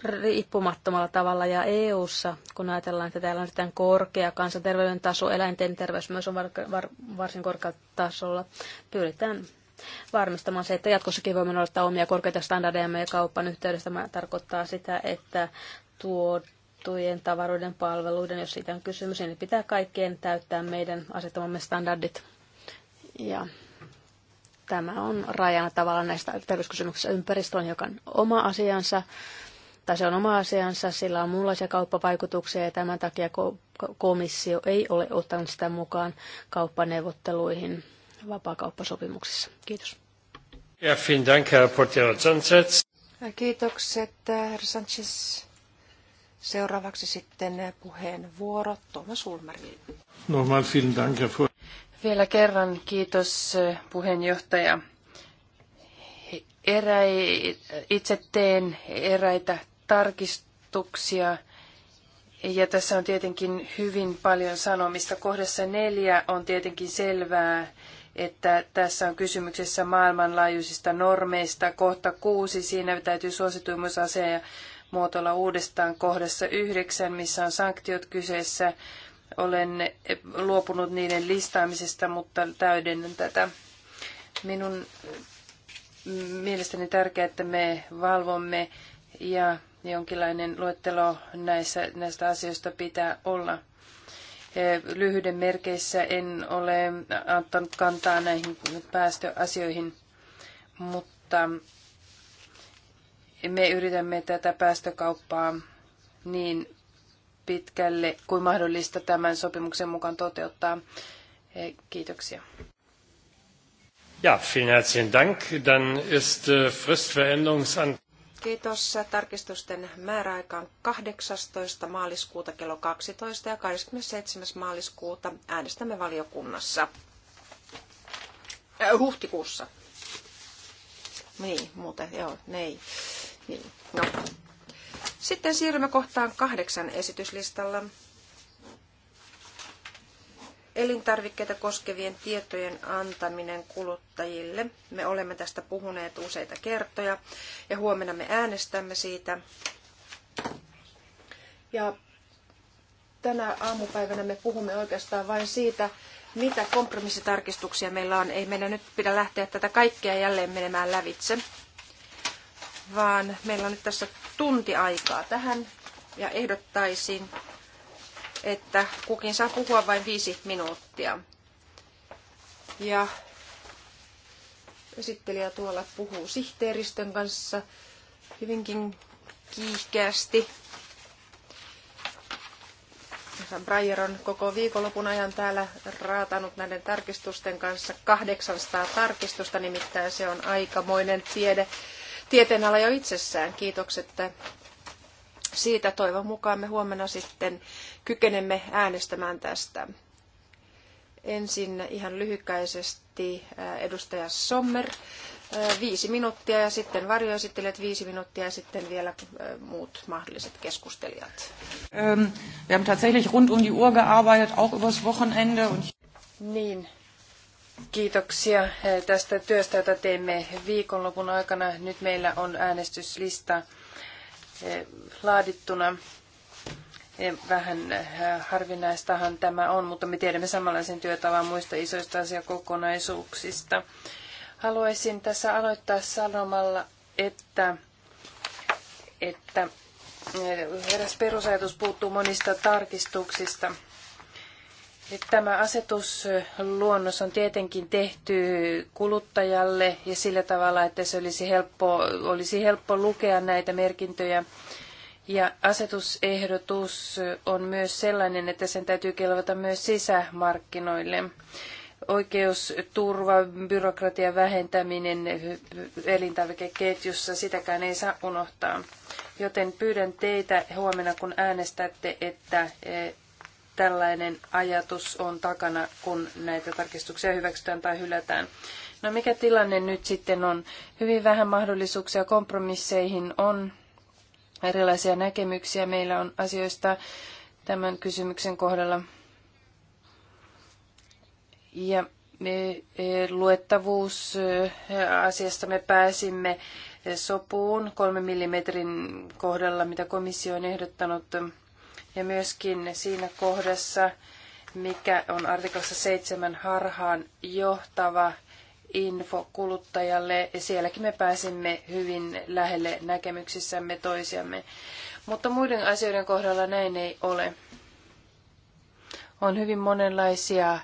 riippumattomalla tavalla ja EU-ssa, kun ajatellaan, että täällä on sitten korkea kansanterveyden taso, eläinten terveys myös on var, var, varsin korkealla tasolla, pyritään varmistamaan se, että jatkossakin voimme noudattaa omia korkeita standardeja meidän kaupan yhteydessä. Tämä tarkoittaa sitä, että tuotujen tavaroiden palveluiden, jos siitä on kysymys, niin pitää kaikkien täyttää meidän asettamamme standardit. Ja tämä on rajana tavallaan näistä terveyskysymyksistä. joka on oma asiansa, tai se on oma asiansa, sillä on muunlaisia kauppavaikutuksia, ja tämän takia komissio ei ole ottanut sitä mukaan kauppaneuvotteluihin vapaakauppasopimuksissa. Kiitos. Ja Dank, Herr Sanchez. Kiitokset, herra Sanchez. Seuraavaksi sitten puheenvuoro Tuomas Ulmerille. Normal, vielen Dank, Herr Vielä kerran kiitos puheenjohtaja. Eräi, itse teen eräitä tarkistuksia ja tässä on tietenkin hyvin paljon sanomista. Kohdassa neljä on tietenkin selvää, että tässä on kysymyksessä maailmanlaajuisista normeista. Kohta kuusi, siinä täytyy suosituimmuusasia muotoilla uudestaan kohdassa yhdeksän, missä on sanktiot kyseessä. Olen luopunut niiden listaamisesta, mutta täydennän tätä. Minun mielestäni tärkeää, että me valvomme ja jonkinlainen luettelo näissä, näistä asioista pitää olla. Lyhyiden merkeissä en ole antanut kantaa näihin päästöasioihin, mutta me yritämme tätä päästökauppaa niin pitkälle kuin mahdollista tämän sopimuksen mukaan toteuttaa. Kiitoksia. Ja, vielen herzlichen Dank. Dann ist äh, Fristveränderungsantrag. Kiitos. Tarkistusten määräaika on 18. maaliskuuta kello 12 ja 27. maaliskuuta äänestämme valiokunnassa. Äh, huhtikuussa. Niin, muuten, joo, nei, niin, niin, no. Sitten siirrymme kohtaan kahdeksan esityslistalla elintarvikkeita koskevien tietojen antaminen kuluttajille. Me olemme tästä puhuneet useita kertoja ja huomenna me äänestämme siitä. Ja tänä aamupäivänä me puhumme oikeastaan vain siitä, mitä kompromissitarkistuksia meillä on. Ei meidän nyt pidä lähteä tätä kaikkea jälleen menemään lävitse, vaan meillä on nyt tässä tunti aikaa tähän ja ehdottaisin, että kukin saa puhua vain viisi minuuttia. Ja esittelijä tuolla puhuu sihteeristön kanssa hyvinkin kiihkeästi. Breyer on koko viikonlopun ajan täällä raatanut näiden tarkistusten kanssa 800 tarkistusta, nimittäin se on aikamoinen tiede tieteenala jo itsessään. Kiitokset siitä toivon mukaan me huomenna sitten kykenemme äänestämään tästä. Ensin ihan lyhykäisesti äh, edustaja Sommer äh, viisi minuuttia ja sitten varjoesittelijät viisi minuuttia ja sitten vielä äh, muut mahdolliset keskustelijat. Ähm, wir haben tatsächlich rund um die Uhr gearbeitet, auch übers Wochenende. Und... Niin, Kiitoksia tästä työstä, jota teimme viikonlopun aikana. Nyt meillä on äänestyslista Eh, laadittuna. Eh, vähän eh, harvinaistahan tämä on, mutta me tiedämme samanlaisen työtavan muista isoista asiakokonaisuuksista. Haluaisin tässä aloittaa sanomalla, että, että eräs perusajatus puuttuu monista tarkistuksista. Tämä asetusluonnos on tietenkin tehty kuluttajalle ja sillä tavalla, että se olisi helppo, olisi helppo lukea näitä merkintöjä. Ja asetusehdotus on myös sellainen, että sen täytyy kelvata myös sisämarkkinoille. Oikeusturva, byrokratian vähentäminen elintarvikeketjussa, sitäkään ei saa unohtaa. Joten pyydän teitä huomenna, kun äänestätte, että tällainen ajatus on takana, kun näitä tarkistuksia hyväksytään tai hylätään. No mikä tilanne nyt sitten on? Hyvin vähän mahdollisuuksia kompromisseihin on. Erilaisia näkemyksiä meillä on asioista tämän kysymyksen kohdalla. Ja me, e, luettavuus e, asiasta me pääsimme sopuun kolme millimetrin kohdalla, mitä komissio on ehdottanut ja myöskin siinä kohdassa, mikä on artiklassa 7 harhaan johtava info kuluttajalle. Ja sielläkin me pääsimme hyvin lähelle näkemyksissämme toisiamme. Mutta muiden asioiden kohdalla näin ei ole. On hyvin monenlaisia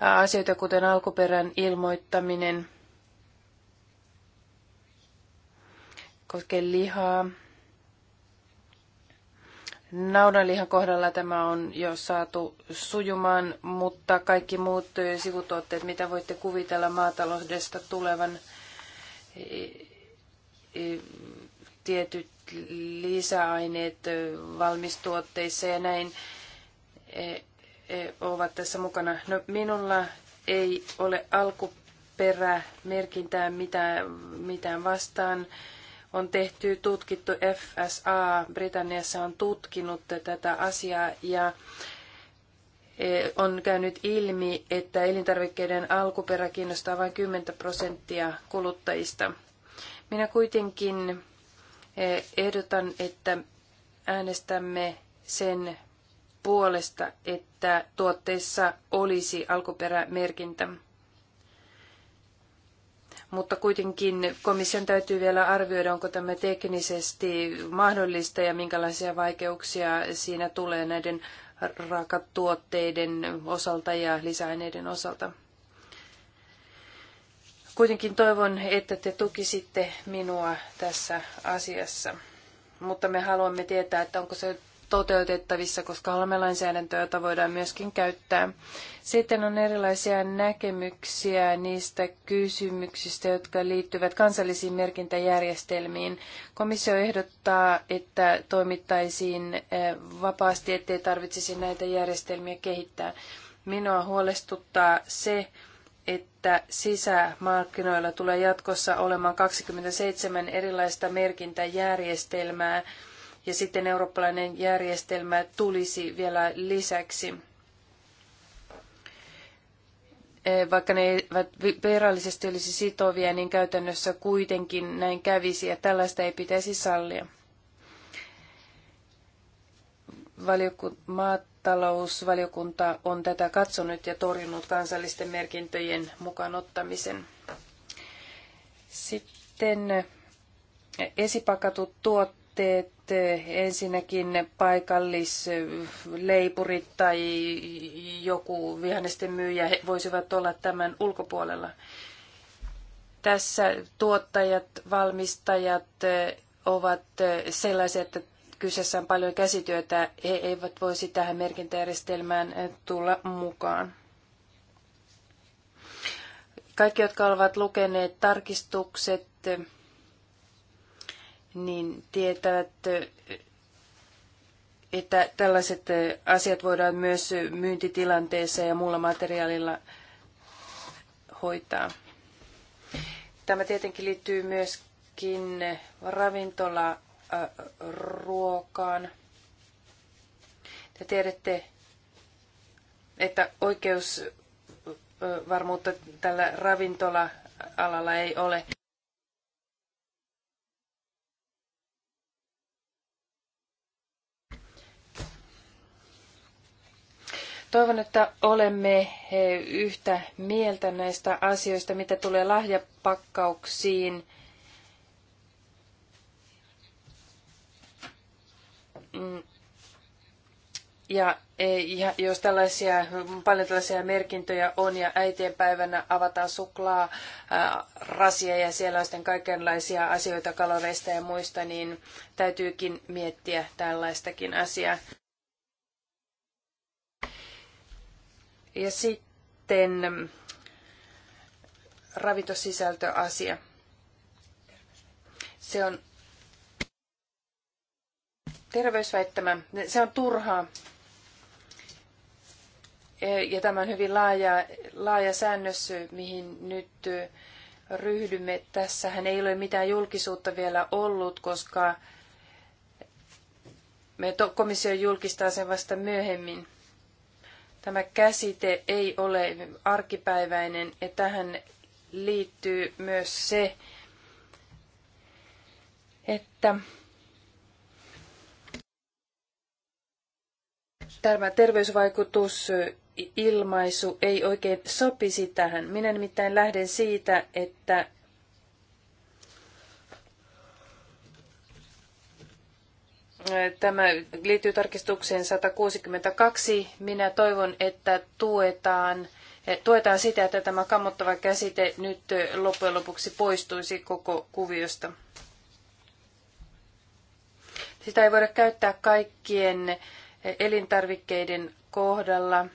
asioita, kuten alkuperän ilmoittaminen, koskee lihaa, Naudanlihan kohdalla tämä on jo saatu sujumaan, mutta kaikki muut sivutuotteet, mitä voitte kuvitella maataloudesta tulevan, tietyt lisäaineet valmistuotteissa ja näin e, e, ovat tässä mukana. No, minulla ei ole alkuperämerkintää mitään, mitään vastaan on tehty, tutkittu, FSA Britanniassa on tutkinut tätä asiaa ja e, on käynyt ilmi, että elintarvikkeiden alkuperä kiinnostaa vain 10 prosenttia kuluttajista. Minä kuitenkin e, ehdotan, että äänestämme sen puolesta, että tuotteissa olisi alkuperämerkintä mutta kuitenkin komission täytyy vielä arvioida, onko tämä teknisesti mahdollista ja minkälaisia vaikeuksia siinä tulee näiden raakatuotteiden osalta ja lisäaineiden osalta. Kuitenkin toivon, että te tukisitte minua tässä asiassa, mutta me haluamme tietää, että onko se toteutettavissa, koska olemme lainsäädäntöä, jota voidaan myöskin käyttää. Sitten on erilaisia näkemyksiä niistä kysymyksistä, jotka liittyvät kansallisiin merkintäjärjestelmiin. Komissio ehdottaa, että toimittaisiin eh, vapaasti, ettei tarvitsisi näitä järjestelmiä kehittää. Minua huolestuttaa se, että sisämarkkinoilla tulee jatkossa olemaan 27 erilaista merkintäjärjestelmää, ja sitten eurooppalainen järjestelmä tulisi vielä lisäksi. Eh, vaikka ne eivät virallisesti olisi sitovia, niin käytännössä kuitenkin näin kävisi ja tällaista ei pitäisi sallia. Valiokunta, maatalousvaliokunta on tätä katsonut ja torjunut kansallisten merkintöjen mukaan ottamisen. Sitten eh, esipakatut tuotteet tuotteet, ensinnäkin paikallisleipurit tai joku vihannesten myyjä voisivat olla tämän ulkopuolella. Tässä tuottajat, valmistajat ovat sellaisia, että kyseessä on paljon käsityötä, he eivät voisi tähän merkintäjärjestelmään tulla mukaan. Kaikki, jotka ovat lukeneet tarkistukset, niin tietävät, että tällaiset asiat voidaan myös myyntitilanteessa ja muulla materiaalilla hoitaa. Tämä tietenkin liittyy myöskin ravintolaruokaan. Te tiedätte, että oikeusvarmuutta tällä ravintola-alalla ei ole. Toivon, että olemme yhtä mieltä näistä asioista, mitä tulee lahjapakkauksiin. Mm. Ja, e, ja jos tällaisia, paljon tällaisia merkintöjä on ja äitienpäivänä avataan suklaa, ää, rasia ja siellä on sitten kaikenlaisia asioita kaloreista ja muista, niin täytyykin miettiä tällaistakin asiaa. Ja sitten ravintosisältöasia. Se on terveysväittämä. Se on turhaa. Ja tämä on hyvin laaja, laaja säännös, mihin nyt ryhdymme. Tässähän ei ole mitään julkisuutta vielä ollut, koska me komissio julkistaa sen vasta myöhemmin. Tämä käsite ei ole arkipäiväinen ja tähän liittyy myös se, että tämä terveysvaikutus ilmaisu ei oikein sopisi tähän. Minä nimittäin lähden siitä, että Tämä liittyy tarkistukseen 162. Minä toivon, että tuetaan, tuetaan sitä, että tämä kammottava käsite nyt loppujen lopuksi poistuisi koko kuviosta. Sitä ei voida käyttää kaikkien elintarvikkeiden kohdalla.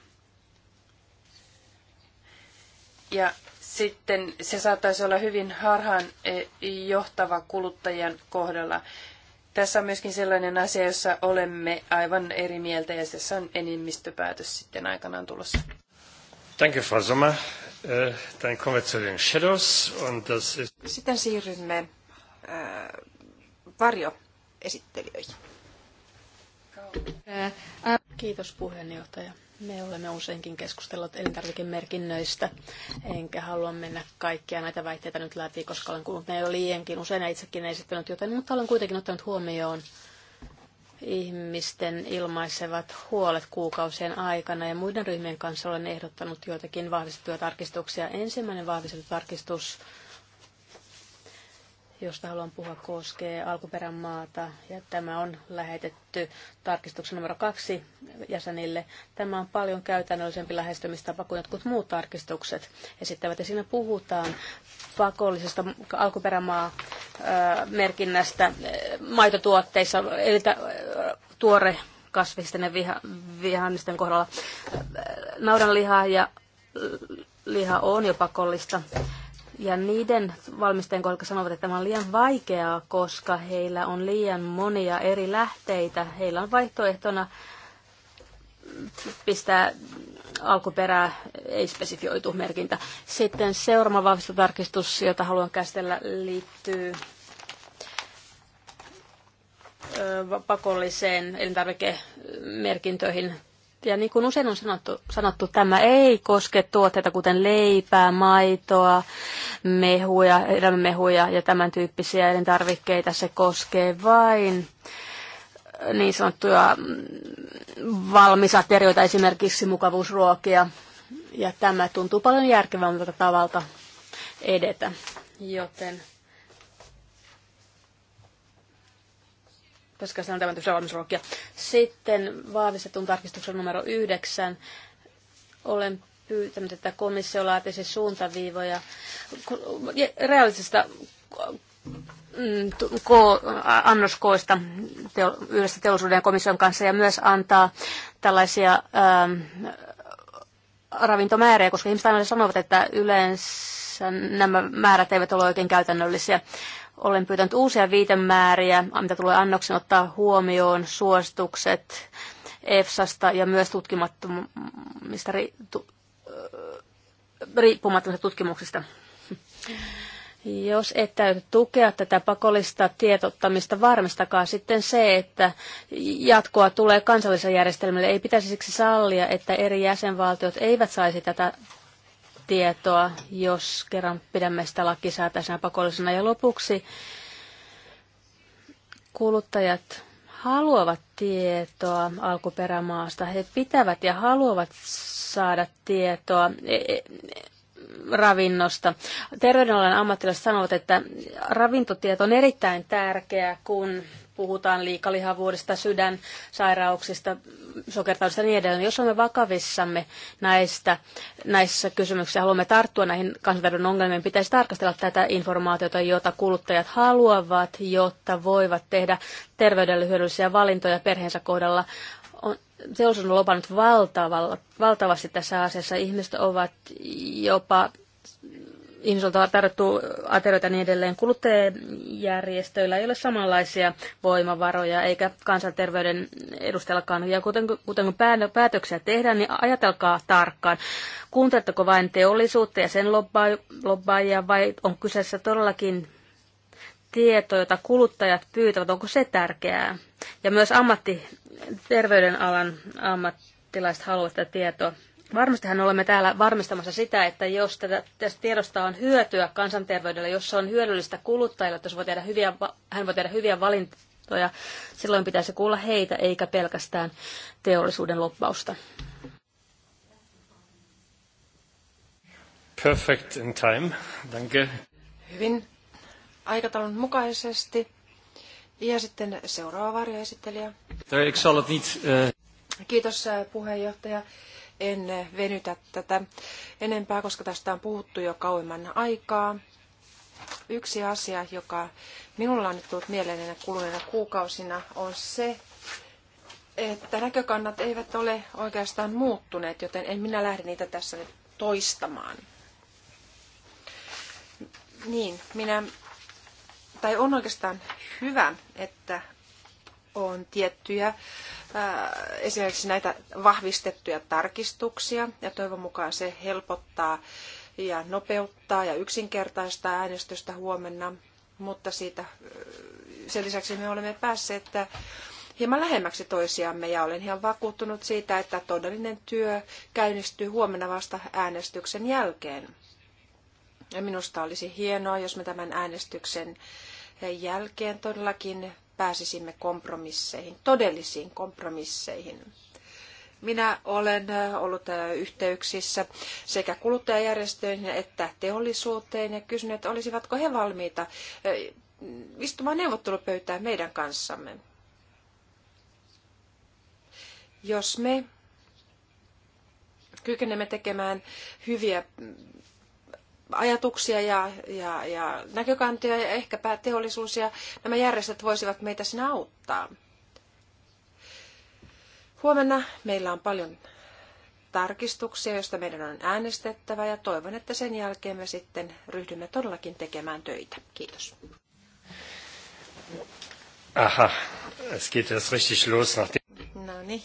Ja sitten se saattaisi olla hyvin harhaan johtava kuluttajan kohdalla. Tässä on myöskin sellainen asia, jossa olemme aivan eri mieltä ja tässä on enemmistöpäätös sitten aikanaan tulossa. Danke, Frau Sommer. Äh, dann kommen Shadows und das ist... Sitten siirrymme äh, varjoesittelijöihin. Äh, äh, Kiitos puheenjohtaja. Me olemme useinkin keskustelleet elintarvikemerkinnöistä, enkä halua mennä kaikkia näitä väitteitä nyt läpi, koska olen kuullut ne jo liiankin usein itsekin esittänyt jotain, mutta olen kuitenkin ottanut huomioon ihmisten ilmaisevat huolet kuukausien aikana ja muiden ryhmien kanssa olen ehdottanut joitakin vahvistettuja tarkistuksia. Ensimmäinen vahvistettu tarkistus josta haluan puhua, koskee alkuperän maata. Ja tämä on lähetetty tarkistuksen numero kaksi jäsenille. Tämä on paljon käytännöllisempi lähestymistapa kuin jotkut muut tarkistukset esittävät. Ja siinä puhutaan pakollisesta alkuperämaa merkinnästä maitotuotteissa, eli tuore kasvisten ja viha, vihannisten kohdalla. Naudanlihaa ja liha on jo pakollista ja niiden valmistajien kohdalla sanovat, että tämä on liian vaikeaa, koska heillä on liian monia eri lähteitä. Heillä on vaihtoehtona pistää alkuperää ei spesifioitu merkintä. Sitten seuraava vahvistotarkistus, jota haluan käsitellä, liittyy pakolliseen elintarvikemerkintöihin ja niin kuin usein on sanottu, sanottu, tämä ei koske tuotteita kuten leipää, maitoa, mehuja, elämämehuja ja tämän tyyppisiä elintarvikkeita. Se koskee vain äh, niin sanottuja mm, valmisaterioita, esimerkiksi mukavuusruokia. Ja tämä tuntuu paljon järkevämmältä tavalta edetä. Joten tässä on tämän tyyppisiä valmisruokia. Sitten vahvistetun tarkistuksen numero yhdeksän. Olen pyytänyt, että komissio laatisi suuntaviivoja reaalisista mm, annoskoista yhdessä teollisuuden ja komission kanssa ja myös antaa tällaisia ää, ähm, ravintomääriä, koska ihmiset aina sanovat, että yleensä nämä määrät eivät ole oikein käytännöllisiä. Olen pyytänyt uusia viitemääriä, mitä tulee annoksen ottaa huomioon, suositukset EFSasta ja myös tutkimattomista riippumattomista tutkimuksista. Jos et täytä tukea tätä pakollista tietottamista, varmistakaa sitten se, että jatkoa tulee kansalliselle järjestelmälle. Ei pitäisi siksi sallia, että eri jäsenvaltiot eivät saisi tätä tietoa, jos kerran pidämme sitä lakisääteisenä pakollisena. Ja lopuksi kuluttajat haluavat tietoa alkuperämaasta. He pitävät ja haluavat saada tietoa e, e, ravinnosta. Terveydenhuollon ammattilaiset sanovat, että ravintotieto on erittäin tärkeää, kun puhutaan liikalihavuudesta, sydänsairauksista, sokertaudesta ja niin edelleen. Jos olemme vakavissamme näistä, näissä kysymyksissä, haluamme tarttua näihin kansanterveyden ongelmiin, pitäisi tarkastella tätä informaatiota, jota kuluttajat haluavat, jotta voivat tehdä terveydelle hyödyllisiä valintoja perheensä kohdalla. On, teollisuus on lopannut valtavalla, valtavasti tässä asiassa. Ihmiset ovat jopa ihmisiltä tarjottu aterioita ja niin edelleen. Kuluttajajärjestöillä ei ole samanlaisia voimavaroja eikä kansanterveyden edustajallakaan. Ja kuten, kuten kun päätöksiä tehdään, niin ajatelkaa tarkkaan. Kuunteletteko vain teollisuutta ja sen lobbaajia vai on kyseessä todellakin tieto, jota kuluttajat pyytävät, onko se tärkeää? Ja myös ammatti, alan ammattilaiset haluavat sitä tietoa. Varmastihan olemme täällä varmistamassa sitä, että jos tätä, tästä tiedosta on hyötyä kansanterveydelle, jos se on hyödyllistä kuluttajille, että voi tehdä hyviä, hän voi tehdä hyviä valintoja, silloin pitäisi kuulla heitä eikä pelkästään teollisuuden loppausta. Perfect in time. Danke. Hyvin aikataulun mukaisesti. Ja sitten seuraava varjoesittelijä. Eh. Kiitos eh, puheenjohtaja en venytä tätä enempää, koska tästä on puhuttu jo kauemman aikaa. Yksi asia, joka minulla on nyt tullut mieleen kuluneena kuukausina, on se, että näkökannat eivät ole oikeastaan muuttuneet, joten en minä lähde niitä tässä nyt toistamaan. Niin, minä, tai on oikeastaan hyvä, että on tiettyjä esimerkiksi näitä vahvistettuja tarkistuksia ja toivon mukaan se helpottaa ja nopeuttaa ja yksinkertaistaa äänestystä huomenna, mutta siitä, sen lisäksi me olemme päässeet että hieman lähemmäksi toisiamme ja olen ihan vakuuttunut siitä, että todellinen työ käynnistyy huomenna vasta äänestyksen jälkeen. Ja minusta olisi hienoa, jos me tämän äänestyksen jälkeen todellakin pääsisimme kompromisseihin, todellisiin kompromisseihin. Minä olen äh, ollut äh, yhteyksissä sekä kuluttajajärjestöihin että teollisuuteen ja kysynyt, olisivatko he valmiita äh, istumaan neuvottelupöytään meidän kanssamme. Jos me kykenemme tekemään hyviä ajatuksia ja, ja, ja näkökantoja ja ehkäpä teollisuus ja nämä järjestöt voisivat meitä siinä auttaa. Huomenna meillä on paljon tarkistuksia, joista meidän on äänestettävä ja toivon, että sen jälkeen me sitten ryhdymme todellakin tekemään töitä. Kiitos. Aha, es geht jetzt richtig los nach dem... No niin,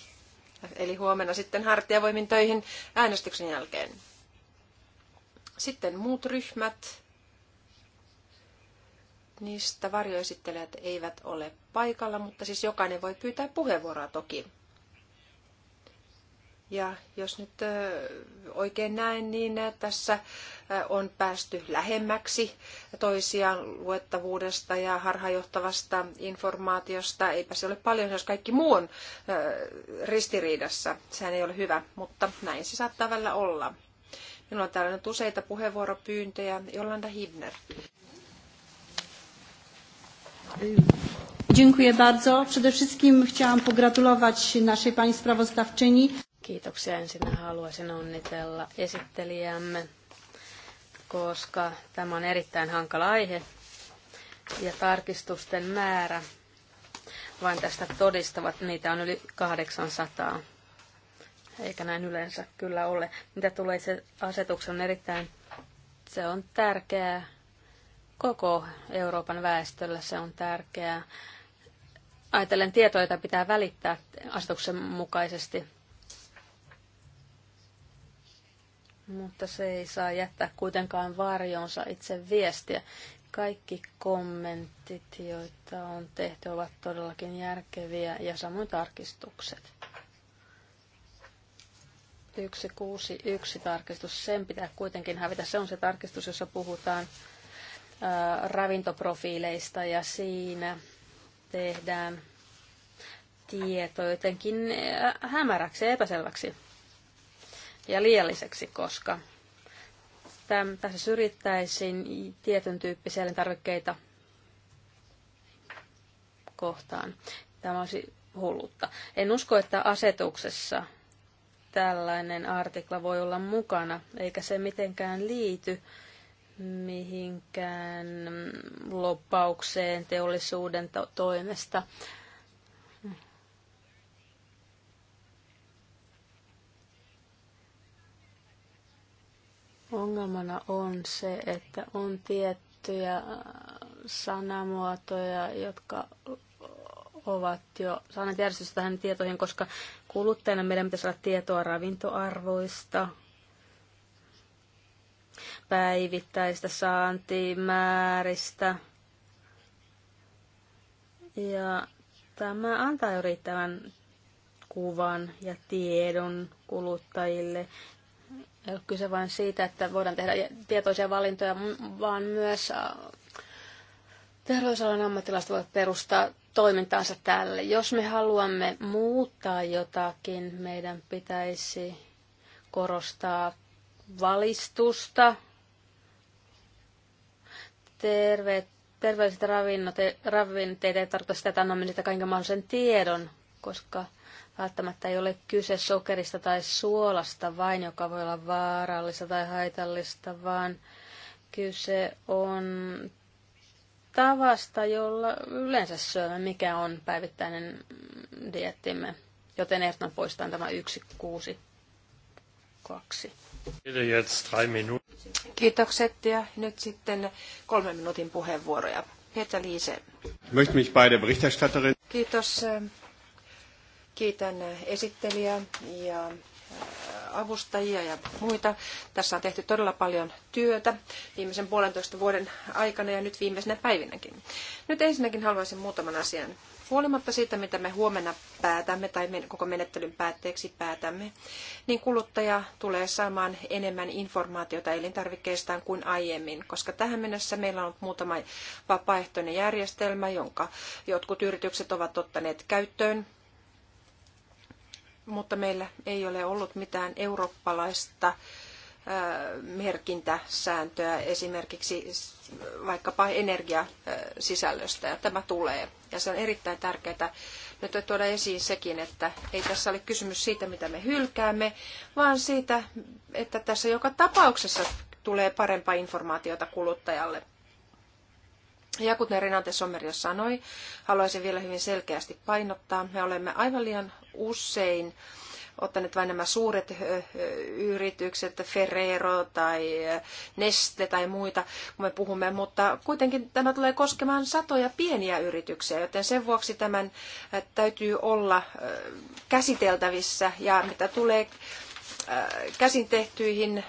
eli huomenna sitten hartiavoimin töihin äänestyksen jälkeen. Sitten muut ryhmät. Niistä varjoesittelijät eivät ole paikalla, mutta siis jokainen voi pyytää puheenvuoroa toki. Ja jos nyt oikein näen, niin tässä on päästy lähemmäksi toisiaan luettavuudesta ja harhajohtavasta informaatiosta. Eipä se ole paljon, jos kaikki muu on ristiriidassa. Sehän ei ole hyvä, mutta näin se saattaa välillä olla. Minulla on täällä nyt useita puheenvuoropyyntöjä. Jolanda Hibner. Dziękuję bardzo. Przede wszystkim chciałam pogratulować naszej pani sprawozdawczyni. Kiitoksia. Ensin haluaisin onnitella esittelijämme, koska tämä on erittäin hankala aihe ja tarkistusten määrä vain tästä todistavat, niitä on yli 800 eikä näin yleensä kyllä ole. Mitä tulee se asetuksen erittäin, se on tärkeää koko Euroopan väestöllä, se on tärkeää. Ajatellen tietoja, joita pitää välittää asetuksen mukaisesti. Mutta se ei saa jättää kuitenkaan varjonsa itse viestiä. Kaikki kommentit, joita on tehty, ovat todellakin järkeviä ja samoin tarkistukset. 161 tarkistus, sen pitää kuitenkin hävitä. Se on se tarkistus, jossa puhutaan ää, ravintoprofiileista ja siinä tehdään tieto jotenkin hämäräksi ja epäselväksi ja liialliseksi, koska täm tässä syrjittäisiin tietyn tyyppisiä elintarvikkeita kohtaan. Tämä olisi hullutta. En usko, että asetuksessa tällainen artikla voi olla mukana, eikä se mitenkään liity mihinkään loppaukseen teollisuuden to- toimesta. Ongelmana on se, että on tiettyjä sanamuotoja, jotka ovat jo saaneet järjestystä tähän tietoihin, koska kuluttajana meidän pitäisi olla tietoa ravintoarvoista, päivittäistä saantimääristä. Ja tämä antaa jo riittävän kuvan ja tiedon kuluttajille. Ei ole kyse vain siitä, että voidaan tehdä tietoisia valintoja, vaan myös äh, terveysalan ammattilaiset voivat perustaa toimintaansa tälle. Jos me haluamme muuttaa jotakin, meidän pitäisi korostaa valistusta, terveet, terveelliset ravinnot, ravinteet ei tarkoita sitä, että annamme niitä kaiken mahdollisen tiedon, koska välttämättä ei ole kyse sokerista tai suolasta vain, joka voi olla vaarallista tai haitallista, vaan kyse on tavasta, jolla yleensä syömme, mikä on päivittäinen diettimme. Joten ertan poistaa tämä 162. Kiitokset ja nyt sitten kolmen minuutin puheenvuoroja. Peter Liise. Kiitos. Kiitän esittelijä ja avustajia ja muita. Tässä on tehty todella paljon työtä viimeisen puolentoista vuoden aikana ja nyt viimeisenä päivinäkin. Nyt ensinnäkin haluaisin muutaman asian. Huolimatta siitä, mitä me huomenna päätämme tai koko menettelyn päätteeksi päätämme, niin kuluttaja tulee saamaan enemmän informaatiota elintarvikkeistaan kuin aiemmin, koska tähän mennessä meillä on ollut muutama vapaaehtoinen järjestelmä, jonka jotkut yritykset ovat ottaneet käyttöön mutta meillä ei ole ollut mitään eurooppalaista merkintäsääntöä esimerkiksi vaikkapa energiasisällöstä ja tämä tulee. Ja se on erittäin tärkeää nyt tuoda esiin sekin, että ei tässä ole kysymys siitä, mitä me hylkäämme, vaan siitä, että tässä joka tapauksessa tulee parempaa informaatiota kuluttajalle. Ja kuten Renate Sommer jo sanoi, haluaisin vielä hyvin selkeästi painottaa, me olemme aivan liian usein ottaneet vain nämä suuret yritykset, Ferrero tai Neste tai muita, kun me puhumme, mutta kuitenkin tämä tulee koskemaan satoja pieniä yrityksiä, joten sen vuoksi tämän täytyy olla käsiteltävissä ja mitä tulee käsin tehtyihin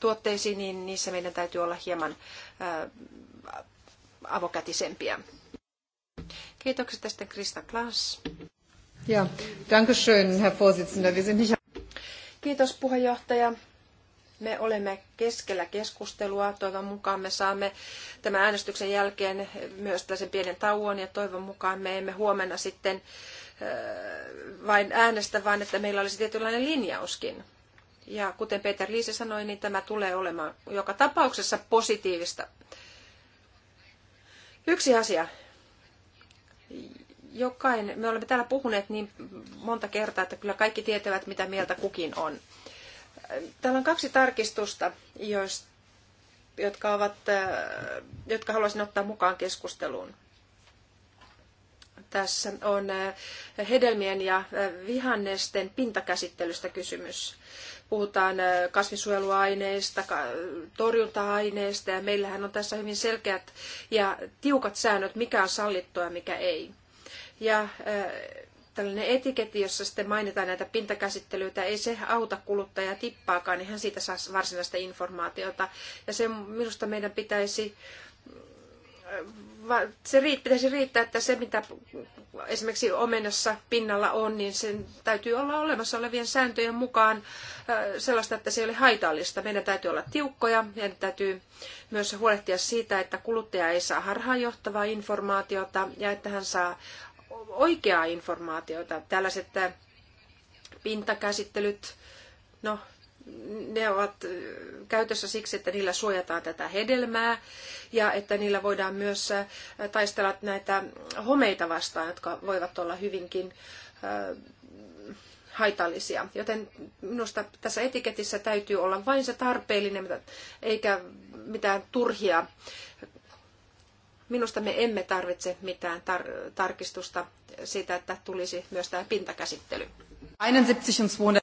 tuotteisiin, niin niissä meidän täytyy olla hieman Äh, avokätisempiä. Kiitokset tästä Krista Klaas. Ja, danke schön, Herr Vorsitzender. Wir sind nicht... Kiitos puheenjohtaja. Me olemme keskellä keskustelua. Toivon mukaan me saamme tämän äänestyksen jälkeen myös tällaisen pienen tauon ja toivon mukaan me emme huomenna sitten äh, vain äänestä, vaan että meillä olisi tietynlainen linjauskin. Ja kuten Peter Liise sanoi, niin tämä tulee olemaan joka tapauksessa positiivista. Yksi asia. Jokainen, me olemme täällä puhuneet niin monta kertaa, että kyllä kaikki tietävät, mitä mieltä kukin on. Täällä on kaksi tarkistusta, jotka, ovat, äh, jotka haluaisin ottaa mukaan keskusteluun. Tässä on äh, hedelmien ja äh, vihannesten pintakäsittelystä kysymys puhutaan äh, kasvinsuojeluaineista, torjunta-aineista ja meillähän on tässä hyvin selkeät ja tiukat säännöt, mikä on sallittua ja mikä ei. Ja äh, tällainen etiketti, jossa sitten mainitaan näitä pintakäsittelyitä, ei se auta kuluttajaa tippaakaan, niin hän siitä saa varsinaista informaatiota. Ja se minusta meidän pitäisi se riit, pitäisi riittää, että se mitä esimerkiksi omenassa pinnalla on, niin sen täytyy olla olemassa olevien sääntöjen mukaan sellaista, että se ei ole haitallista. Meidän täytyy olla tiukkoja ja täytyy myös huolehtia siitä, että kuluttaja ei saa harhaanjohtavaa informaatiota ja että hän saa oikeaa informaatiota. Tällaiset pintakäsittelyt, no ne ovat käytössä siksi, että niillä suojataan tätä hedelmää ja että niillä voidaan myös taistella näitä homeita vastaan, jotka voivat olla hyvinkin haitallisia. Joten minusta tässä etiketissä täytyy olla vain se tarpeellinen, eikä mitään turhia. Minusta me emme tarvitse mitään tar- tarkistusta siitä, että tulisi myös tämä pintakäsittely. 71 und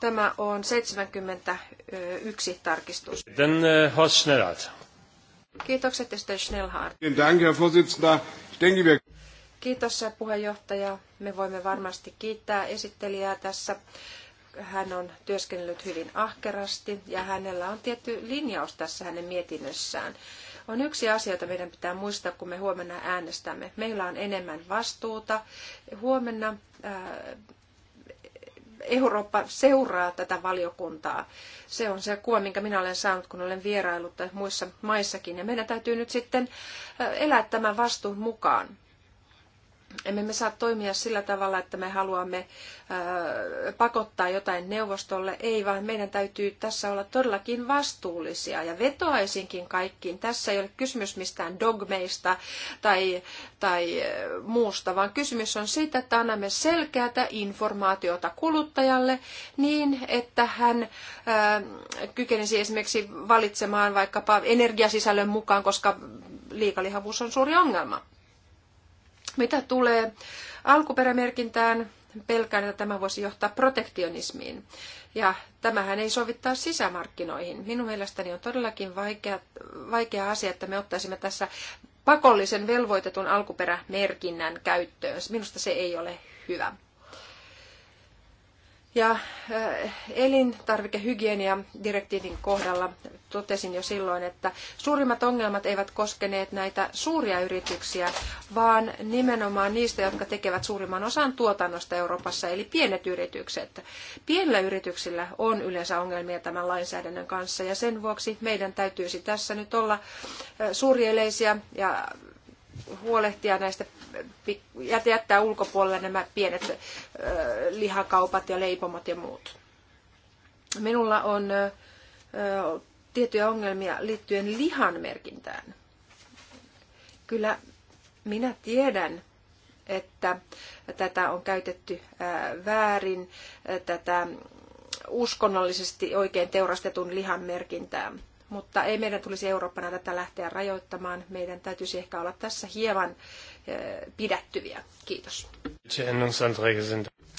Tämä on 71 tarkistus. Then uh, Horst Schnellhardt. Kiitokset, Mr. Schnellhardt. Dank, Herr Vorsitzender. Ich denke, wir... Kiitos puheenjohtaja. Me voimme varmasti kiittää esittelijää tässä. Hän on työskennellyt hyvin ahkerasti ja hänellä on tietty linjaus tässä hänen mietinnössään. On yksi asia, jota meidän pitää muistaa, kun me huomenna äänestämme. Meillä on enemmän vastuuta. Huomenna äh, Eurooppa seuraa tätä valiokuntaa. Se on se kuva, minkä minä olen saanut, kun olen vieraillut muissa maissakin. Ja meidän täytyy nyt sitten elää tämän vastuun mukaan. Emme me saa toimia sillä tavalla, että me haluamme pakottaa jotain neuvostolle. Ei, vaan meidän täytyy tässä olla todellakin vastuullisia. Ja vetoaisinkin kaikkiin. Tässä ei ole kysymys mistään dogmeista tai, tai muusta, vaan kysymys on siitä, että annamme selkeätä informaatiota kuluttajalle niin, että hän kykenisi esimerkiksi valitsemaan vaikkapa energiasisällön mukaan, koska liikalihavuus on suuri ongelma. Mitä tulee alkuperämerkintään, pelkään, että tämä voisi johtaa protektionismiin. Ja tämähän ei sovittaa sisämarkkinoihin. Minun mielestäni on todellakin vaikea, vaikea asia, että me ottaisimme tässä pakollisen velvoitetun alkuperämerkinnän käyttöön. Minusta se ei ole hyvä. Ja elintarvikehygieniadirektiivin kohdalla totesin jo silloin, että suurimmat ongelmat eivät koskeneet näitä suuria yrityksiä, vaan nimenomaan niistä, jotka tekevät suurimman osan tuotannosta Euroopassa, eli pienet yritykset. Pienillä yrityksillä on yleensä ongelmia tämän lainsäädännön kanssa, ja sen vuoksi meidän täytyisi tässä nyt olla suurieleisiä ja huolehtia näistä, jättää ulkopuolelle nämä pienet lihakaupat ja leipomot ja muut. Minulla on tiettyjä ongelmia liittyen lihan merkintään. Kyllä minä tiedän, että tätä on käytetty väärin, tätä uskonnollisesti oikein teurastetun lihan merkintää mutta ei meidän tulisi Eurooppana tätä lähteä rajoittamaan. Meidän täytyisi ehkä olla tässä hieman eh, pidättyviä. Kiitos.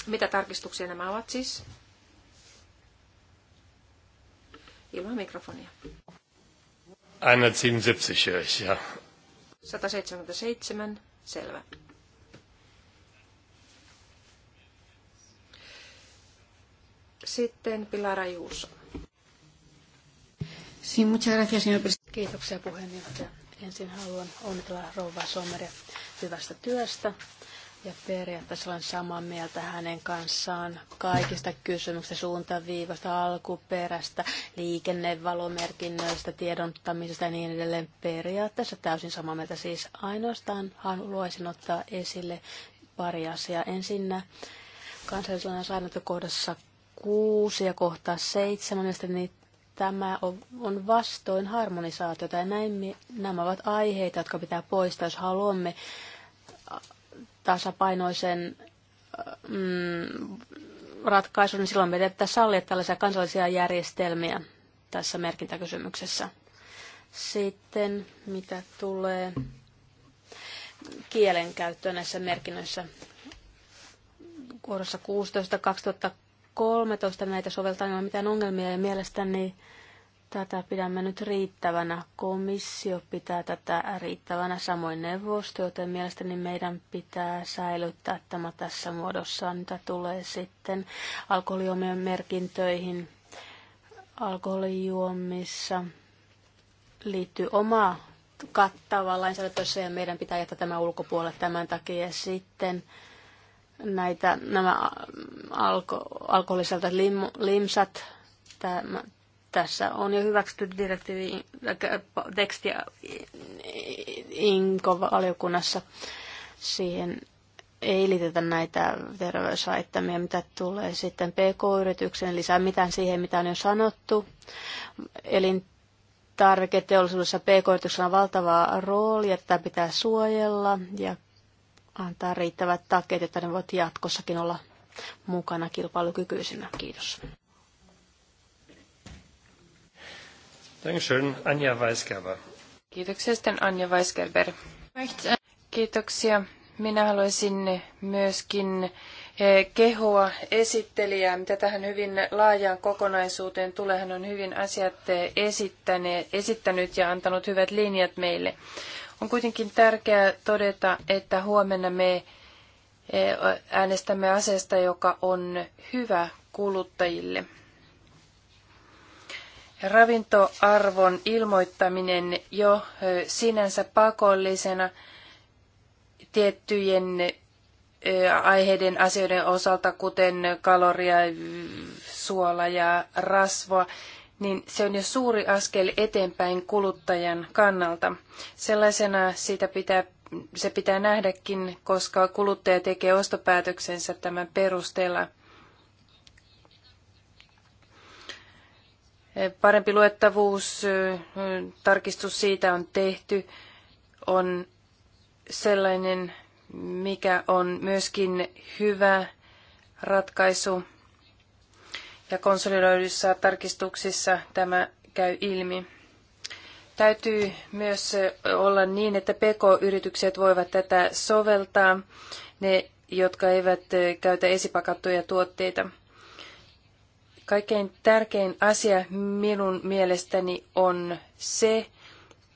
Mitä tarkistuksia nämä ovat siis? Ilman mikrofonia. 177 177, selvä. Sitten Pilara Juuso. Sí, muchas gracias, señor presidente. Kiitoksia puheenjohtaja. Ensin haluan onnitella rouva Sommeria hyvästä työstä ja periaatteessa olen samaa mieltä hänen kanssaan kaikista kysymyksistä, suuntaviivasta, alkuperästä, liikennevalomerkinnöistä, tiedottamisesta ja niin edelleen. Periaatteessa täysin samaa mieltä. Siis ainoastaan haluaisin ottaa esille pari asiaa. Ensinnä kansallisella säännöntökohdassa kuusi ja kohtaa seitsemän, niitä tämä on vastoin harmonisaatiota ja näin nämä ovat aiheita, jotka pitää poistaa, jos haluamme äh, tasapainoisen äh, mm, ratkaisun, niin silloin meidän pitää sallia tällaisia kansallisia järjestelmiä tässä merkintäkysymyksessä. Sitten mitä tulee kielenkäyttöön näissä merkinnöissä, kohdassa 16 2000 13 näitä soveltaa, niin ei mitään ongelmia ja mielestäni tätä pidämme nyt riittävänä. Komissio pitää tätä riittävänä, samoin neuvosto, joten mielestäni meidän pitää säilyttää tämä tässä muodossaan, mitä tulee sitten alkoholijuomien merkintöihin. Alkoholijuomissa liittyy oma kattava lainsäädäntössä ja meidän pitää jättää tämä ulkopuolelle tämän takia. sitten näitä, nämä alko, alkoholiselta lim, limsat. Tämä, tässä on jo hyväksytty direktiivi äh, tekstiä INKO-valiokunnassa. Siihen ei liitetä näitä terveyshaittamia, mitä tulee sitten PK-yritykseen, lisää mitään siihen, mitä on jo sanottu. tarviketeollisuudessa PK-yrityksellä on valtavaa roolia, että pitää suojella ja antaa riittävät takeet, että ne voivat jatkossakin olla mukana kilpailukykyisinä. Kiitos. Dankeschön, Anja Weisgerber. Kiitoksia sitten Anja Weisgerber. Kiitoksia. Minä haluaisin myöskin eh, kehoa esittelijää, mitä tähän hyvin laajaan kokonaisuuteen tulee. Hän on hyvin asiat eh, esittänyt ja antanut hyvät linjat meille. On kuitenkin tärkeää todeta, että huomenna me eh, äänestämme asiasta, joka on hyvä kuluttajille. Ravintoarvon ilmoittaminen jo eh, sinänsä pakollisena tiettyjen eh, aiheiden asioiden osalta, kuten kaloria, suola ja rasvoa, niin se on jo suuri askel eteenpäin kuluttajan kannalta. Sellaisena sitä pitää, se pitää nähdäkin, koska kuluttaja tekee ostopäätöksensä tämän perusteella. Parempi luettavuus, tarkistus siitä on tehty, on sellainen, mikä on myöskin hyvä ratkaisu ja konsolidoiduissa tarkistuksissa tämä käy ilmi. Täytyy myös olla niin, että PK-yritykset voivat tätä soveltaa, ne jotka eivät käytä esipakattuja tuotteita. Kaikkein tärkein asia minun mielestäni on se,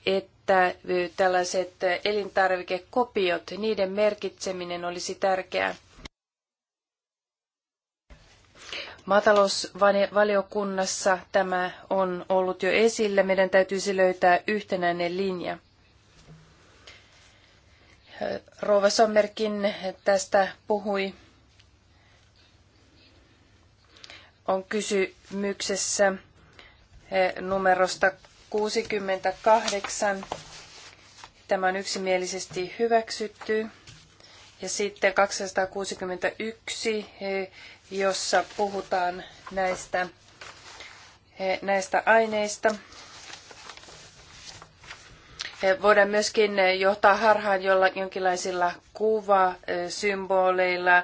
että tällaiset elintarvikekopiot, niiden merkitseminen olisi tärkeää. Maatalousvaliokunnassa tämä on ollut jo esillä. Meidän täytyisi löytää yhtenäinen linja. Rouva Sommerkin tästä puhui. On kysymyksessä eh, numerosta 68. Tämä on yksimielisesti hyväksytty. Ja sitten 261 jossa puhutaan näistä, näistä aineista. Voidaan myöskin johtaa harhaan jolla, jonkinlaisilla kuvasymboleilla.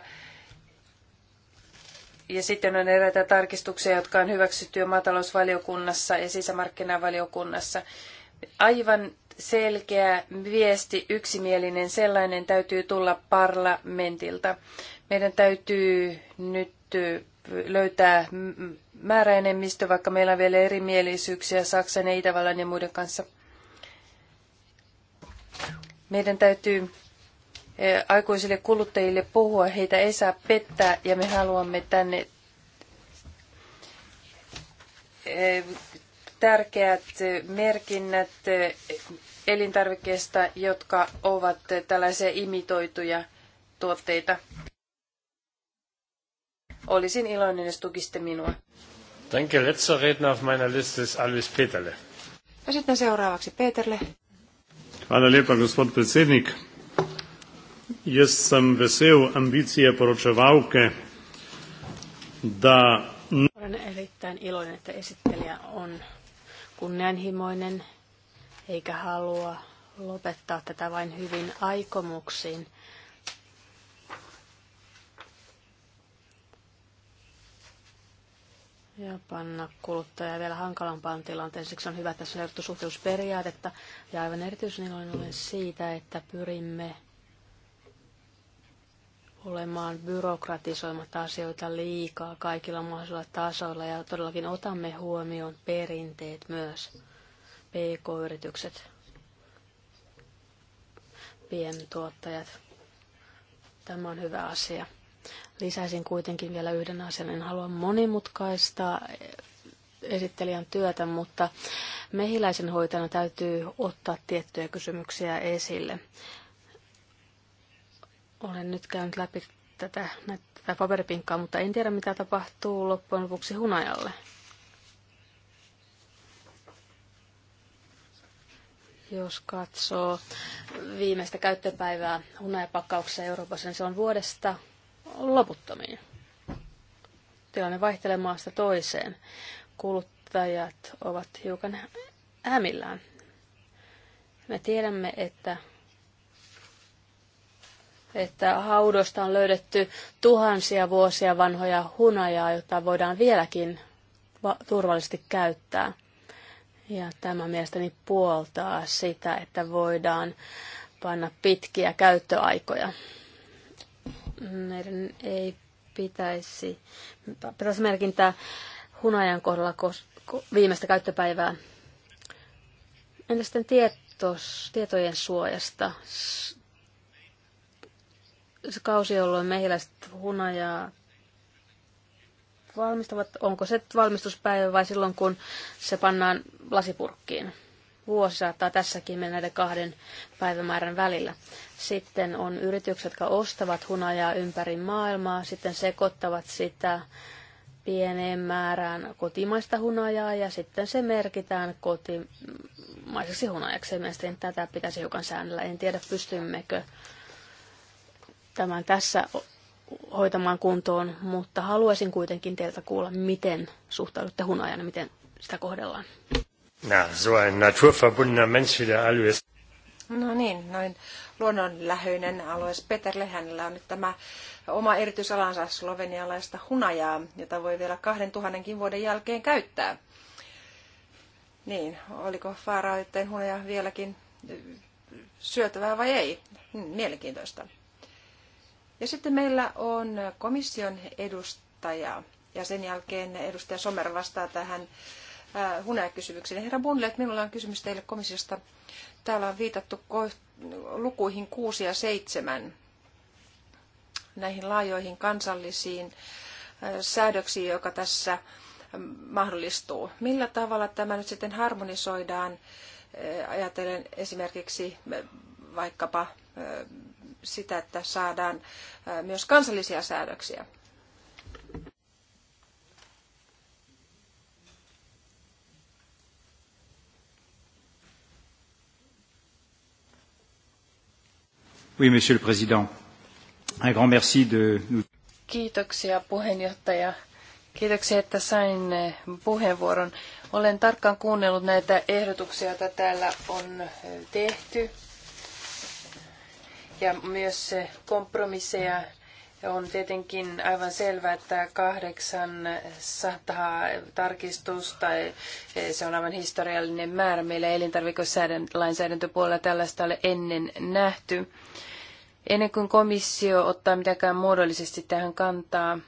Ja sitten on eräitä tarkistuksia, jotka on hyväksytty jo maatalousvaliokunnassa ja sisämarkkinavaliokunnassa. Aivan selkeä viesti, yksimielinen sellainen, täytyy tulla parlamentilta. Meidän täytyy nyt täytyy löytää määräenemmistö, vaikka meillä on vielä erimielisyyksiä Saksan ja Itävallan ja muiden kanssa. Meidän täytyy e, aikuisille kuluttajille puhua, heitä ei saa pettää ja me haluamme tänne e, tärkeät merkinnät elintarvikkeista, jotka ovat tällaisia imitoituja tuotteita. Olisin iloinen, jos tukisitte minua. Danke, letzter Redner auf meiner Liste ist Alvis Peterle. Ja sitten seuraavaksi Peterle. Hvala lepa, gospod predsednik. Jaz sem vesel ambicije poročevalke, da... Olen erittäin iloinen, että esittelijä on kunnianhimoinen eikä halua lopettaa tätä vain hyvin aikomuksiin ja panna kuluttaja vielä hankalampaan tilanteeseen. Siksi on hyvä, että tässä on suhteellisuusperiaatetta. Ja aivan erityisen iloinen olen siitä, että pyrimme olemaan byrokratisoimatta asioita liikaa kaikilla mahdollisilla tasoilla ja todellakin otamme huomioon perinteet myös, pk-yritykset, pientuottajat. Tämä on hyvä asia. Lisäisin kuitenkin vielä yhden asian. En halua monimutkaista esittelijän työtä, mutta mehiläisen hoitajana täytyy ottaa tiettyjä kysymyksiä esille. Olen nyt käynyt läpi tätä, tätä paperipinkkaa, mutta en tiedä mitä tapahtuu loppujen lopuksi hunajalle. Jos katsoo viimeistä käyttöpäivää hunajapakkauksessa Euroopassa, niin se on vuodesta loputtomiin. Tilanne vaihtelee maasta toiseen. Kuluttajat ovat hiukan hämillään. Me tiedämme, että että haudosta on löydetty tuhansia vuosia vanhoja hunajaa, jota voidaan vieläkin turvallisesti käyttää. Ja tämä mielestäni puoltaa sitä, että voidaan panna pitkiä käyttöaikoja meidän ei pitäisi, pitäisi merkintää hunajan kohdalla viimeistä käyttöpäivää. Entä sitten tietos, tietojen suojasta? Se kausi, jolloin mehiläiset hunajaa valmistavat, onko se valmistuspäivä vai silloin, kun se pannaan lasipurkkiin? vuosi saattaa tässäkin mennä näiden kahden päivämäärän välillä. Sitten on yritykset, jotka ostavat hunajaa ympäri maailmaa, sitten sekoittavat sitä pieneen määrään kotimaista hunajaa ja sitten se merkitään kotimaiseksi hunajaksi. Mielestäni tätä pitäisi hiukan säännellä. En tiedä, pystymmekö tämän tässä hoitamaan kuntoon, mutta haluaisin kuitenkin teiltä kuulla, miten suhtaudutte hunajaan ja miten sitä kohdellaan. Na, so ein naturverbundener Mensch wie der Alois. No niin, noin luonnonläheinen alue. Peter hänellä on nyt tämä oma erityisalansa slovenialaista hunajaa, jota voi vielä kahden tuhannenkin vuoden jälkeen käyttää. Niin, oliko faaraoitteen hunaja vieläkin eh, syötävää vai ei? Hmm, mielenkiintoista. Ja sitten meillä on komission edustaja ja sen jälkeen edustaja Somer vastaa tähän Äh, HUNA-kysymyksiin. Herra että minulla on kysymys teille komissiosta. Täällä on viitattu lukuihin 6 ja 7 näihin laajoihin kansallisiin äh, säädöksiin, joka tässä äh, mahdollistuu. Millä tavalla tämä nyt sitten harmonisoidaan, ajatellen esimerkiksi vaikkapa sitä, että saadaan myös kansallisia säädöksiä? Oui, monsieur le président. Un grand merci de... Kiitoksia puheenjohtaja. Kiitoksia, että sain eh, puheenvuoron. Olen tarkkaan kuunnellut näitä ehdotuksia, joita täällä on eh, tehty. Ja myös eh, kompromisseja, on tietenkin aivan selvää, että 800 tarkistusta, se on aivan historiallinen määrä. Meillä elintarvikelainsäädäntöpuolella tällaista ole ennen nähty. Ennen kuin komissio ottaa mitäkään muodollisesti tähän kantaa,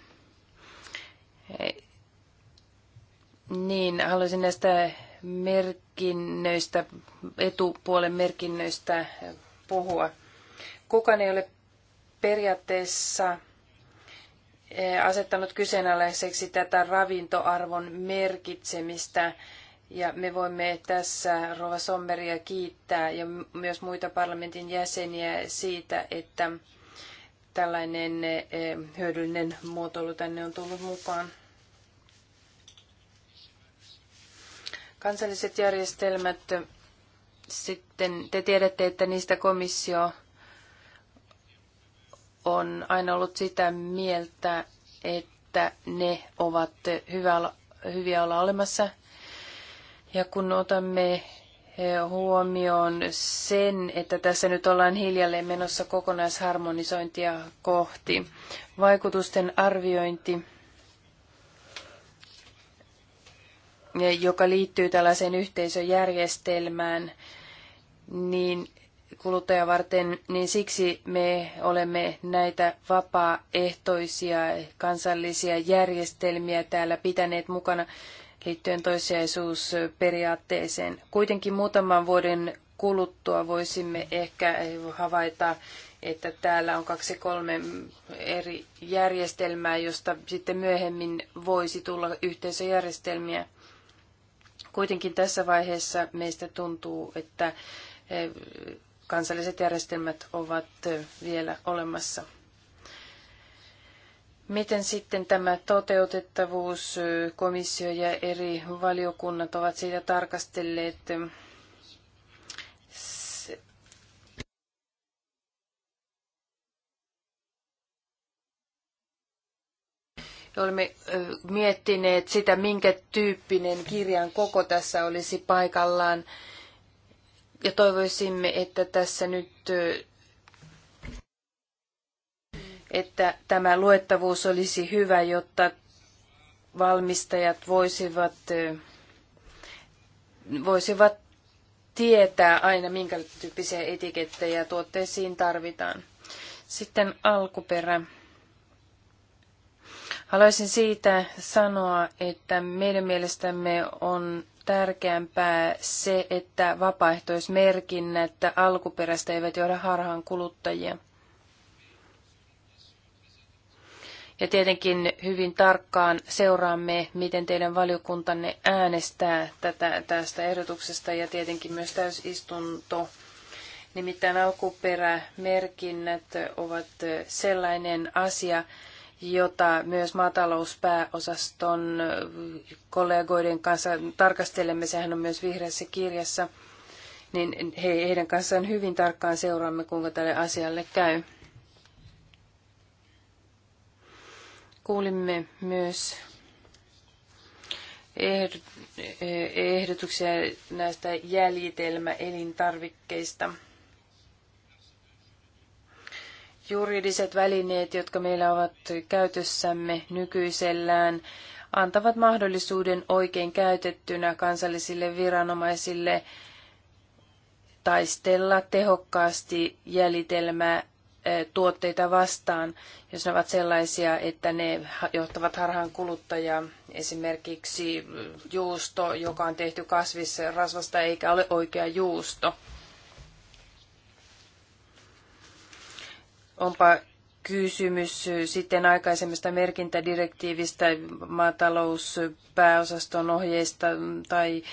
niin haluaisin näistä merkinnöistä, etupuolen merkinnöistä puhua. Kukaan ei ole periaatteessa eh, asettanut kyseenalaiseksi tätä ravintoarvon merkitsemistä. Ja me voimme tässä Rova Sommeria kiittää ja myös muita parlamentin jäseniä siitä, että tällainen eh, hyödyllinen muotoilu tänne on tullut mukaan. Kansalliset järjestelmät, sitten te tiedätte, että niistä komissio on aina ollut sitä mieltä, että ne ovat hyvä, hyviä olla olemassa. Ja kun otamme eh, huomioon sen, että tässä nyt ollaan hiljalleen menossa kokonaisharmonisointia kohti. Vaikutusten arviointi, eh, joka liittyy tällaiseen yhteisöjärjestelmään, niin kuluttaja varten, niin siksi me olemme näitä vapaaehtoisia kansallisia järjestelmiä täällä pitäneet mukana liittyen toissijaisuusperiaatteeseen. Kuitenkin muutaman vuoden kuluttua voisimme ehkä havaita, että täällä on kaksi kolme eri järjestelmää, josta sitten myöhemmin voisi tulla yhteisöjärjestelmiä. Kuitenkin tässä vaiheessa meistä tuntuu, että kansalliset järjestelmät ovat vielä olemassa. Miten sitten tämä toteutettavuus, komissio ja eri valiokunnat ovat siitä tarkastelleet? olemme miettineet sitä, minkä tyyppinen kirjan koko tässä olisi paikallaan. Ja toivoisimme, että tässä nyt että tämä luettavuus olisi hyvä, jotta valmistajat voisivat, voisivat tietää aina, minkä tyyppisiä etikettejä tuotteisiin tarvitaan. Sitten alkuperä. Haluaisin siitä sanoa, että meidän mielestämme on tärkeämpää se, että vapaaehtoismerkinnät alkuperäistä eivät johda harhaan kuluttajia. Ja tietenkin hyvin tarkkaan seuraamme, miten teidän valiokuntanne äänestää tätä, tästä ehdotuksesta ja tietenkin myös täysistunto. Nimittäin alkuperämerkinnät ovat sellainen asia, jota myös maatalouspääosaston kollegoiden kanssa tarkastelemme, sehän on myös vihreässä kirjassa, niin he, heidän kanssaan hyvin tarkkaan seuraamme, kuinka tälle asialle käy. Kuulimme myös ehdotuksia näistä jäljitelmäelintarvikkeista. elintarvikkeista juridiset välineet, jotka meillä ovat käytössämme nykyisellään, antavat mahdollisuuden oikein käytettynä kansallisille viranomaisille taistella tehokkaasti jäljitelmää tuotteita vastaan, jos ne ovat sellaisia, että ne johtavat harhaan kuluttajaa. Esimerkiksi juusto, joka on tehty kasvisrasvasta eikä ole oikea juusto. Onpa kysymys sitten aikaisemmista merkintädirektiivistä, maatalouspääosaston ohjeista tai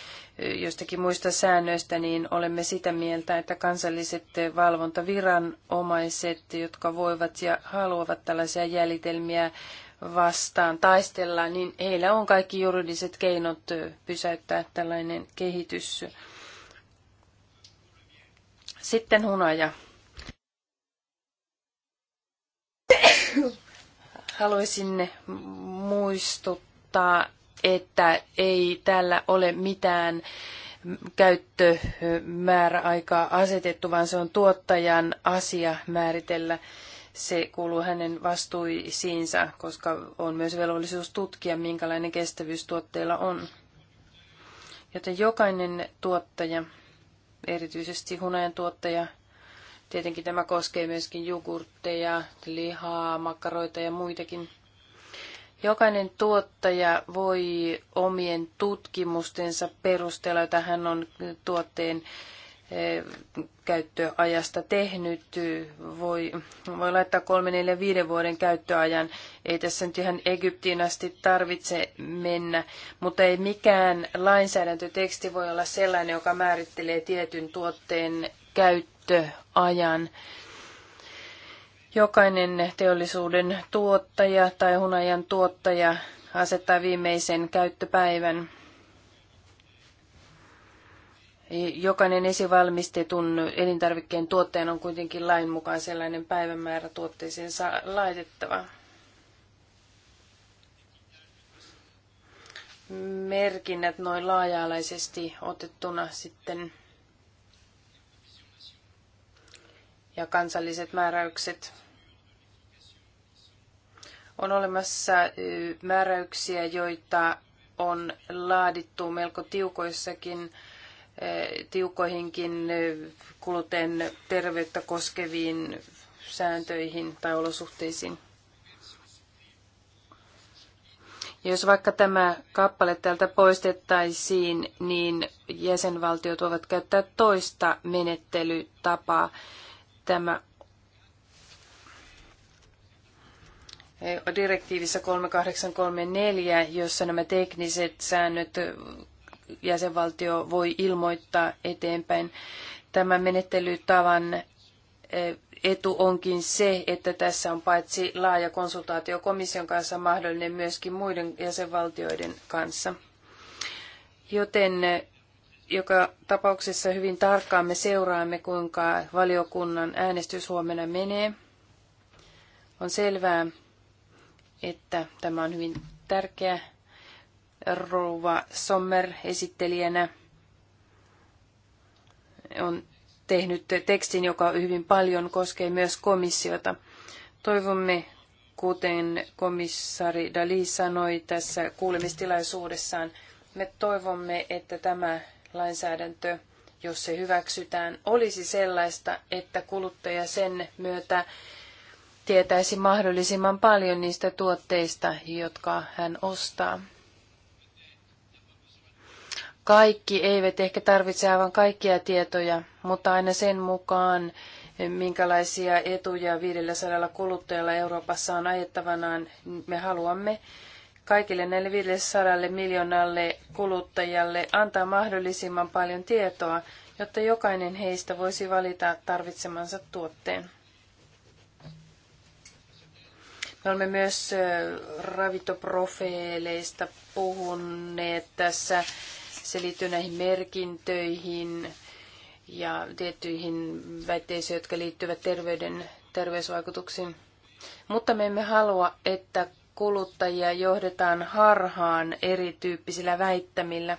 jostakin muista säännöistä, niin olemme sitä mieltä, että kansalliset valvontaviranomaiset, jotka voivat ja haluavat tällaisia jäljitelmiä vastaan taistella, niin heillä on kaikki juridiset keinot pysäyttää tällainen kehitys. Sitten hunaja. Haluaisin muistuttaa, että ei täällä ole mitään käyttömääräaikaa asetettu, vaan se on tuottajan asia määritellä. Se kuuluu hänen vastuisiinsa, koska on myös velvollisuus tutkia, minkälainen kestävyys tuotteilla on. Joten jokainen tuottaja, erityisesti hunajan tuottaja, Tietenkin tämä koskee myöskin jogurtteja, lihaa, makkaroita ja muitakin. Jokainen tuottaja voi omien tutkimustensa perusteella, jota hän on tuotteen eh, käyttöajasta tehnyt, voi, voi laittaa 3, 4, 5 vuoden käyttöajan. Ei tässä nyt ihan Egyptiin asti tarvitse mennä, mutta ei mikään lainsäädäntöteksti voi olla sellainen, joka määrittelee tietyn tuotteen käyttöä käyttöajan. Jokainen teollisuuden tuottaja tai hunajan tuottaja asettaa viimeisen käyttöpäivän. Jokainen esivalmistetun elintarvikkeen tuotteen on kuitenkin lain mukaan sellainen päivämäärä tuotteeseen laitettava. Merkinnät noin laaja-alaisesti otettuna sitten ja kansalliset määräykset. On olemassa määräyksiä, joita on laadittu melko tiukoissakin, tiukoihinkin kuluteen terveyttä koskeviin sääntöihin tai olosuhteisiin. jos vaikka tämä kappale täältä poistettaisiin, niin jäsenvaltiot voivat käyttää toista menettelytapaa Tämä direktiivissä 3834, jossa nämä tekniset säännöt jäsenvaltio voi ilmoittaa eteenpäin. Tämän menettelytavan eh, etu onkin se, että tässä on paitsi laaja konsultaatio komission kanssa mahdollinen myöskin muiden jäsenvaltioiden kanssa. Joten eh, joka tapauksessa hyvin tarkkaan me seuraamme, kuinka valiokunnan äänestys huomenna menee. On selvää, että tämä on hyvin tärkeä rouva Sommer esittelijänä on tehnyt tekstin, joka hyvin paljon koskee myös komissiota. Toivomme, kuten komissari Dali sanoi tässä kuulemistilaisuudessaan, me toivomme, että tämä lainsäädäntö, jos se hyväksytään, olisi sellaista, että kuluttaja sen myötä tietäisi mahdollisimman paljon niistä tuotteista, jotka hän ostaa. Kaikki eivät ehkä tarvitse aivan kaikkia tietoja, mutta aina sen mukaan, minkälaisia etuja 500 kuluttajalla Euroopassa on ajettavanaan, me haluamme kaikille näille 500 miljoonalle kuluttajalle antaa mahdollisimman paljon tietoa, jotta jokainen heistä voisi valita tarvitsemansa tuotteen. Me olemme myös ravintoprofeeleista puhuneet tässä. Se liittyy näihin merkintöihin ja tiettyihin väitteisiin, jotka liittyvät terveyden, terveysvaikutuksiin. Mutta me emme halua, että kuluttajia johdetaan harhaan erityyppisillä väittämillä.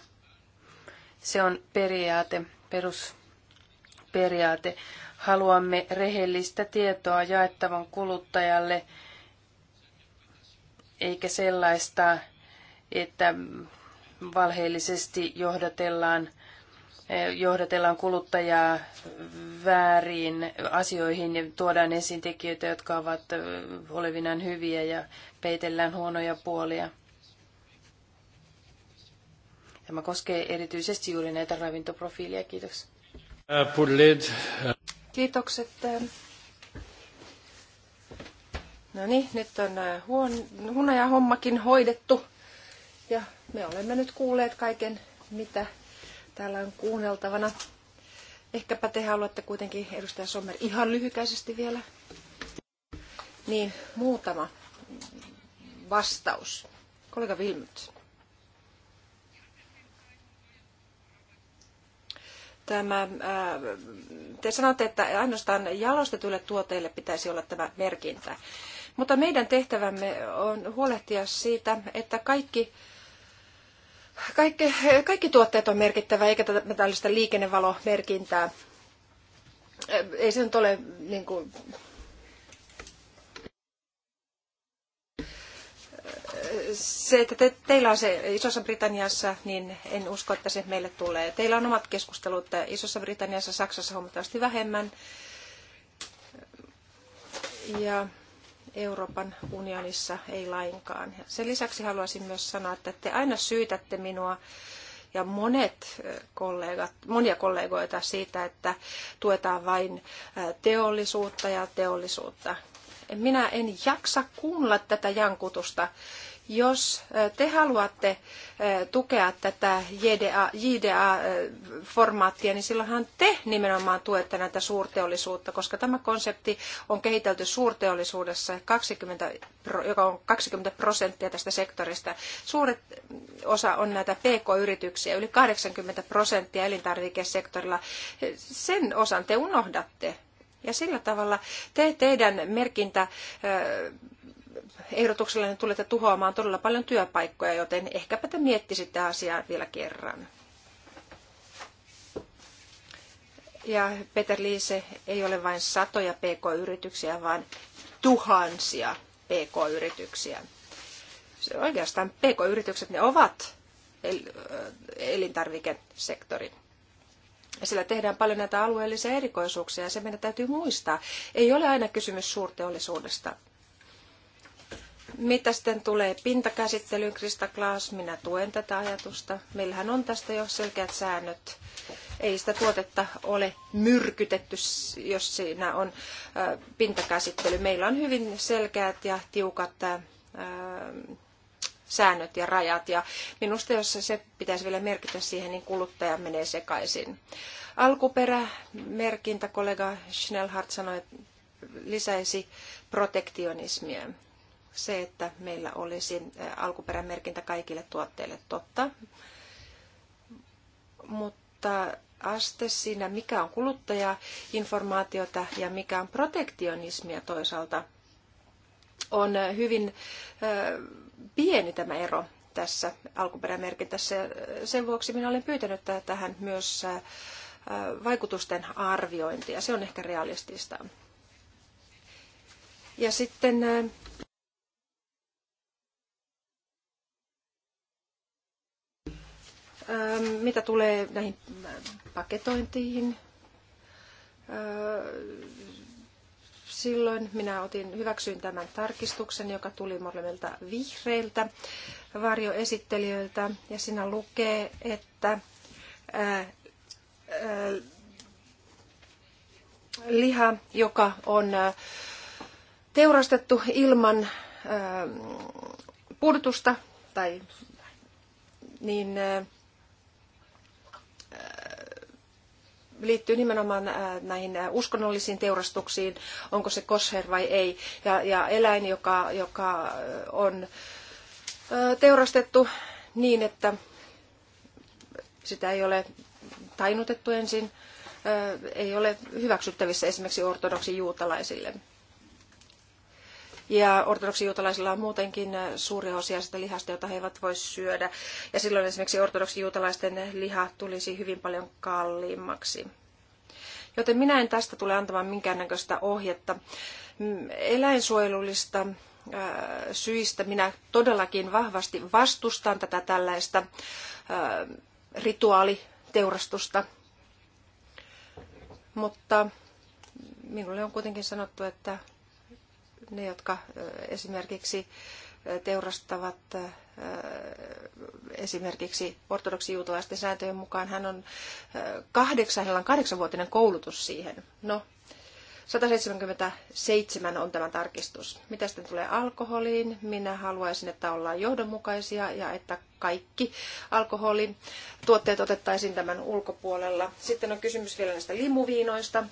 Se on periaate, perusperiaate. Haluamme rehellistä tietoa jaettavan kuluttajalle, eikä sellaista, että valheellisesti johdatellaan johdatellaan kuluttajaa väärin asioihin ja tuodaan esiin tekijöitä, jotka ovat olevinaan hyviä ja peitellään huonoja puolia. Tämä koskee erityisesti juuri näitä ravintoprofiilia. Kiitos. Kiitokset. No niin, nyt on huon, hunaja hommakin hoidettu. Ja me olemme nyt kuulleet kaiken, mitä täällä on kuunneltavana. Ehkäpä te haluatte kuitenkin, edustaja Sommer, ihan lyhykäisesti vielä. Niin, muutama vastaus. Kollega Vilmyt. Tämä, äh, te sanotte, että ainoastaan jalostetuille tuoteille pitäisi olla tämä merkintä. Mutta meidän tehtävämme on huolehtia siitä, että kaikki kaikki, kaikki tuotteet on merkittävä, eikä tätä tällaista liikennevalomerkintää. Ei se nyt ole niin kuin, se, että te, teillä on se Isossa Britanniassa, niin en usko, että se meille tulee. Teillä on omat keskustelut Isossa Britanniassa, Saksassa huomattavasti vähemmän. Ja Euroopan unionissa ei lainkaan. Sen lisäksi haluaisin myös sanoa, että te aina syytätte minua ja monet kollegat, monia kollegoita siitä, että tuetaan vain teollisuutta ja teollisuutta. Minä en jaksa kuunnella tätä jankutusta jos te haluatte tukea tätä JDA-formaattia, niin silloinhan te nimenomaan tuette näitä suurteollisuutta, koska tämä konsepti on kehitelty suurteollisuudessa, 20, joka on 20 prosenttia tästä sektorista. Suuret osa on näitä PK-yrityksiä, yli 80 prosenttia elintarvikesektorilla. Sen osan te unohdatte. Ja sillä tavalla te, teidän merkintä ehdotuksella niin tulette tuhoamaan todella paljon työpaikkoja, joten ehkäpä te miettisitte asiaa vielä kerran. Ja Peter Liise ei ole vain satoja pk-yrityksiä, vaan tuhansia pk-yrityksiä. Oikeastaan pk-yritykset ne ovat elintarvikesektori. Sillä tehdään paljon näitä alueellisia erikoisuuksia ja se meidän täytyy muistaa. Ei ole aina kysymys suurteollisuudesta. Mitä sitten tulee pintakäsittelyyn, Krista Klaas, minä tuen tätä ajatusta. Meillähän on tästä jo selkeät säännöt. Ei sitä tuotetta ole myrkytetty, jos siinä on pintakäsittely. Meillä on hyvin selkeät ja tiukat säännöt ja rajat. Ja minusta jos se pitäisi vielä merkitä siihen, niin kuluttaja menee sekaisin. Alkuperämerkintä kollega Schnellhardt sanoi, että lisäisi protektionismia se, että meillä olisi alkuperämerkintä kaikille tuotteille totta. Mutta aste siinä, mikä on kuluttajainformaatiota ja mikä on protektionismia toisaalta, on hyvin pieni tämä ero tässä alkuperämerkintässä. Sen vuoksi minä olen pyytänyt tähän myös vaikutusten arviointia. Se on ehkä realistista. Ja sitten Ähm, mitä tulee näihin äh, paketointiin, äh, silloin minä otin, hyväksyin tämän tarkistuksen, joka tuli molemmilta vihreiltä varjoesittelijöiltä, ja siinä lukee, että äh, liha, joka on teurastettu ilman purtusta puudutusta tai niin Äh, liittyy nimenomaan äh, näihin äh, uskonnollisiin teurastuksiin, onko se kosher vai ei. Ja, ja eläin, joka, joka on teurastettu niin, että sitä ei ole tainutettu ensin, ei ole hyväksyttävissä esimerkiksi ortodoksi juutalaisille. Ja ortodoksijuutalaisilla on muutenkin äh, suuri osia sitä lihasta, jota he eivät voi syödä. Ja silloin esimerkiksi ortodoksijuutalaisten liha tulisi hyvin paljon kalliimmaksi. Joten minä en tästä tule antamaan minkäännäköistä ohjetta. Mm, eläinsuojelullista äh, syistä minä todellakin vahvasti vastustan tätä tällaista äh, rituaaliteurastusta. Mutta minulle on kuitenkin sanottu, että ne, jotka esimerkiksi teurastavat esimerkiksi ortodoksijuutalaisten sääntöjen mukaan. Hän on kahdeksan, hänellä on kahdeksanvuotinen koulutus siihen. No, 177 on tämä tarkistus. Mitä sitten tulee alkoholiin? Minä haluaisin, että ollaan johdonmukaisia ja että kaikki alkoholituotteet tuotteet otettaisiin tämän ulkopuolella. Sitten on kysymys vielä näistä limuviinoista.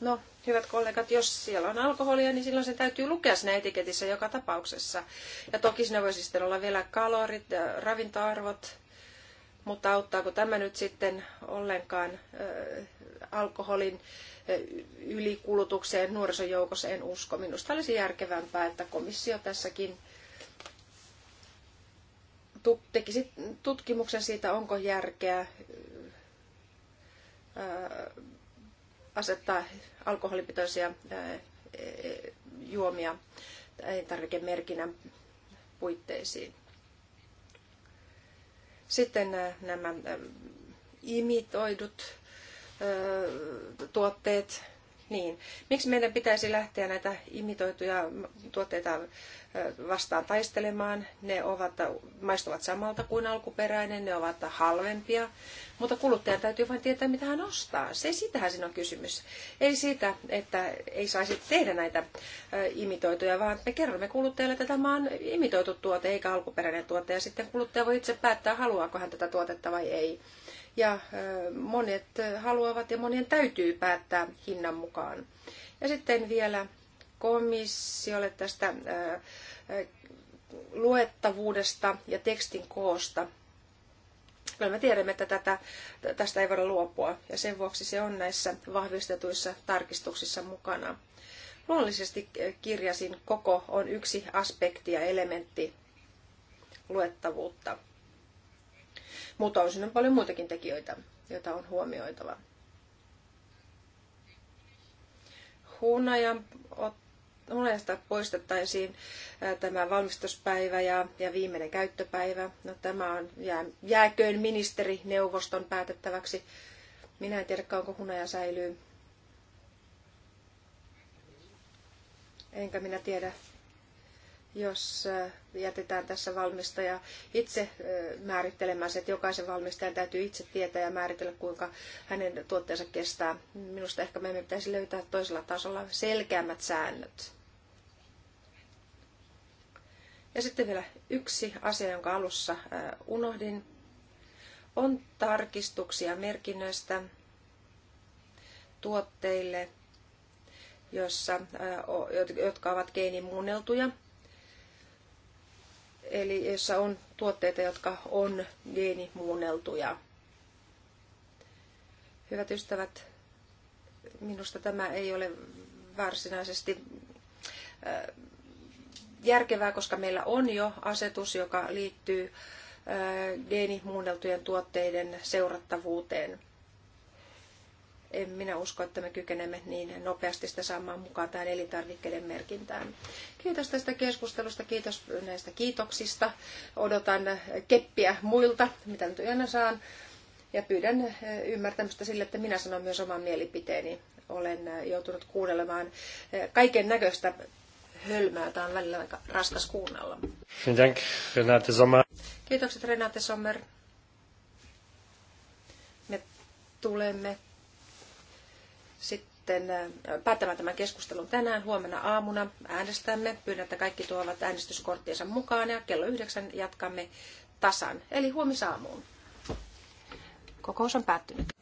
No, hyvät kollegat, jos siellä on alkoholia, niin silloin se täytyy lukea siinä etiketissä joka tapauksessa. Ja toki siinä voisi sitten olla vielä kalorit, äh, ravintoarvot, mutta auttaako tämä nyt sitten ollenkaan äh, alkoholin äh, ylikulutukseen nuorisojoukossa, en usko. Minusta olisi järkevämpää, että komissio tässäkin tekisi tutkimuksen siitä, onko järkeä asettaa alkoholipitoisia juomia elintarvikemerkinnän puitteisiin. Sitten nämä imitoidut tuotteet, niin. Miksi meidän pitäisi lähteä näitä imitoituja tuotteita vastaan taistelemaan? Ne ovat, maistuvat samalta kuin alkuperäinen, ne ovat halvempia, mutta kuluttajan täytyy vain tietää, mitä hän ostaa. Se sitähän siinä on kysymys. Ei siitä, että ei saisi tehdä näitä imitoituja, vaan me kerromme kuluttajalle, että tämä on imitoitu tuote eikä alkuperäinen tuote, ja sitten kuluttaja voi itse päättää, haluaako hän tätä tuotetta vai ei ja monet haluavat ja monien täytyy päättää hinnan mukaan. Ja sitten vielä komissiolle tästä luettavuudesta ja tekstin koosta. Kyllä me tiedämme, että tätä, tästä ei voida luopua ja sen vuoksi se on näissä vahvistetuissa tarkistuksissa mukana. Luonnollisesti kirjasin koko on yksi aspekti ja elementti luettavuutta. Mutta on siinä paljon muitakin tekijöitä, joita on huomioitava. Huunajan huunajasta poistettaisiin tämä valmistuspäivä ja, ja viimeinen käyttöpäivä. No, tämä on jää, jääköön ministerineuvoston päätettäväksi. Minä en tiedä, kauanko hunaja säilyy. Enkä minä tiedä, jos äh, jätetään tässä valmistaja itse äh, määrittelemään että jokaisen valmistajan täytyy itse tietää ja määritellä, kuinka hänen tuotteensa kestää. Minusta ehkä meidän pitäisi löytää toisella tasolla selkeämmät säännöt. Ja sitten vielä yksi asia, jonka alussa äh, unohdin, on tarkistuksia merkinnöistä tuotteille, jossa, jotka ovat geenimuunneltuja – eli jossa on tuotteita, jotka on geenimuunneltuja. Hyvät ystävät, minusta tämä ei ole varsinaisesti järkevää, koska meillä on jo asetus, joka liittyy geenimuunneltujen tuotteiden seurattavuuteen en minä usko, että me kykenemme niin nopeasti sitä saamaan mukaan tähän elintarvikkeiden merkintään. Kiitos tästä keskustelusta, kiitos näistä kiitoksista. Odotan keppiä muilta, mitä nyt aina saan. Ja pyydän eh, ymmärtämistä sille, että minä sanon myös oman mielipiteeni. Olen eh, joutunut kuunnelemaan eh, kaiken näköistä hölmää. Tämä on välillä aika raskas kuunnella. Kiitokset Renate Sommer. Me tulemme sitten päättämään tämän keskustelun tänään. Huomenna aamuna äänestämme. Pyydän, että kaikki tuovat äänestyskorttinsa mukaan ja kello yhdeksän jatkamme tasan, eli huomisaamuun. Kokous on päättynyt.